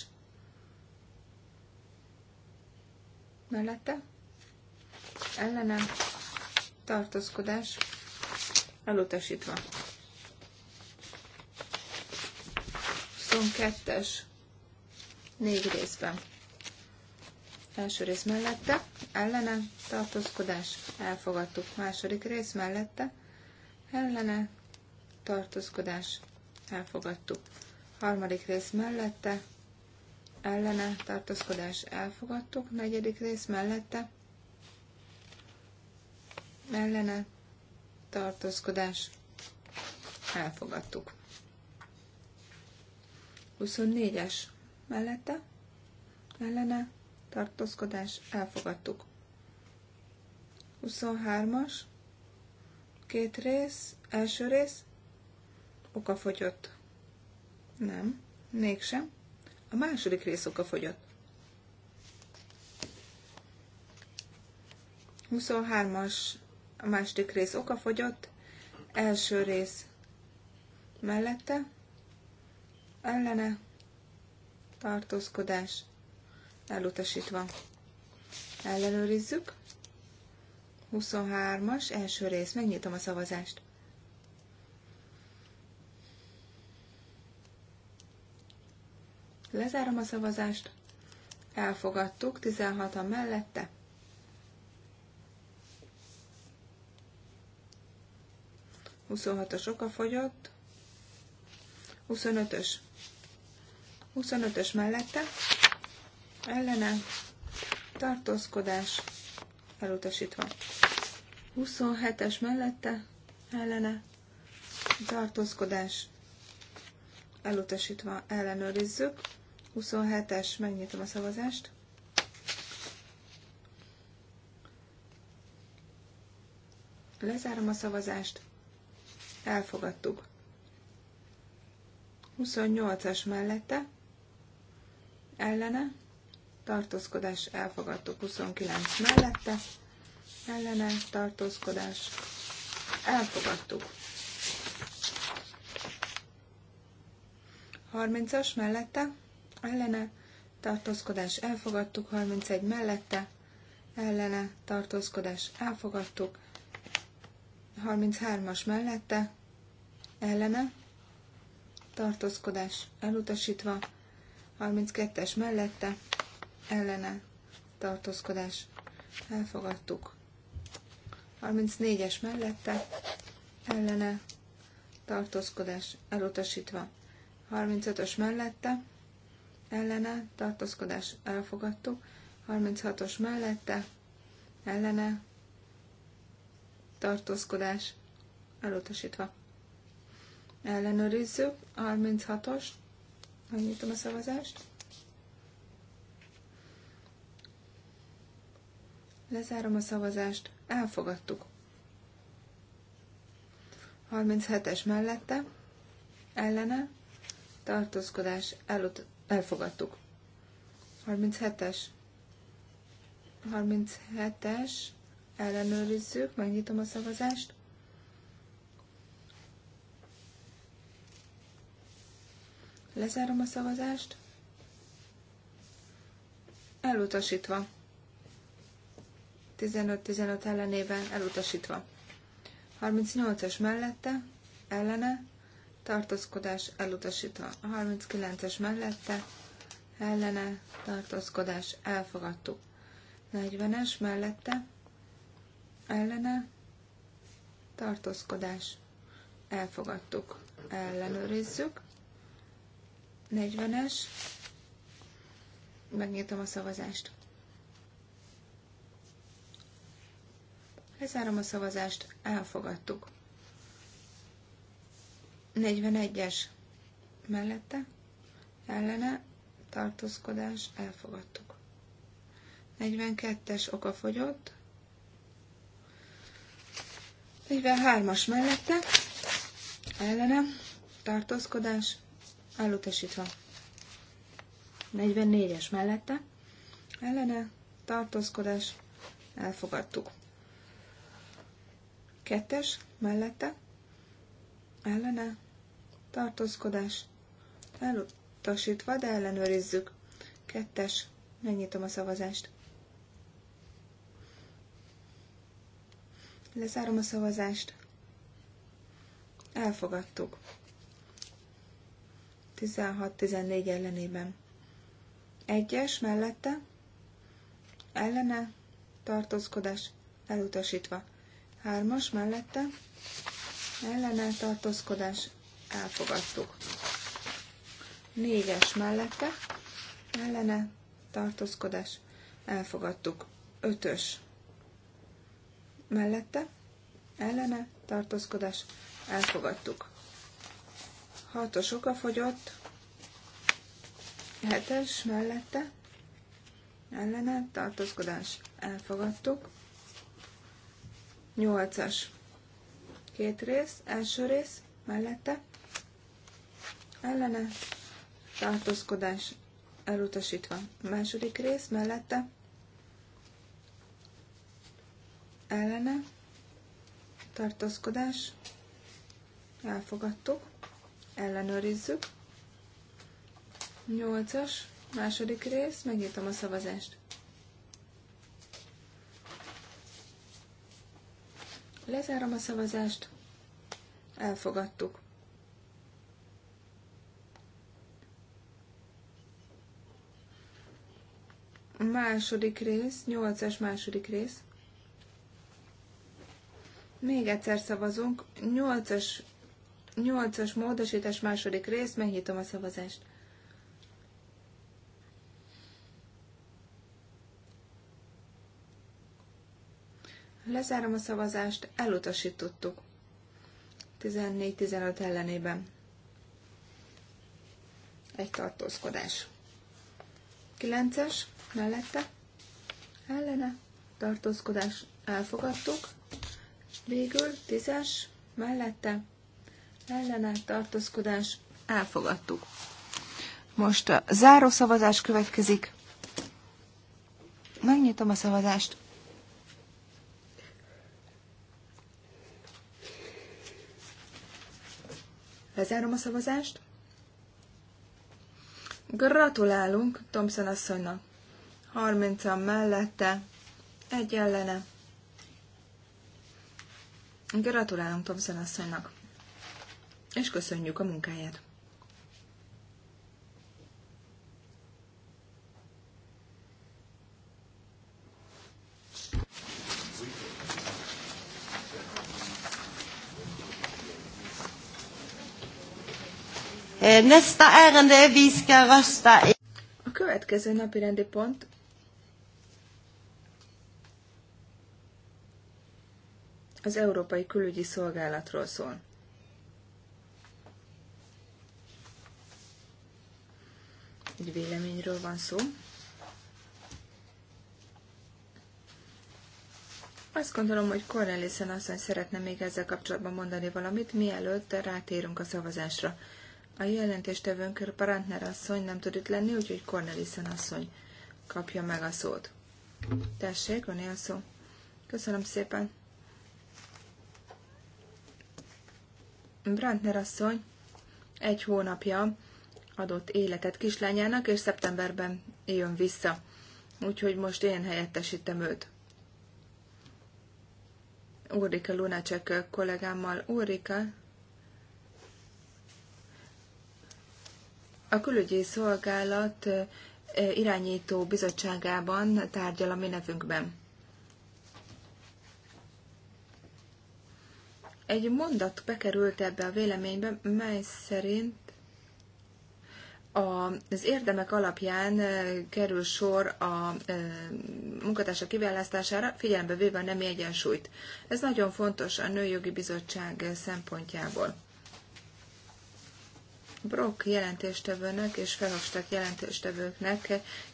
mellette, ellene, tartózkodás, elutasítva. 22-es négy részben. Első rész mellette, ellene, tartózkodás, elfogadtuk. Második rész mellette, ellene, tartózkodás, elfogadtuk. Harmadik rész mellette, ellene, tartózkodás, elfogadtuk. Negyedik rész mellette, ellene, tartózkodás, elfogadtuk. 24-es mellette, ellene, tartózkodás, elfogadtuk. 23-as, két rész, első rész, okafogyott. Nem, mégsem. A második rész okafogyott. 23-as, a második rész okafogyott, első rész mellette, ellene tartózkodás elutasítva. Ellenőrizzük. 23-as első rész. Megnyitom a szavazást. Lezárom a szavazást. Elfogadtuk. 16-an mellette. Huszonhatos oka fogyott. 25-ös 25-ös mellette ellene tartózkodás elutasítva. 27-es mellette ellene tartózkodás elutasítva ellenőrizzük. 27-es, megnyitom a szavazást. Lezárom a szavazást. Elfogadtuk. 28-as mellette ellene, tartózkodás elfogadtuk 29 mellette, ellene, tartózkodás elfogadtuk. 30-as mellette, ellene, tartózkodás elfogadtuk, 31 mellette, ellene, tartózkodás elfogadtuk, 33-as mellette, ellene, tartózkodás elutasítva, 32-es mellette ellene tartózkodás elfogadtuk. 34-es mellette ellene tartózkodás elutasítva. 35-ös mellette ellene tartózkodás elfogadtuk. 36-os mellette ellene tartózkodás elutasítva. Ellenőrizzük 36-ost. Megnyitom a szavazást. Lezárom a szavazást. Elfogadtuk. 37-es mellette, ellene, tartózkodás, elut- elfogadtuk. 37-es. 37-es, ellenőrizzük, megnyitom a szavazást. Lezárom a szavazást. Elutasítva. 15-15 ellenében elutasítva. 38-as mellette, ellene, tartózkodás elutasítva. A 39-es mellette, ellene, tartózkodás elfogadtuk. 40-es mellette, ellene, tartózkodás elfogadtuk. Ellenőrizzük. 40-es. Megnyitom a szavazást. Lezárom a szavazást, elfogadtuk. 41-es mellette, ellene, tartózkodás, elfogadtuk. 42-es fogyott. 43-as mellette, ellene, tartózkodás, elutasítva. 44-es mellette, ellene, tartózkodás, elfogadtuk. Kettes, mellette, ellene, tartózkodás, elutasítva, de ellenőrizzük. Kettes, megnyitom a szavazást. Lezárom a szavazást. Elfogadtuk. 16-14 ellenében. Egyes mellette ellene tartózkodás elutasítva. Hármas mellette ellene tartózkodás elfogadtuk. Négyes mellette ellene tartózkodás elfogadtuk. Ötös mellette ellene tartózkodás elfogadtuk. 6-os oka fogyott. Hetes mellette. Ellene tartózkodás. Elfogadtuk. Nyolcas. Két rész. Első rész mellette. Ellene tartózkodás elutasítva. Második rész mellette. Ellene tartózkodás elfogadtuk ellenőrizzük. 8-as, második rész, megnyitom a szavazást. Lezárom a szavazást, elfogadtuk. Második rész, 8-as második rész. Még egyszer szavazunk, 8-as Nyolcas módosítás második rész, megnyitom a szavazást. Lezárom a szavazást, elutasítottuk. 14-15 ellenében. Egy tartózkodás. 9-es, mellette, ellene, tartózkodás, elfogadtuk. Végül 10-es, mellette, ellenállt tartózkodás elfogadtuk. Most a záró szavazás következik. Megnyitom a szavazást. Lezárom a szavazást. Gratulálunk Thompson asszonynak. 30 mellette, egy ellene. Gratulálunk Thompson asszonynak és köszönjük a munkáját. Eh, nästa ärende vi ska rösta i. A következő napi rendi pont az Európai Külügyi Szolgálatról szól. egy véleményről van szó. Azt gondolom, hogy Cornelissen asszony szeretne még ezzel kapcsolatban mondani valamit, mielőtt rátérünk a szavazásra. A jelentéstevőnk Parantner asszony nem tud itt lenni, úgyhogy Cornelissen asszony kapja meg a szót. Tessék, van a szó. Köszönöm szépen. Brandner asszony egy hónapja adott életet kislányának, és szeptemberben jön vissza. Úgyhogy most én helyettesítem őt. Úrika Lunacek kollégámmal. Úrika, a külügyi szolgálat irányító bizottságában tárgyal a mi nevünkben. Egy mondat bekerült ebbe a véleménybe, mely szerint az érdemek alapján kerül sor a munkatársa kiválasztására, figyelembe véve a nemi egyensúlyt. Ez nagyon fontos a Nőjogi Bizottság szempontjából. Brock jelentéstevőnek és Verhofstadt jelentéstevőknek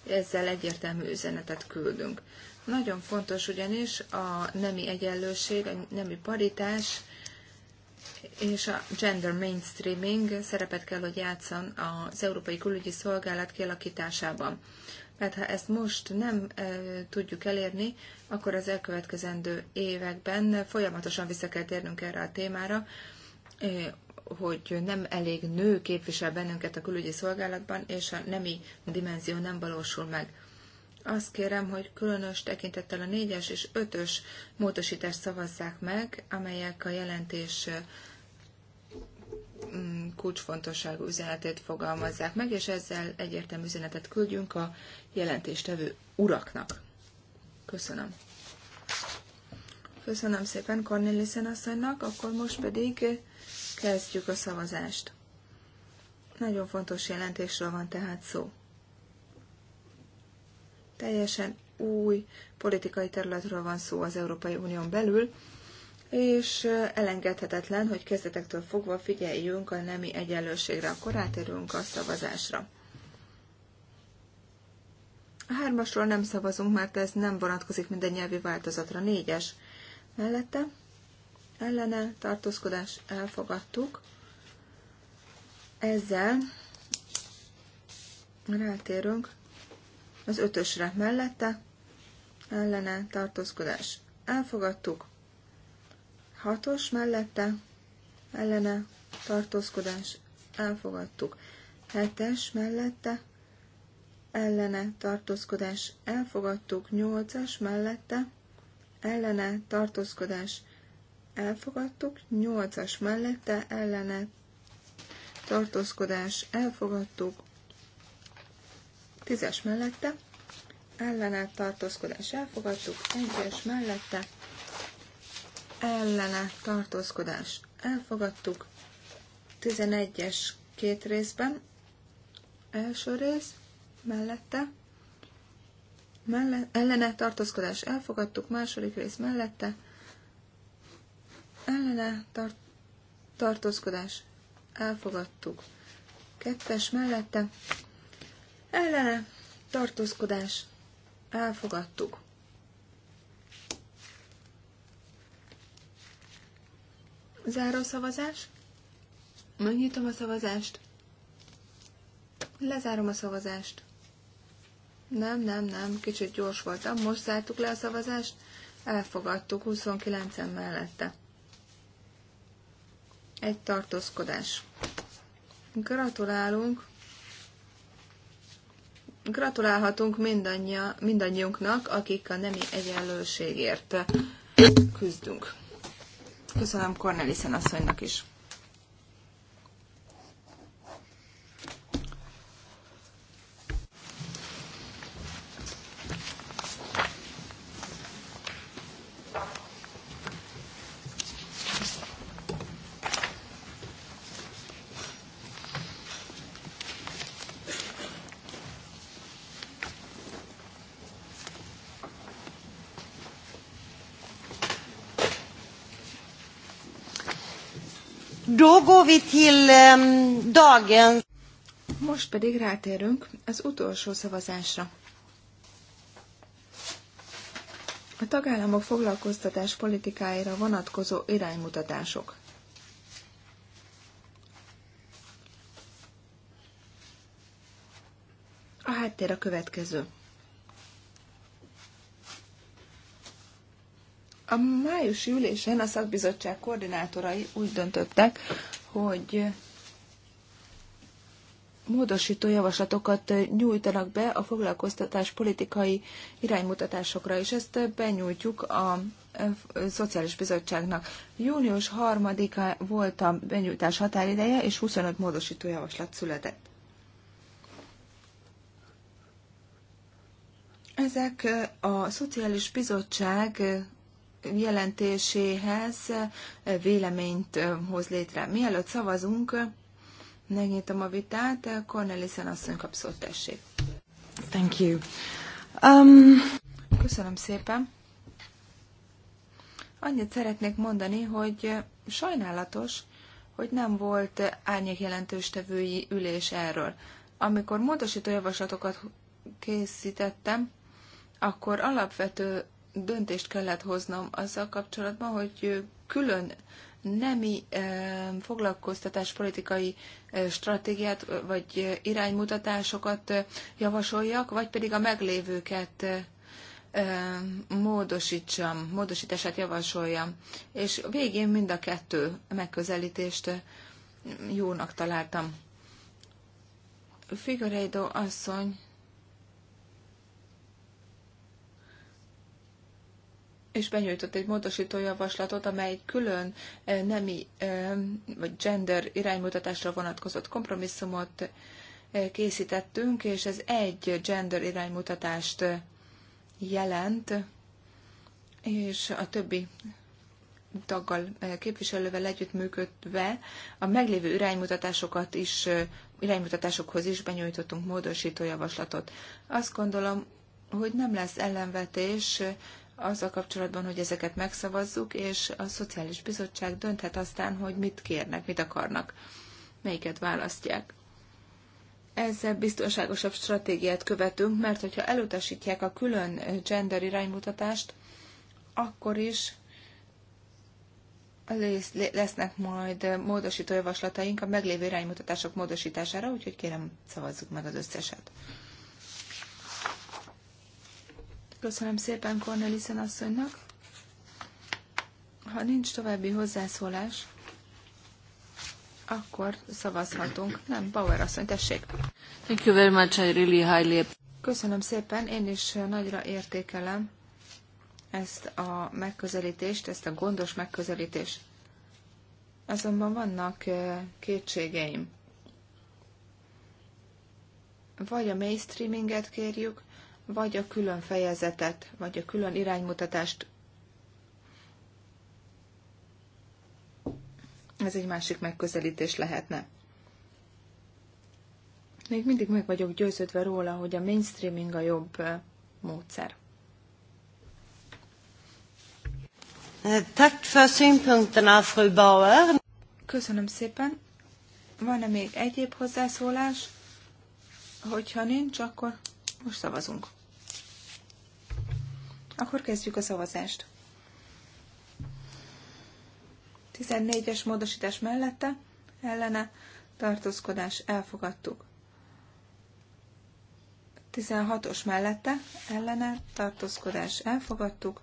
ezzel egyértelmű üzenetet küldünk. Nagyon fontos ugyanis a nemi egyenlőség, a nemi paritás, és a gender mainstreaming szerepet kell, hogy játszan az Európai Külügyi Szolgálat kialakításában. Mert ha ezt most nem e, tudjuk elérni, akkor az elkövetkezendő években folyamatosan vissza kell térnünk erre a témára, e, hogy nem elég nő képvisel bennünket a külügyi szolgálatban, és a nemi dimenzió nem valósul meg. Azt kérem, hogy különös tekintettel a négyes és ötös módosítást szavazzák meg, amelyek a jelentés Mm, kulcsfontosságú üzenetét fogalmazzák meg, és ezzel egyértelmű üzenetet küldjünk a jelentéstevő uraknak. Köszönöm. Köszönöm szépen Cornelissen asszonynak, akkor most pedig kezdjük a szavazást. Nagyon fontos jelentésről van tehát szó. Teljesen új politikai területről van szó az Európai Unión belül, és elengedhetetlen, hogy kezdetektől fogva figyeljünk a nemi egyenlőségre, akkor rátérünk a szavazásra. A hármasról nem szavazunk, mert ez nem vonatkozik minden nyelvi változatra. Négyes mellette ellene tartózkodás elfogadtuk. Ezzel rátérünk az ötösre mellette ellene tartózkodás elfogadtuk. Hatos mellette ellene tartózkodás elfogadtuk. Hetes mellette ellene tartózkodás elfogadtuk. Nyolcas mellette ellene tartózkodás elfogadtuk. Nyolcas mellette ellene tartózkodás elfogadtuk. Tízes mellette ellene tartózkodás elfogadtuk. Egyes mellette ellene tartózkodás elfogadtuk. 11-es két részben. Első rész mellette. Melle, ellene tartózkodás elfogadtuk. Második rész mellette. Ellene tart, tartózkodás elfogadtuk. Kettes mellette. Ellene tartózkodás elfogadtuk. Záró szavazás. Megnyitom a szavazást. Lezárom a szavazást. Nem, nem, nem, kicsit gyors voltam. Most zártuk le a szavazást. Elfogadtuk 29-en mellette. Egy tartózkodás. Gratulálunk. Gratulálhatunk mindannyiunknak, akik a nemi egyenlőségért küzdünk. Köszönöm Cornelissen asszonynak is. Då går vi till um, ehm, dagens... Most pedig rátérünk az utolsó szavazásra. A tagállamok foglalkoztatás politikáira vonatkozó iránymutatások. A háttér a következő. A májusi ülésen a szakbizottság koordinátorai úgy döntöttek, hogy módosító javaslatokat nyújtanak be a foglalkoztatás politikai iránymutatásokra, és ezt benyújtjuk a Szociális Bizottságnak. Június 3-a volt a benyújtás határideje, és 25 módosító javaslat született. Ezek a Szociális Bizottság jelentéséhez véleményt hoz létre. Mielőtt szavazunk, megnyitom a vitát, Cornelissen asszony kap szót, tessék. Thank you. Um... Köszönöm szépen. Annyit szeretnék mondani, hogy sajnálatos, hogy nem volt árnyék jelentőstevői ülés erről. Amikor módosító javaslatokat készítettem, akkor alapvető döntést kellett hoznom azzal kapcsolatban, hogy külön nemi eh, foglalkoztatás politikai eh, stratégiát eh, vagy iránymutatásokat javasoljak, vagy pedig a meglévőket módosítsam, módosítását javasoljam. És végén mind a kettő megközelítést jónak találtam. Figueiredo asszony és benyújtott egy módosító javaslatot, amely külön e, nemi e, vagy gender iránymutatásra vonatkozott kompromisszumot e, készítettünk, és ez egy gender iránymutatást jelent, és a többi taggal, képviselővel együttműködve a meglévő iránymutatásokat is, iránymutatásokhoz is benyújtottunk módosító javaslatot. Azt gondolom, hogy nem lesz ellenvetés azzal kapcsolatban, hogy ezeket megszavazzuk, és a Szociális Bizottság dönthet aztán, hogy mit kérnek, mit akarnak, melyiket választják. Ezzel biztonságosabb stratégiát követünk, mert hogyha elutasítják a külön gender iránymutatást, akkor is lesznek majd módosító javaslataink a meglévő iránymutatások módosítására, úgyhogy kérem, szavazzuk meg az összeset. Köszönöm szépen Cornelissen asszonynak. Ha nincs további hozzászólás, akkor szavazhatunk. Nem, Bauer asszony, tessék. Thank you very much, I really highly... Köszönöm szépen, én is nagyra értékelem ezt a megközelítést, ezt a gondos megközelítést. Azonban vannak eh, kétségeim. Vagy a mainstreaminget kérjük, vagy a külön fejezetet, vagy a külön iránymutatást. Ez egy másik megközelítés lehetne. Még mindig meg vagyok győződve róla, hogy a mainstreaming a jobb módszer. Tack Köszönöm szépen. Van-e még egyéb hozzászólás? Hogyha nincs, akkor most szavazunk. Akkor kezdjük a szavazást. 14-es módosítás mellette, ellene, tartózkodás, elfogadtuk. 16-os mellette, ellene, tartózkodás, elfogadtuk.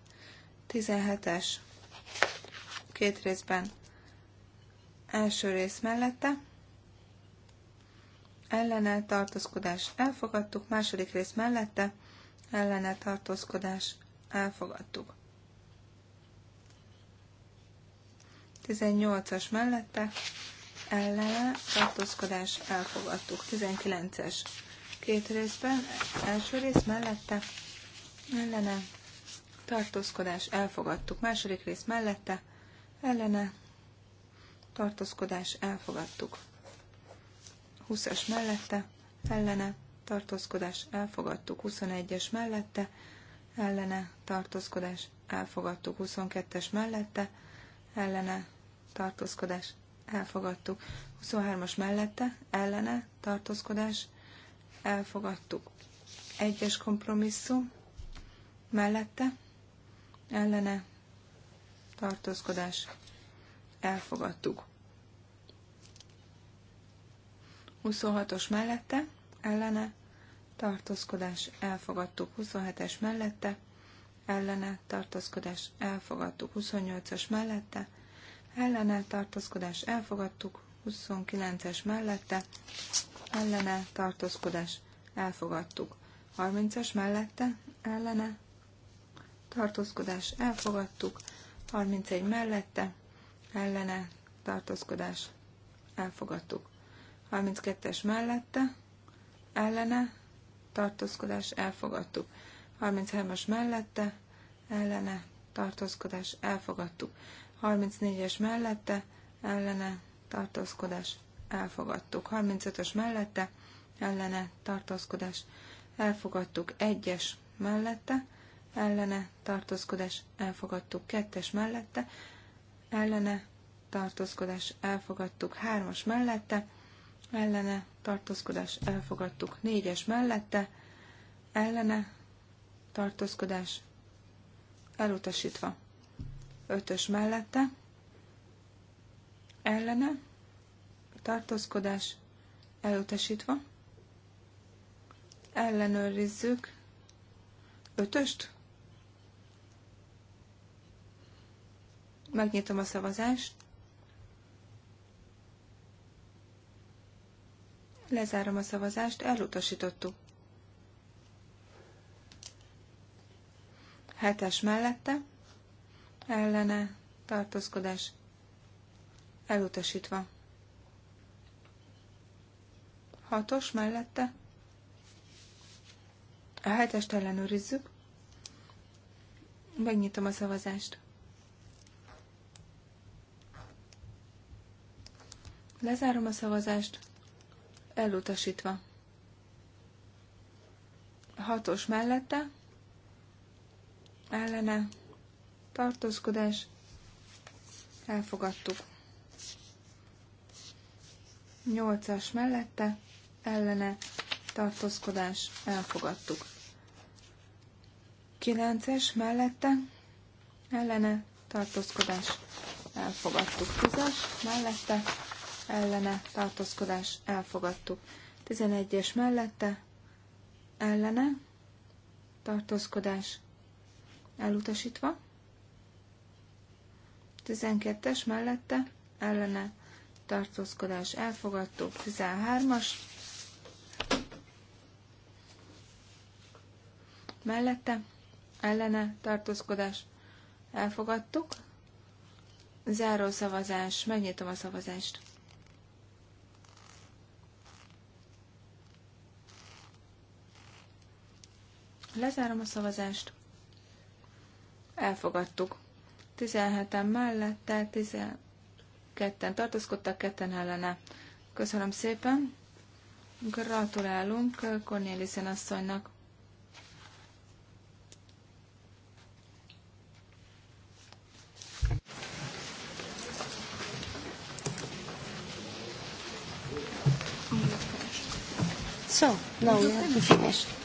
17-es, két részben, első rész mellette, ellene tartózkodás elfogadtuk, második rész mellette ellene tartózkodás elfogadtuk. 18-as mellette ellene tartózkodás elfogadtuk. 19-es két részben, első rész mellette ellene tartózkodás elfogadtuk. Második rész mellette ellene tartózkodás elfogadtuk. 20-as mellette, ellene, tartózkodás, elfogadtuk. 21-es mellette, ellene, tartózkodás, elfogadtuk. 22-es mellette, ellene, tartózkodás, elfogadtuk. 23-as mellette, ellene, tartózkodás, elfogadtuk. es kompromisszum, mellette, ellene, tartózkodás, elfogadtuk. 26-os mellette, ellene, tartózkodás, elfogadtuk. 27-es mellette, ellene, tartózkodás, elfogadtuk. 28-as mellette, ellene, tartózkodás, elfogadtuk. 29-es mellette, ellene, tartózkodás, elfogadtuk. 30-as mellette, ellene, tartózkodás, elfogadtuk. 31 mellette, ellene, tartózkodás, elfogadtuk. 32-es mellette, ellene, tartózkodás elfogadtuk. 33-as mellette, ellene, tartózkodás elfogadtuk. 34-es mellette, ellene, tartózkodás elfogadtuk. 35-ös mellette, ellene, tartózkodás elfogadtuk. 1-es mellette, ellene, tartózkodás elfogadtuk. 2-es mellette, ellene, tartózkodás elfogadtuk. 3-as mellette, ellene, ellene tartózkodás elfogadtuk. Négyes mellette ellene tartózkodás elutasítva. Ötös mellette ellene tartózkodás elutasítva. Ellenőrizzük ötöst. Megnyitom a szavazást. Lezárom a szavazást, elutasítottuk. Hetes mellette, ellene, tartózkodás, elutasítva. Hatos mellette, a hetest ellenőrizzük, megnyitom a szavazást. Lezárom a szavazást elutasítva. Hatos mellette, ellene, tartózkodás, elfogadtuk. Nyolcas mellette, ellene, tartózkodás, elfogadtuk. Kilences mellette, ellene, tartózkodás, elfogadtuk. Tízes mellette, ellene tartózkodás elfogadtuk. 11-es mellette ellene tartózkodás elutasítva. 12-es mellette ellene tartózkodás elfogadtuk. 13-as mellette ellene tartózkodás elfogadtuk. Záró szavazás. Megnyitom a szavazást. Lezárom a szavazást. Elfogadtuk. 17-en mellette, 12-en tartózkodtak, 2 ellene. Köszönöm szépen. Gratulálunk Cornélisen asszonynak. So, now we have to finish.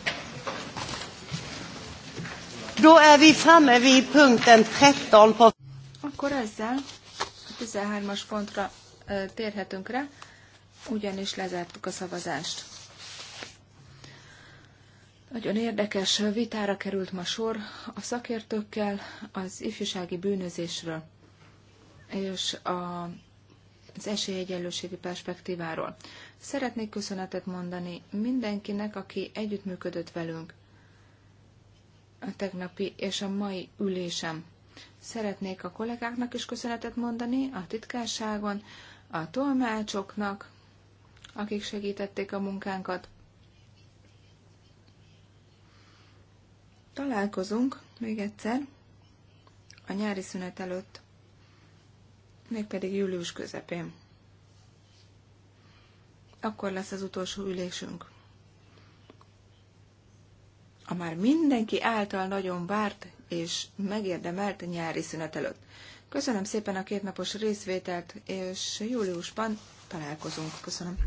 Då är vi framme vid punkten 13 på... Akkor ezzel a 13-as pontra ö, térhetünk rá, ugyanis lezártuk a szavazást. Nagyon érdekes vitára került ma sor a szakértőkkel az ifjúsági bűnözésről és a, az esélyegyenlőségi perspektíváról. Szeretnék köszönetet mondani mindenkinek, aki együttműködött velünk a tegnapi és a mai ülésem. Szeretnék a kollégáknak is köszönetet mondani, a titkárságon, a tolmácsoknak, akik segítették a munkánkat. Találkozunk még egyszer a nyári szünet előtt, mégpedig július közepén. Akkor lesz az utolsó ülésünk a már mindenki által nagyon várt és megérdemelt nyári szünet előtt. Köszönöm szépen a kétnapos részvételt, és júliusban találkozunk. Köszönöm.